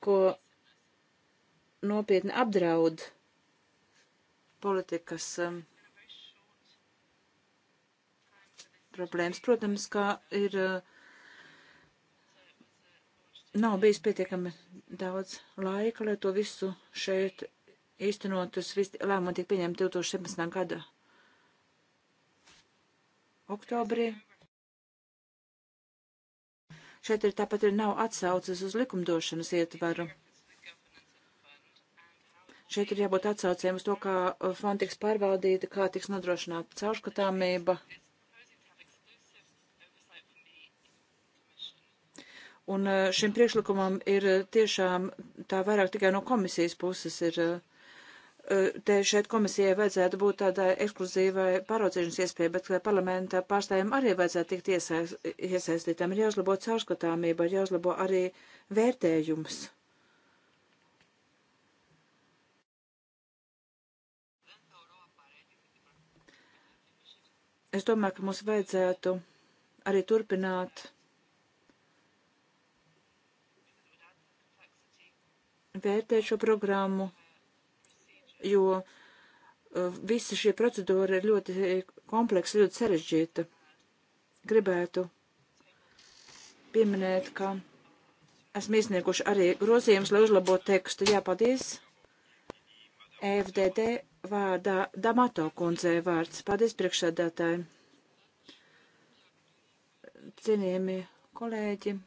ko nopietni apdraud politikas um, problēmas. Protams, kā ir, uh, nav bijis pietiekami daudz laika, lai to visu šeit īstenot. Tas viss lēmumi tika pieņemti 2017. gada oktobrī. Šeit ir tāpat ir nav atsaucas uz likumdošanas ietvaru. Šeit ir jābūt atsaucēm uz to, kā fonda tiks pārvaldīta, kā tiks nodrošināta caurskatāmība. Un eh, šim priekšlikumam ir tiešām tā vairāk tikai no komisijas puses ir uh, te šeit komisijai vajadzētu būt tādai ekskluzīvai pāraudzīšanas iespēja, bet parlamenta pārstājiem arī vajadzētu tikt iesaistītām. Ir jāuzlabo caurskatāmība, ir jāuzlabo arī vērtējums. Es domāju, ka mums vajadzētu arī turpināt vērtēt šo programmu jo eh, visa šī procedūra ir ļoti kompleksa, ļoti sarežģīta. Gribētu pieminēt, ka esmu iesnieguši arī grozījumus, lai uzlabotu tekstu. Jā, paldies. E FDD vārdā Damato kundzei vārds. Paldies priekšsēdētāji. Cienījami kolēģi.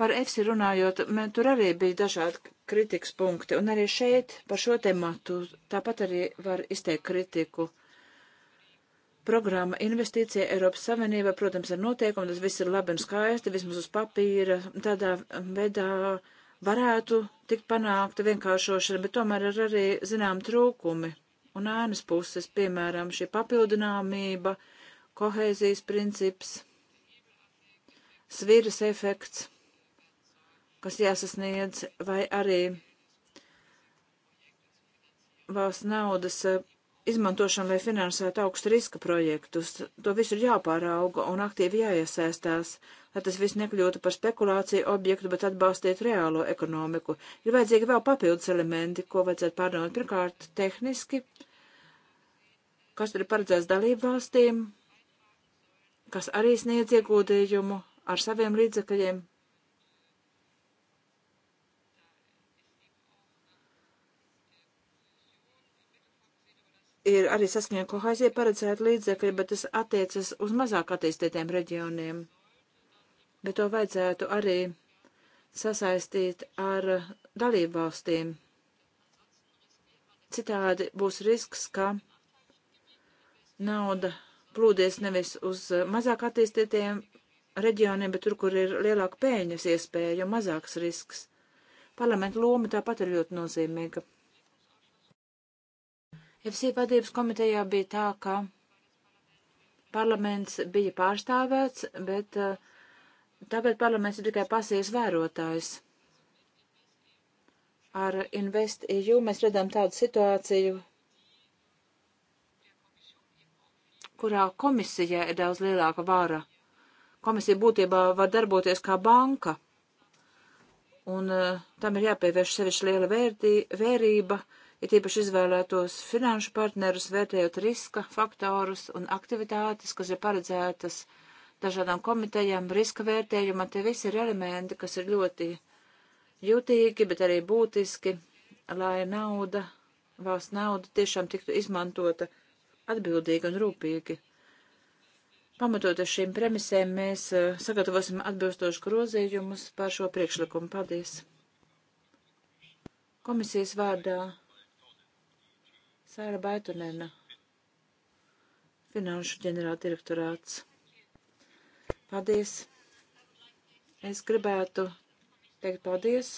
Par EFSI runājot, man tur arī bija dažādi kritikas punkti, un arī šeit par šo tematu tāpat arī var izteikt kritiku. Programma investīcija Eiropas Savienībā, protams, ir noteikumi, tas viss ir labi un skaisti, vismaz uz papīra, tādā veidā varētu tikt panākta vienkāršošana, bet tomēr ir arī zinām trūkumi un ēnas puses, piemēram, šī papildināmība, kohēzijas princips, sviras efekts kas jāsasniedz, vai arī valsts naudas eh, izmantošana, lai finansētu augstu riska projektus. To visu ir jāpārauga un aktīvi jāiesaistās, lai tas viss nekļūtu par spekulāciju objektu, bet atbalstītu reālo ekonomiku. Ir vajadzīgi vēl papildus elementi, ko vajadzētu pārdomāt. Pirmkārt, tehniski, kas ir paredzēts dalību valstīm, kas arī sniedz ieguldījumu ar saviem līdzekļiem, ir arī saskaņā kohēzija paredzēta līdzekļi, bet tas attiecas uz mazāk attīstītiem reģioniem. Bet to vajadzētu arī sasaistīt ar dalībvalstīm. Citādi būs risks, ka nauda plūdies nevis uz mazāk attīstītiem reģioniem, bet tur, kur ir lielāka pēļņas iespēja, jo mazāks risks. Parlamenta loma tāpat ir ļoti nozīmīga. FC vadības komitejā bija tā, ka parlaments bija pārstāvēts, bet eh, tagad parlaments ir tikai pasīvs vērotājs. Ar InvestEU mēs redzam tādu situāciju, kurā komisija ir daudz lielāka vara. Komisija būtībā var darboties kā banka, un uh, tam ir jāpievērš sevišķi liela vērtī, vērība. Uh, it īpaši izvēlētos finanšu partnerus, vērtējot riska faktorus un aktivitātes, kas ir paredzētas dažādām komitejām, riska vērtējumam. Tie visi ir elementi, kas ir ļoti jūtīgi, bet arī būtiski, lai nauda, valsts nauda tiešām tiktu izmantota atbildīgi un rūpīgi. Pamatoties šīm premisēm, mēs eh, sagatavosim atbilstošu grozījumus par šo priekšlikumu. Paldies! Komisijas vārdā Sēra Baitunena, Finanšu ģenerāla direktorāts. Paldies! Es gribētu teikt paldies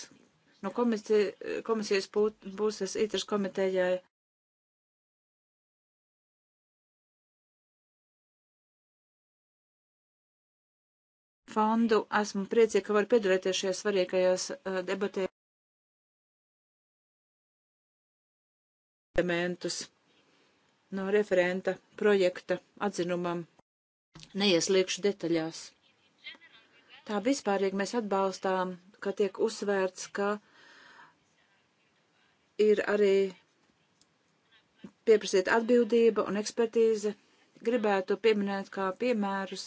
no komisija, komisijas puses ITRS komitejai. Fondu esmu priecīga, ka varu piedalīties šajās svarīgajās eh, debatēs. elementus no referenta projekta atzinumam. Neieslīgšu detaļās. Tā vispārīgi mēs atbalstām, ka tiek uzsvērts, ka ir arī pieprasīta atbildība un ekspertīze. Gribētu pieminēt kā piemērus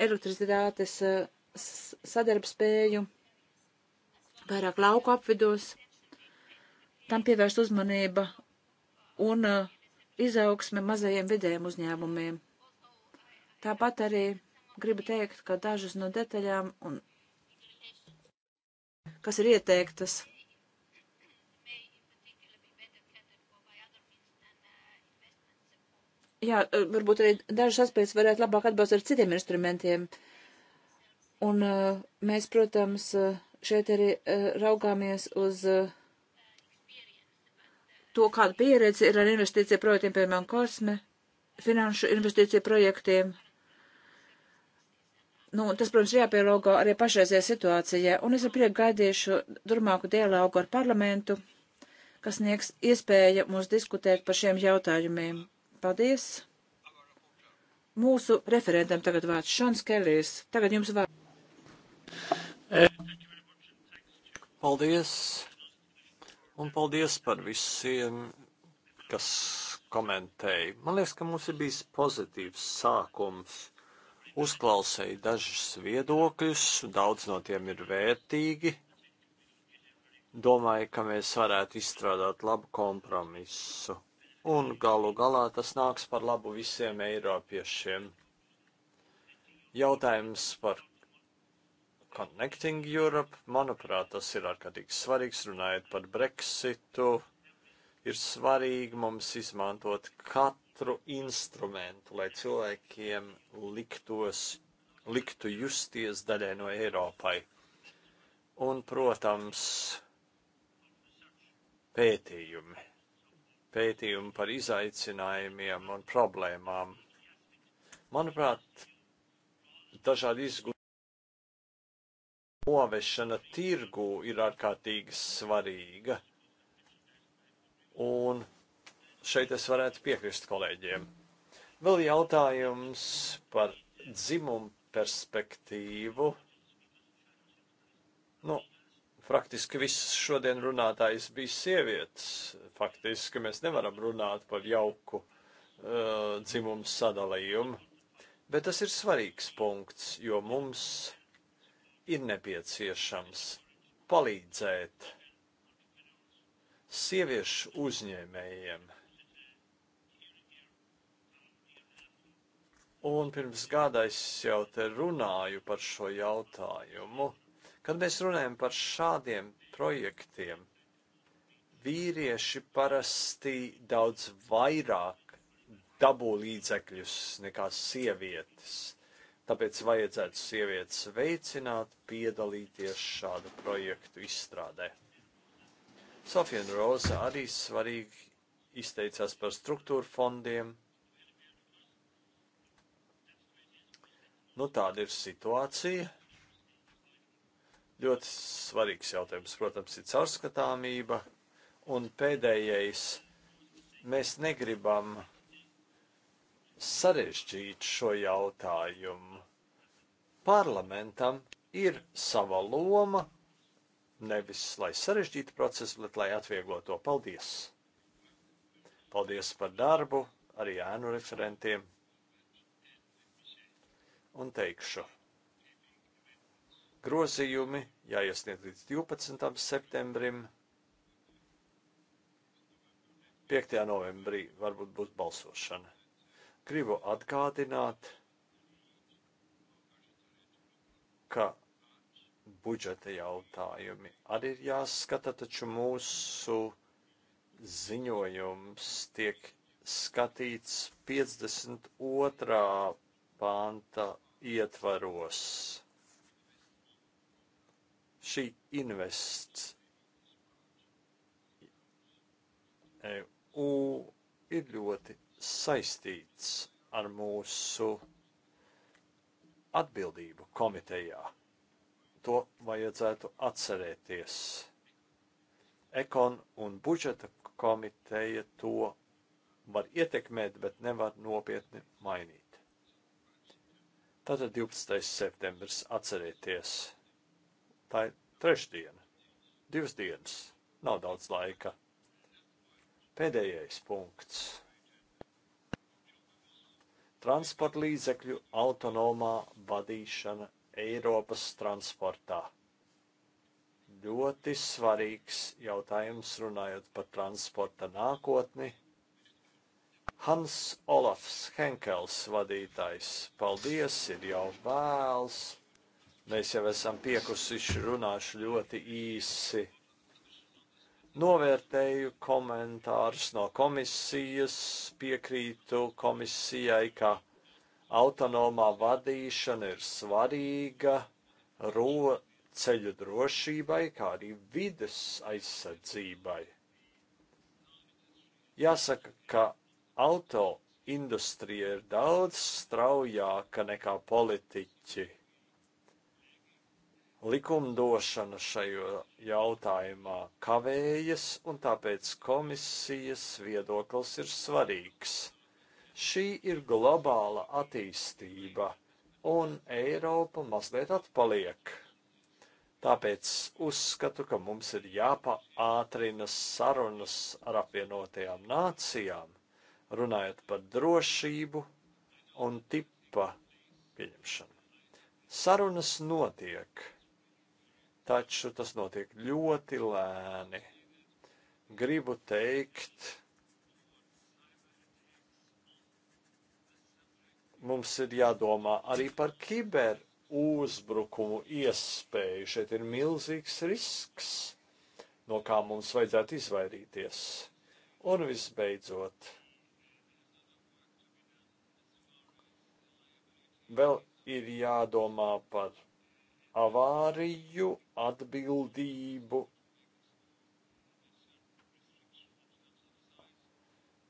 elektricitātes eh, sadarbspēju vairāk lauku apvidos tam pievērst uzmanība un uh, izaugsme mazajiem vidējiem uzņēmumiem. Tāpat arī gribu teikt, ka dažas no detaļām, un, kas ir ieteiktas, jā, uh, varbūt arī dažas aspekts varētu labāk atbalstīt ar citiem instrumentiem. Un uh, mēs, protams, uh, šeit arī uh, raugāmies uz uh, to, kāda pieredze ir ar investīciju projektiem, piemēram, kosme, finanšu investīciju projektiem. Nu, tas, protams, ir jāpielāgo arī pašreizajai situācijai, un es ar prieku gaidīšu turmāku dialogu ar parlamentu, kas sniegs iespēju mums diskutēt par šiem jautājumiem. Paldies! Mūsu referentam tagad vārds Šons Kelijs. Tagad jums vārds. Paldies! Un paldies par visiem, kas komentēja. Man liekas, ka mums ir bijis pozitīvs sākums. Uzklausīju dažus viedokļus, daudz no tiem ir vērtīgi. Domāju, ka mēs varētu izstrādāt labu kompromisu. Un galu galā tas nāks par labu visiem eiropiešiem. Jautājums par Connecting Europe, manuprāt, tas ir ārkārtīgi svarīgs, runājot par Brexitu, ir svarīgi mums izmantot katru instrumentu, lai cilvēkiem liktos, liktu justies daļai no Eiropai. Un, protams, pētījumi. Pētījumi par izaicinājumiem un problēmām. Manuprāt, dažādi izgudrojumi novešana tirgu ir ārkārtīgi svarīga. Un šeit es varētu piekrist kolēģiem. Vēl jautājums par dzimumu perspektīvu. Nu, praktiski visas šodien runātājas bija sievietes. Faktiski mēs nevaram runāt par jauku uh, dzimumu sadalījumu. Bet tas ir svarīgs punkts, jo mums ir nepieciešams palīdzēt sieviešu uzņēmējiem. Un pirms gada es jau te runāju par šo jautājumu. Kad mēs runājam par šādiem projektiem, vīrieši parasti daudz vairāk dabū līdzekļus nekā sievietes. Tāpēc vajadzētu sievietes veicināt, piedalīties šādu projektu izstrādē. Sofija un Roza arī svarīgi izteicās par struktūru fondiem. Nu, tāda ir situācija. Ļoti svarīgs jautājums, protams, ir caurskatāmība. Un pēdējais, mēs negribam sarežģīt šo jautājumu parlamentam ir sava loma, nevis lai sarežģītu procesu, bet lai atvieglo to. Paldies! Paldies par darbu, arī ēnu referentiem. Un teikšu, grozījumi jāiesniedz līdz 12. septembrim. 5. novembrī varbūt būs balsošana. Gribu atgādināt, ka budžeta jautājumi arī ir jāskata, taču mūsu ziņojums tiek skatīts 52. panta ietvaros. Šī invest EU ir ļoti saistīts ar mūsu atbildību komitejā. To vajadzētu atcerēties. Ekon un budžeta komiteja to var ietekmēt, bet nevar nopietni mainīt. Tātad 12. septembris atcerieties. Tā ir trešdiena, divas dienas, nav daudz laika. Pēdējais punkts transporta līdzekļu autonomā vadīšana Eiropas transportā. Ļoti svarīgs jautājums runājot par transporta nākotni. Hans Olafs Henkels vadītājs, paldies, ir jau vēls. Mēs jau esam piekusiši runāšu ļoti īsi. Novērtēju komentārus no komisijas, piekrītu komisijai, ka autonomā vadīšana ir svarīga ro ceļu drošībai, kā arī vides aizsardzībai. Jāsaka, ka auto industrija ir daudz straujāka nekā politiķi likumdošana šajā jautājumā kavējas, un tāpēc komisijas viedoklis ir svarīgs. Šī ir globāla attīstība, un Eiropa mazliet atpaliek. Tāpēc uzskatu, ka mums ir jāpaātrina sarunas ar apvienotajām nācijām, runājot par drošību un tipa pieņemšanu. Sarunas notiek taču tas notiek ļoti lēni. Gribu teikt, mums ir jādomā arī par kiber uzbrukumu iespēju. Šeit ir milzīgs risks, no kā mums vajadzētu izvairīties. Un visbeidzot, vēl ir jādomā par avāriju atbildību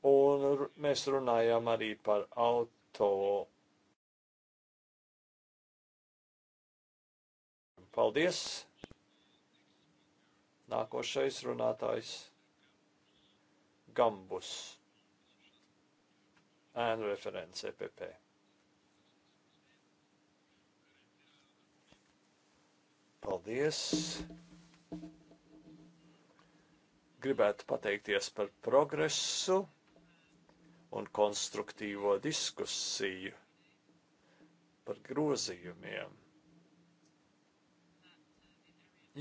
un mēs runājām arī par auto. Paldies! Nākošais runātājs Gambus. Ēnu referents EPP. Paldies! Gribētu pateikties par progresu un konstruktīvo diskusiju par grozījumiem.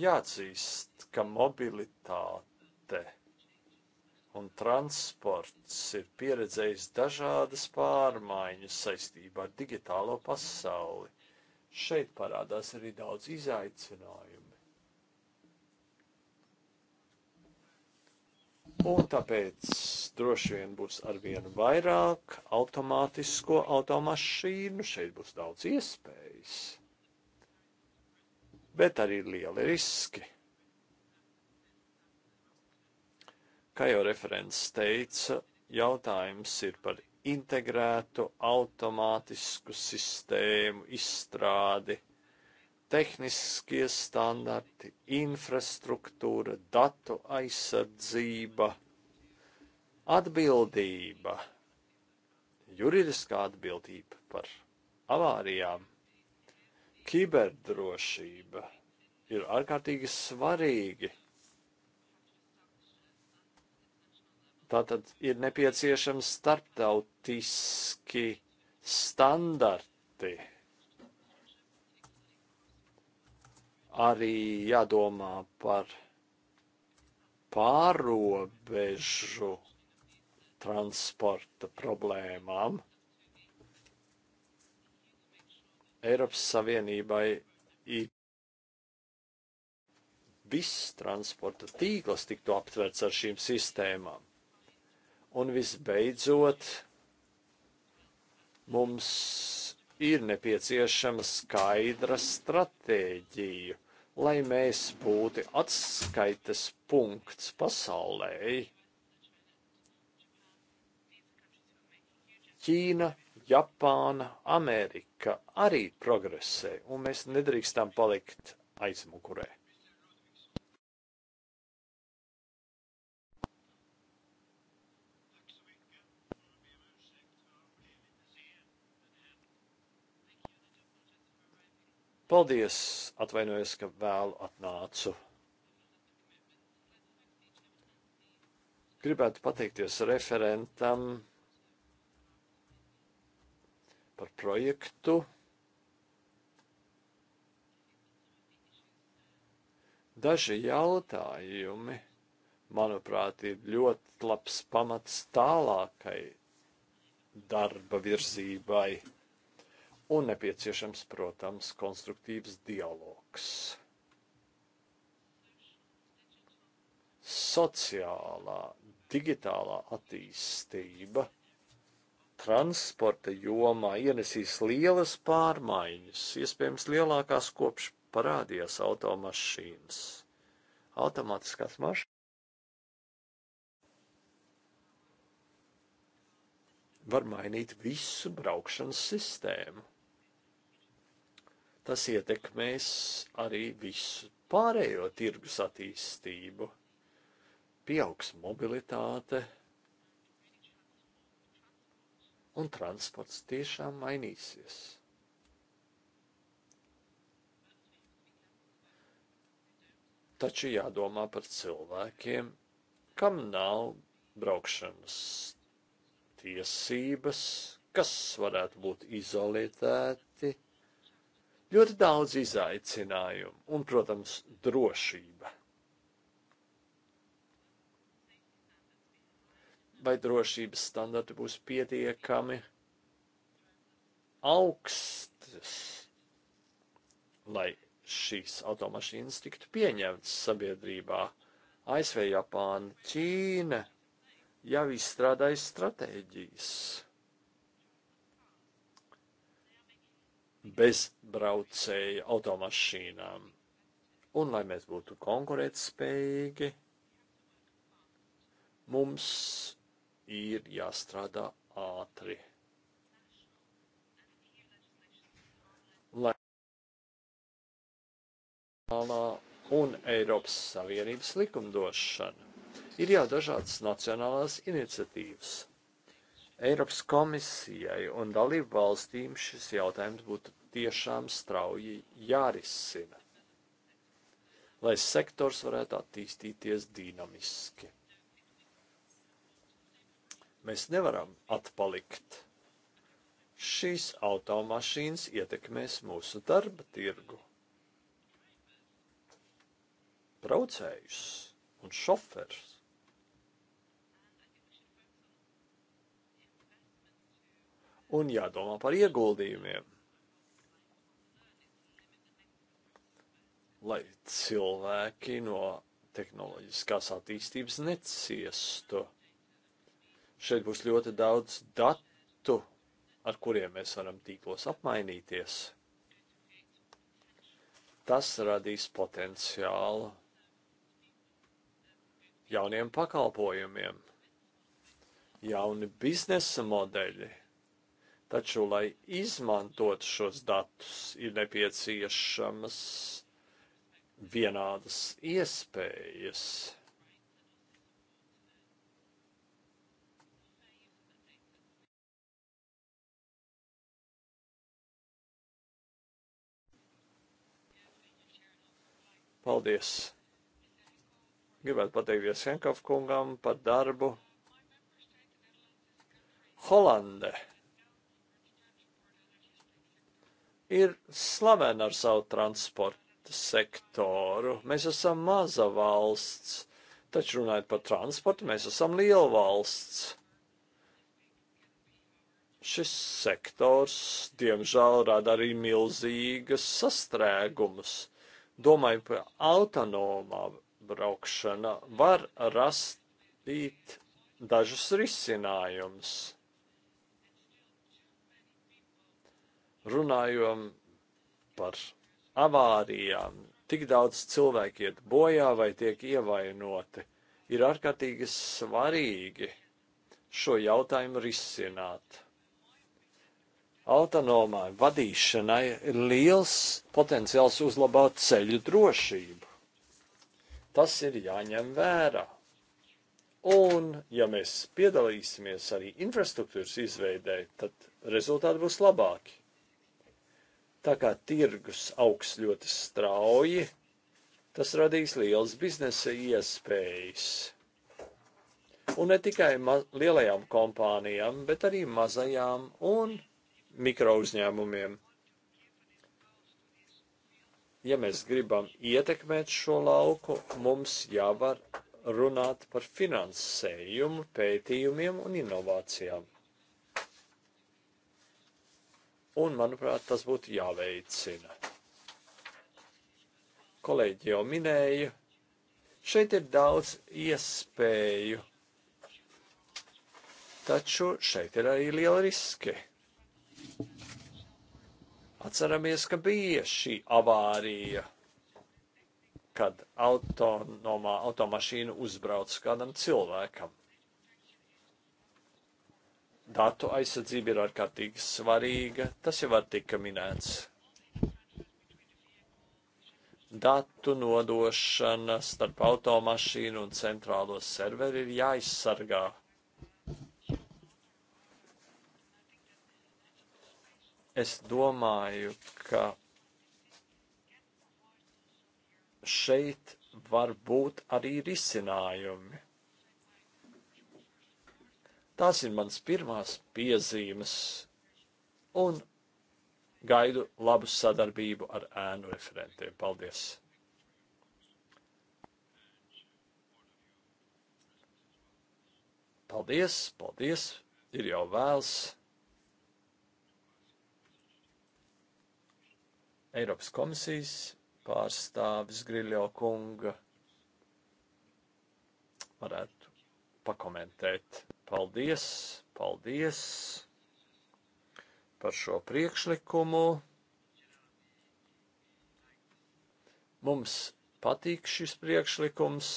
Jāatzīst, ka mobilitāte un transports ir pieredzējis dažādas pārmaiņas saistībā ar digitālo pasauli šeit parādās arī daudz izaicinājumi. Un tāpēc droši vien būs arvien vairāk automātisko automašīnu, šeit būs daudz iespējas, bet arī lieli riski. Kā jau referents teica, jautājums ir par integrētu automātisku sistēmu izstrādi, tehniskie standarti, infrastruktūra, datu aizsardzība, atbildība, juridiskā atbildība par avārijām, kiberdrošība ir ārkārtīgi svarīgi Tātad ir nepieciešams starptautiski standarti. Arī jādomā par pārobežu transporta problēmām. Eiropas Savienībai ir viss transporta tīkls tiktu aptverts ar šīm sistēmām. Un visbeidzot, mums ir nepieciešama skaidra stratēģija, lai mēs būtu atskaites punkts pasaulē. Ķīna, Japāna, Amerika arī progresē, un mēs nedrīkstam palikt aizmugurē. Paldies, atvainojos, ka vēlu atnācu. Gribētu pateikties referentam par projektu. Daži jautājumi, manuprāt, ir ļoti labs pamats tālākai darba virzībai un nepieciešams, protams, konstruktīvs dialogs. Sociālā, digitālā attīstība transporta jomā ienesīs lielas pārmaiņas, iespējams lielākās kopš parādījās automašīnas. Automātiskās mašīnas. Var mainīt visu braukšanas sistēmu tas ietekmēs arī visu pārējo tirgus attīstību. Pieaugs mobilitāte un transports tiešām mainīsies. Taču jādomā par cilvēkiem, kam nav braukšanas tiesības, kas varētu būt izolētēti Ļoti daudz izaicinājumu un, protams, drošība. Vai drošības standarti būs pietiekami augstas, lai šīs automašīnas tiktu pieņemtas sabiedrībā. ASV, Japāna, Ķīna jau izstrādājas stratēģijas. bezbraucēju automašīnām. Un, lai mēs būtu konkurētspējīgi, mums ir jāstrādā ātri. Lai un Eiropas Savienības likumdošana ir jau dažādas nacionālās iniciatīvas Eiropas komisijai un dalību valstīm šis jautājums būtu tiešām strauji jārisina, lai sektors varētu attīstīties dinamiski. Mēs nevaram atpalikt. Šīs automašīnas ietekmēs mūsu darba tirgu. Braucējus un šoferus. un jādomā par ieguldījumiem. Lai cilvēki no tehnoloģiskās attīstības neciestu. Šeit būs ļoti daudz datu, ar kuriem mēs varam tīklos apmainīties. Tas radīs potenciālu jauniem pakalpojumiem, jauni biznesa modeļi Taču, lai izmantotu šos datus, ir nepieciešamas vienādas iespējas. Paldies! Gribētu pateikties Henkof kungam par darbu. Holande ir slavena ar savu transporta sektoru. Mēs esam maza valsts, taču runājot par transportu, mēs esam liela valsts. Šis sektors, diemžēl, rada arī milzīgas sastrēgumus. Domāju, ka autonomā braukšana var rastīt dažus risinājumus runājam par avārijām, tik daudz cilvēku iet bojā vai tiek ievainoti, ir ārkārtīgi svarīgi šo jautājumu risināt. Autonomai vadīšanai ir liels potenciāls uzlabot ceļu drošību. Tas ir jāņem vērā. Un, ja mēs piedalīsimies arī infrastruktūras izveidē, tad rezultāti būs labāki. Tā kā tirgus augs ļoti strauji, tas radīs liels biznesa iespējas. Un ne tikai lielajām kompānijām, bet arī mazajām un mikro uzņēmumiem. Ja mēs gribam ietekmēt šo lauku, mums jāvar runāt par finansējumu, pētījumiem un inovācijām un, manuprāt, tas būtu jāveicina. Kolēģi jau minēja, šeit ir daudz iespēju, taču šeit ir arī liela riski. Atceramies, ka bija šī avārija, kad autonomā automašīna uzbrauc kādam cilvēkam datu aizsardzība ir ārkārtīgi svarīga. Tas jau var tika minēts. Datu nodošana starp automašīnu un centrālo serveri ir jāizsargā. Es domāju, ka šeit var būt arī risinājumi. Tās ir mans pirmās piezīmes un gaidu labu sadarbību ar ēnu referentiem. Paldies! Paldies, paldies, ir jau vēls. Eiropas komisijas pārstāvis Griljo kunga varētu pakomentēt. Paldies, paldies par šo priekšlikumu. Mums patīk šis priekšlikums.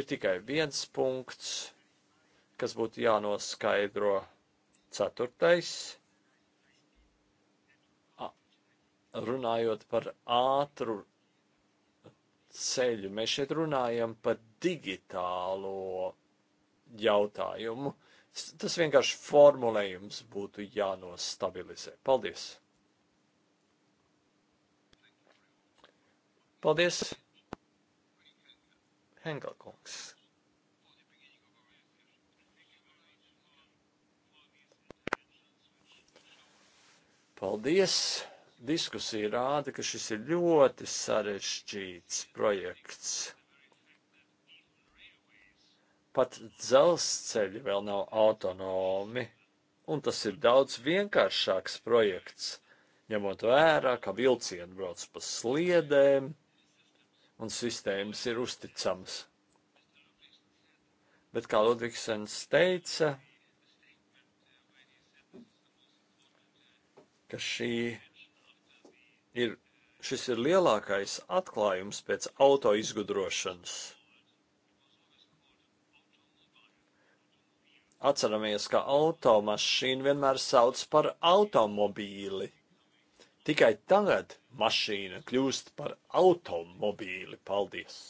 Ir tikai viens punkts, kas būtu jānoskaidro. Ceturtais. Runājot par ātru ceļu, mēs šeit runājam par digitālo jautājumu. Tas vienkārši formulējums būtu jānostabilizē. Paldies! Paldies! Hengelkungs. Paldies! Diskusija rāda, ka šis ir ļoti sarežģīts projekts Pat dzelzceļi vēl nav autonomi, un tas ir daudz vienkāršāks projekts, ņemot vērā, ka vilcieni brauc pa sliedēm, un sistēmas ir uzticamas. Bet, kā Ludvigsens teica, ka šī ir, šis ir lielākais atklājums pēc auto izgudrošanas. Atceramies, ka automašīnu vienmēr sauc par automobīli. Tikai tagad mašīna kļūst par automobīli. Paldies!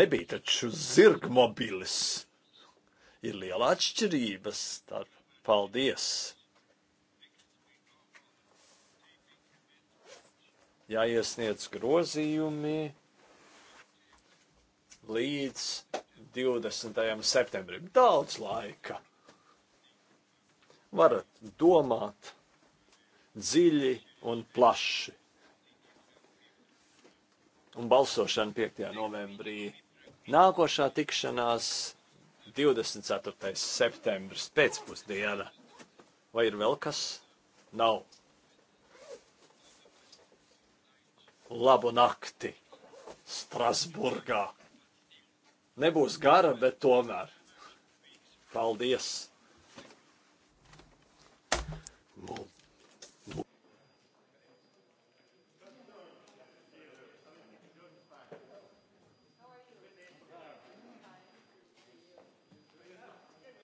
Nebija taču zirgmobilis. Ir liela atšķirība starp paldies. Jāiesniedz grozījumi līdz 20. septembrim. Daudz laika. Varat domāt dziļi un plaši. Un balsošana 5. novembrī. Nākošā tikšanās 24. septembris pēcpusdiena. Vai ir vēl kas? Nav. Labu nakti Strasburgā! Nebūs gara, bet tomēr. Paldies!